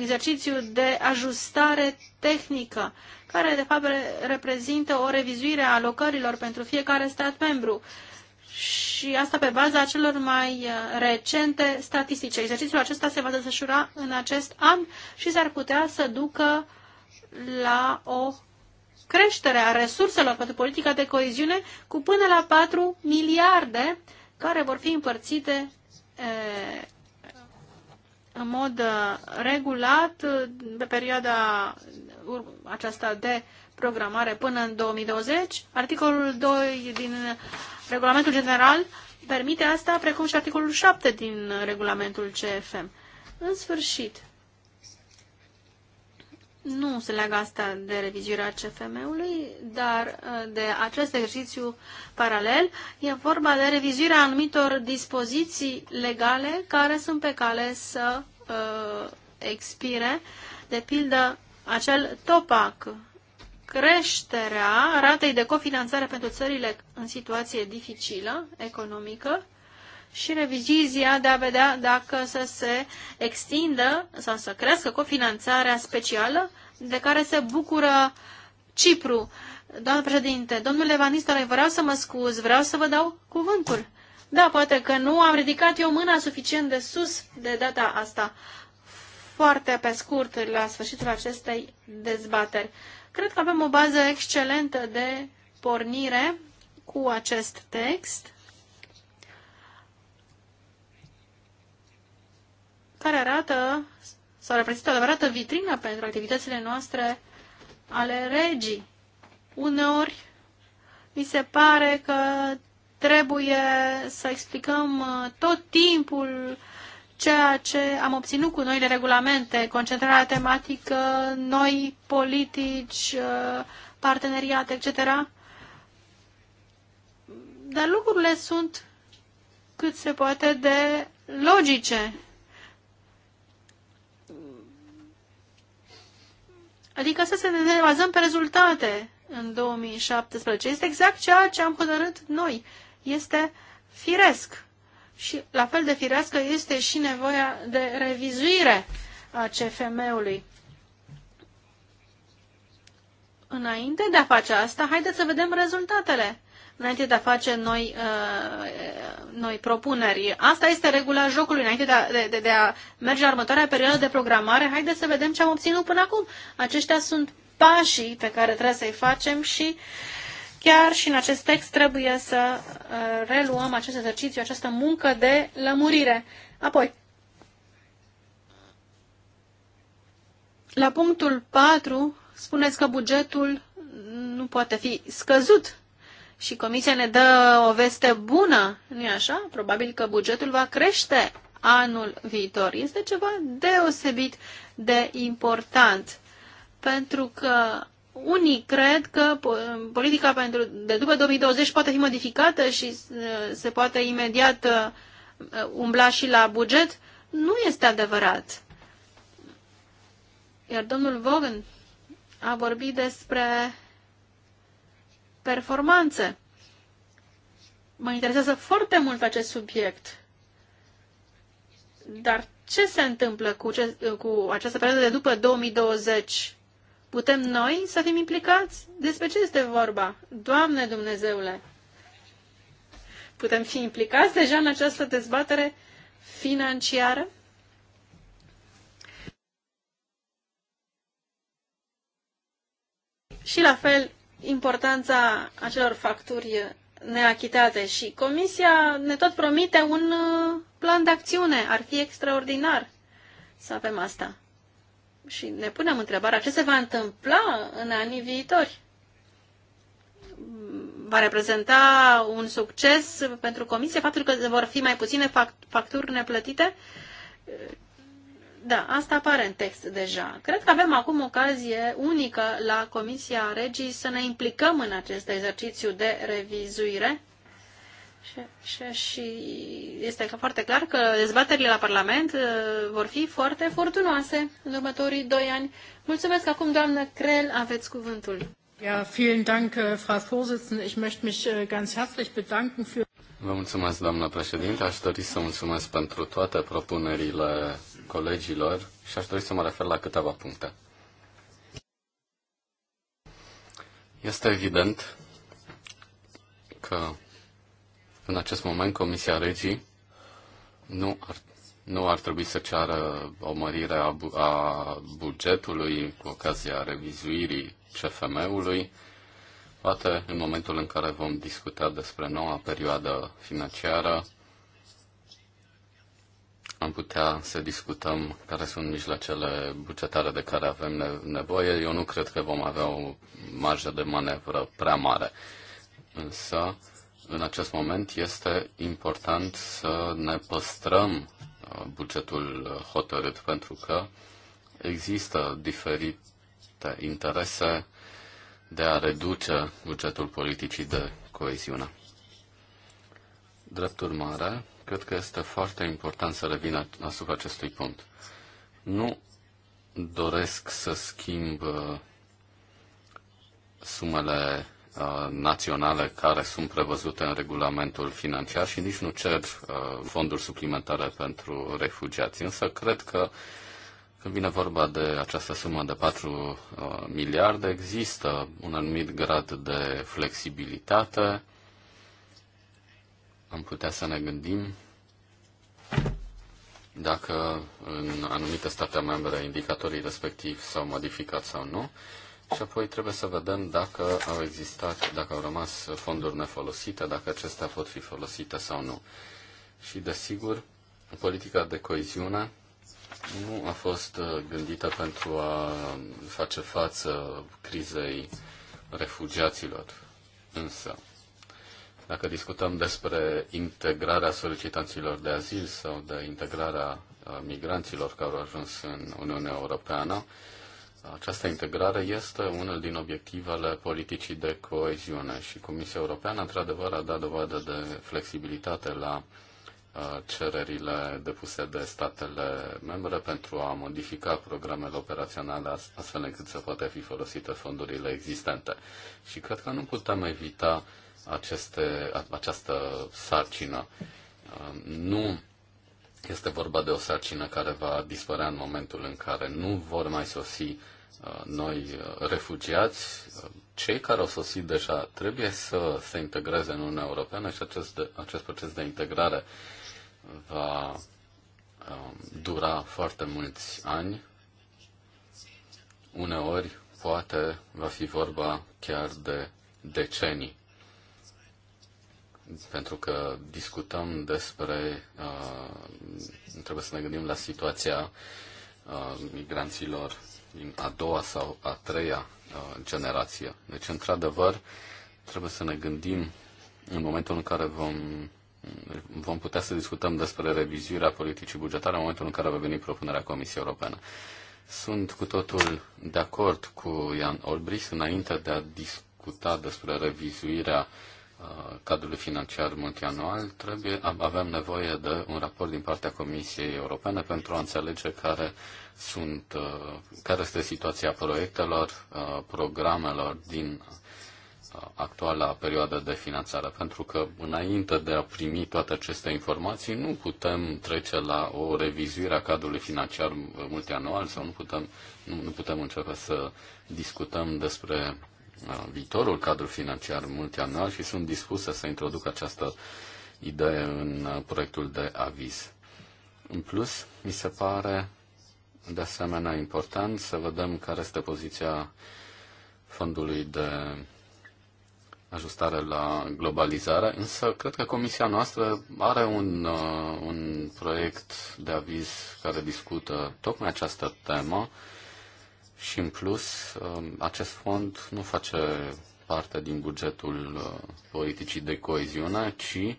exercițiu de ajustare tehnică, care de fapt reprezintă o revizuire a alocărilor pentru fiecare stat membru și asta pe baza celor mai uh, recente statistice. Exercițiul acesta se va desfășura în acest an și s-ar putea să ducă la o creșterea resurselor pentru politica de coeziune cu până la 4 miliarde care vor fi împărțite e, în mod regulat pe perioada aceasta de programare până în 2020. Articolul 2 din regulamentul general permite asta, precum și articolul 7 din regulamentul CFM. În sfârșit, nu se leagă asta de revizuirea CFM-ului, dar uh, de acest exercițiu paralel e vorba de revizuirea anumitor dispoziții legale care sunt pe cale să uh, expire, de pildă acel TOPAC, creșterea ratei de cofinanțare pentru țările în situație dificilă, economică, și revizia de a vedea dacă să se extindă sau să crească cofinanțarea specială de care se bucură Cipru. Doamne președinte, domnule Van Nistelrooy, vreau să mă scuz, vreau să vă dau cuvântul. Da, poate că nu am ridicat eu mâna suficient de sus de data asta. Foarte pe scurt, la sfârșitul acestei dezbateri. Cred că avem o bază excelentă de pornire cu acest text care arată sau reprezintă o adevărată vitrină pentru activitățile noastre ale regii. Uneori mi se pare că trebuie să explicăm uh, tot timpul ceea ce am obținut cu noile regulamente, concentrarea tematică, noi politici, uh, parteneriate, etc. Dar lucrurile sunt cât se poate de logice Adică să ne bazăm pe rezultate în 2017. Este exact ceea ce am hotărât noi. Este firesc. Și la fel de firească este și nevoia de revizuire a CFM-ului. Înainte de a face asta, haideți să vedem rezultatele înainte de a face noi, uh, noi propuneri. Asta este regula jocului. Înainte de a, de, de a merge la următoarea perioadă de programare, haideți să vedem ce am obținut până acum. Aceștia sunt pașii pe care trebuie să-i facem și chiar și în acest text trebuie să uh, reluăm acest exercițiu, această muncă de lămurire. Apoi, la punctul 4 spuneți că bugetul nu poate fi scăzut și Comisia ne dă o veste bună, nu-i așa? Probabil că bugetul va crește anul viitor. Este ceva deosebit de important, pentru că unii cred că politica pentru, de după 2020 poate fi modificată și uh, se poate imediat uh, umbla și la buget. Nu este adevărat. Iar domnul Vogan a vorbit despre performanțe. Mă interesează foarte mult acest subiect. Dar ce se întâmplă cu, ce, cu această perioadă de după 2020? Putem noi să fim implicați? Despre ce este vorba? Doamne Dumnezeule! Putem fi implicați deja în această dezbatere financiară? Și la fel importanța acelor facturi neachitate și Comisia ne tot promite un uh, plan de acțiune. Ar fi extraordinar să avem asta. Și ne punem întrebarea ce se va întâmpla în anii viitori. Va reprezenta un succes pentru Comisie faptul că vor fi mai puține facturi neplătite? Da, asta apare în text deja. Cred că avem acum ocazie unică la Comisia Regii să ne implicăm în acest exercițiu de revizuire. Și, și, și este foarte clar că dezbaterile la Parlament uh, vor fi foarte fortunoase în următorii doi ani. Mulțumesc acum, doamnă Crel, aveți cuvântul. Ja, vielen Dank, uh, Frau Vorsitzende. Ich möchte mich uh, ganz herzlich bedanken für Vă mulțumesc, doamnă președinte. Aș dori să mulțumesc pentru toate propunerile colegilor și aș dori să mă refer la câteva puncte. Este evident că în acest moment Comisia Regii nu ar, nu ar trebui să ceară o mărire a, bu- a bugetului cu ocazia revizuirii CFM-ului, poate în momentul în care vom discuta despre noua perioadă financiară, am putea să discutăm care sunt mijloacele bugetare de care avem nevoie. Eu nu cred că vom avea o marjă de manevră prea mare. Însă, în acest moment, este important să ne păstrăm uh, bugetul uh, hotărât, pentru că există diferite interese de a reduce bugetul politicii de coeziune. Drept urmare, cred că este foarte important să revin asupra acestui punct. Nu doresc să schimb uh, sumele uh, naționale care sunt prevăzute în regulamentul financiar și nici nu cer uh, fonduri suplimentare pentru refugiați. Însă cred că când vine vorba de această sumă de 4 miliarde, există un anumit grad de flexibilitate am putea să ne gândim dacă în anumite state membre indicatorii respectivi s-au modificat sau nu. Și apoi trebuie să vedem dacă au existat, dacă au rămas fonduri nefolosite, dacă acestea pot fi folosite sau nu. Și desigur, politica de coeziune nu a fost uh, gândită pentru a face față crizei refugiaților. Însă, dacă discutăm despre integrarea solicitanților de azil sau de integrarea uh, migranților care au ajuns în Uniunea Europeană, această integrare este unul din obiectivele politicii de coeziune și Comisia Europeană, într-adevăr, a dat dovadă de flexibilitate la uh, cererile depuse de statele membre pentru a modifica programele operaționale astfel încât să poată fi folosite fondurile existente. Și cred că nu putem evita aceste, această sarcină. Uh, nu este vorba de o sarcină care va dispărea în momentul în care nu vor mai sosi uh, noi uh, refugiați. Cei care au sosit deja trebuie să se integreze în Uniunea Europeană și acest, de, acest proces de integrare va um, dura foarte mulți ani. Uneori, poate, va fi vorba chiar de decenii pentru că discutăm despre, uh, trebuie să ne gândim la situația uh, migranților din a doua sau a treia uh, generație. Deci, într-adevăr, trebuie să ne gândim în momentul în care vom, vom putea să discutăm despre revizuirea politicii bugetare, în momentul în care va veni propunerea Comisiei Europene. Sunt cu totul de acord cu Ian Olbrich înainte de a discuta despre revizuirea uh, cadrului financiar multianual, trebuie, avem nevoie de un raport din partea Comisiei Europene pentru a înțelege care, sunt, care este situația proiectelor, programelor din actuala perioadă de finanțare, pentru că înainte de a primi toate aceste informații nu putem trece la o revizuire a cadrului financiar multianual sau nu putem, nu, nu putem începe să discutăm despre viitorul cadru financiar multianual și sunt dispusă să introduc această idee în uh, proiectul de aviz. În plus, mi se pare de asemenea important să vedem care este poziția fondului de ajustare la globalizare, însă cred că comisia noastră are un, uh, un proiect de aviz care discută tocmai această temă și în plus, um, acest fond nu face parte din bugetul uh, politicii de coeziune, ci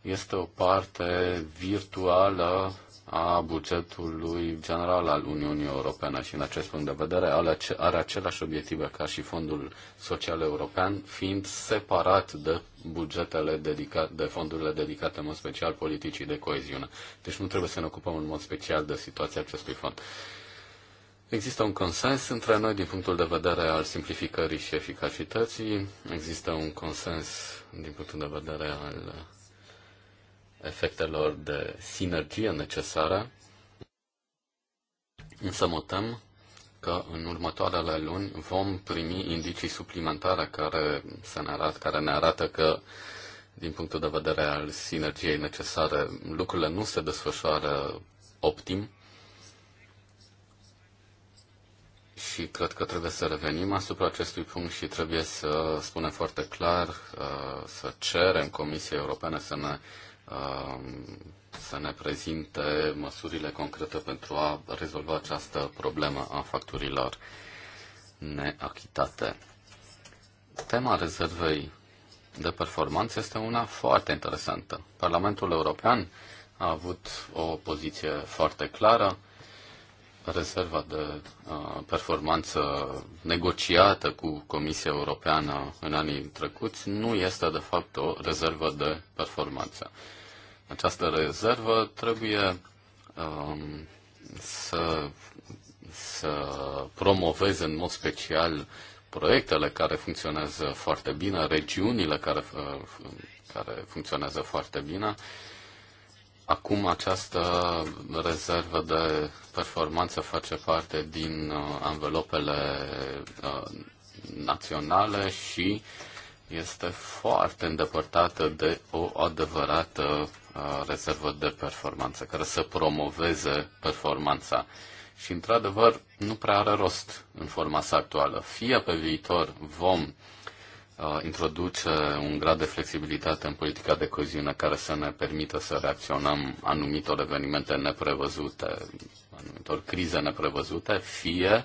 este o parte virtuală a bugetului general al Uniunii Europene și în acest punct de vedere are același obiective ca și Fondul Social European, fiind separat de bugetele dedicate, de fondurile dedicate în mod special politicii de coeziune. Deci nu trebuie să ne ocupăm în mod special de situația acestui fond. Există un consens între noi din punctul de vedere al simplificării și eficacității, există un consens din punctul de vedere al efectelor de sinergie necesară, însă mutăm că în următoarele luni vom primi indicii suplimentare care, să ne arată, care ne arată că din punctul de vedere al sinergiei necesare, lucrurile nu se desfășoară optim și cred că trebuie să revenim asupra acestui punct și trebuie să spunem foarte clar, uh, să cerem Comisiei Europene să ne, uh, să ne prezinte măsurile concrete pentru a rezolva această problemă a facturilor neachitate. Tema rezervei de performanță este una foarte interesantă. Parlamentul European a avut o poziție foarte clară rezerva de uh, performanță negociată cu Comisia Europeană în anii trecuți nu este de fapt o rezervă de performanță. Această rezervă trebuie um, să, să promoveze în mod special proiectele care funcționează foarte bine, regiunile care, uh, care funcționează foarte bine, uh, Acum această rezervă de performanță face parte din uh, anvelopele uh, naționale și este foarte îndepărtată de o adevărată uh, rezervă de performanță care să promoveze performanța. Și într-adevăr nu prea are rost în forma sa actuală. Fie pe viitor vom uh, Uh, introduce un grad de flexibilitate în politica de coziune care să ne permită să reacționăm anumitor evenimente neprevăzute, anumitor crize neprevăzute, fie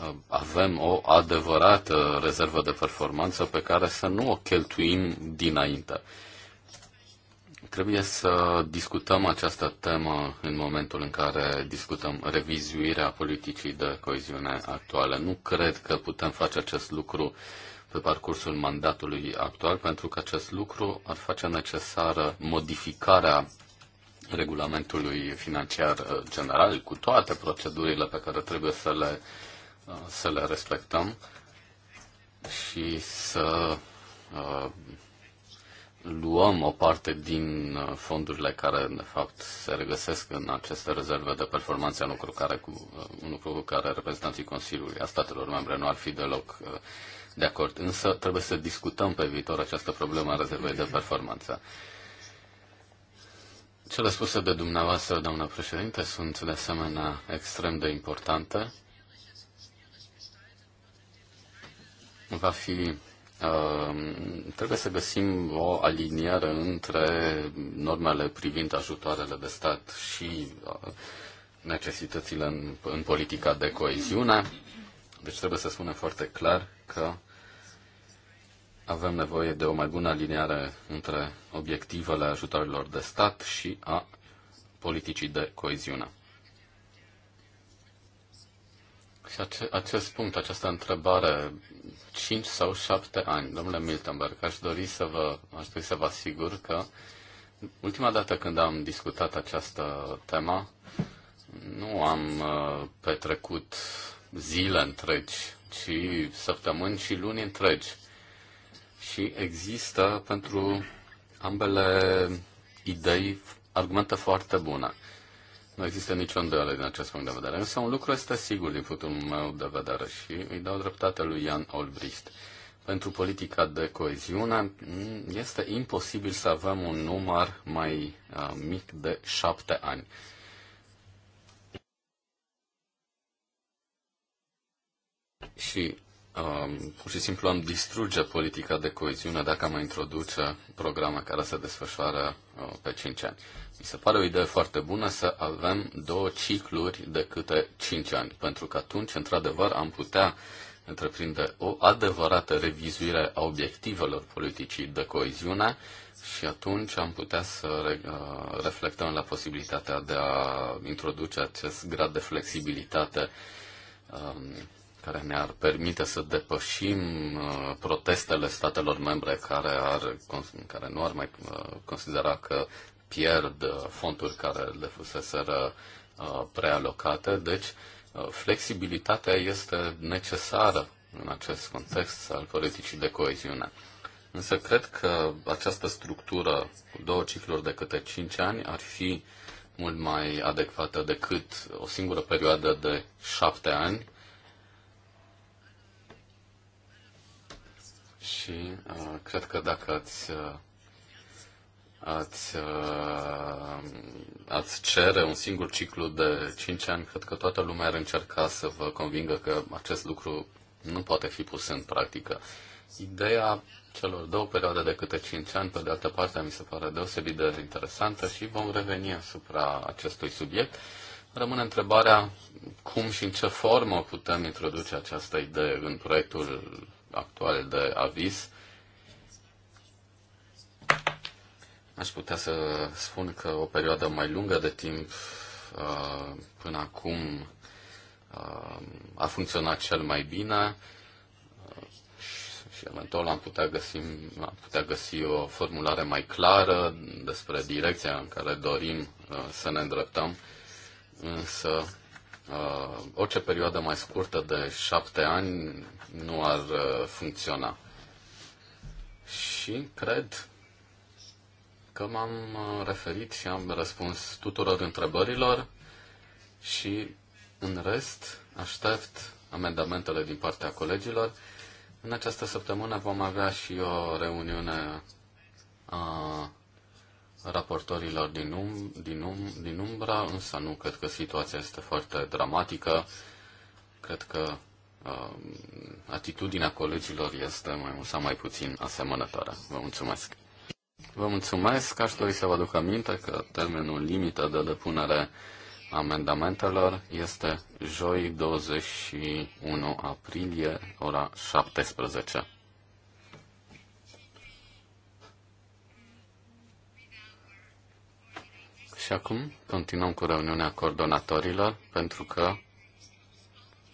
uh, avem o adevărată rezervă de performanță pe care să nu o cheltuim dinainte. Trebuie să discutăm această temă în momentul în care discutăm revizuirea politicii de coeziune actuale. Nu cred că putem face acest lucru uh, pe parcursul mandatului actual, pentru că acest lucru ar face necesară modificarea regulamentului financiar uh, general cu toate procedurile pe care trebuie să le, uh, să le respectăm și să uh, luăm o parte din fondurile care, de fapt, se regăsesc în aceste rezerve de performanță, un lucru care, un lucru care reprezentanții Consiliului a statelor membre nu ar fi deloc de acord, însă trebuie să discutăm pe viitor această problemă a rezervei de performanță. Cele spuse de dumneavoastră, doamnă președinte, sunt de asemenea extrem de importante. Va fi Uh, trebuie să găsim o aliniere între normele privind ajutoarele de stat și uh, necesitățile în, în politica de coeziune. Deci trebuie să spunem foarte clar că avem nevoie de o mai bună aliniare între obiectivele ajutorilor de stat și a politicii de coeziune. Și ace- acest punct, această întrebare, 5 sau 7 ani, domnule Miltenberg, aș dori să vă, aș dori să vă asigur că ultima dată când am discutat această temă, nu am uh, petrecut zile întregi, ci săptămâni și luni întregi și există pentru ambele idei argumente foarte bune. Nu există nicio îndoială din acest punct de vedere. Însă un lucru este sigur din punctul meu de vedere și îi dau dreptate lui Jan Olbricht. Pentru politica de coeziune mm, este imposibil să avem un număr mai uh, mic de șapte ani. Și um, pur și simplu am distruge politica de coeziune dacă am introduce programe care se desfășoară uh, pe 5 ani. Mi se pare o idee foarte bună să avem două cicluri de câte 5 ani, pentru că atunci, într-adevăr, am putea întreprinde o adevărată revizuire a obiectivelor politicii de coeziune și atunci am putea să re, uh, reflectăm la posibilitatea de a introduce acest grad de flexibilitate um, care ne-ar permite să depășim uh, protestele statelor membre care, ar, care nu ar mai uh, considera că pierd uh, fonduri care le fuseseră prealocate. Deci, flexibilitatea este necesară în acest context al politicii de coeziune. Însă cred că această structură cu două cicluri de câte 5 ani ar fi mult mai adecvată decât o singură perioadă de 7 ani și uh, cred că dacă ați, uh, ați, uh, ați cere un singur ciclu de 5 ani, cred că toată lumea ar încerca să vă convingă că acest lucru nu poate fi pus în practică. Ideea celor două perioade de câte 5 ani, pe de altă parte, mi se pare deosebit de interesantă și vom reveni asupra acestui subiect. Rămâne întrebarea cum și în ce formă putem introduce această idee în proiectul actual de aviz, aș putea să spun că o perioadă mai lungă de timp uh, până acum uh, a funcționat cel mai bine și eventual am putea găsi, am putea găsi o formulare mai clară despre direcția în care dorim uh, să ne îndreptăm, însă uh, orice perioadă mai scurtă de șapte ani nu ar uh, funcționa. Și cred că m-am uh, referit și am răspuns tuturor întrebărilor și în rest aștept amendamentele din partea colegilor. În această săptămână vom avea și o reuniune a raportorilor din, um, din, um, din umbra, însă nu cred că situația este foarte dramatică. Cred că uh, atitudinea colegilor este mai mult sau mai puțin asemănătoare. Vă mulțumesc! Vă mulțumesc, aș dori să vă aduc aminte că termenul limită de depunere amendamentelor este joi 21 aprilie, ora 17. Și acum continuăm cu reuniunea coordonatorilor, pentru că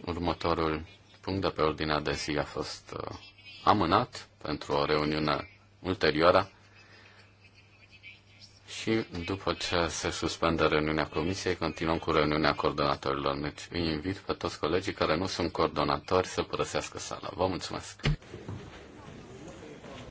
următorul punct de pe ordinea de zi a fost uh, amânat pentru o reuniune ulterioară și după ce se suspendă reuniunea comisiei, continuăm cu reuniunea coordonatorilor. Deci îi invit pe toți colegii care nu sunt coordonatori să părăsească sala. Vă mulțumesc!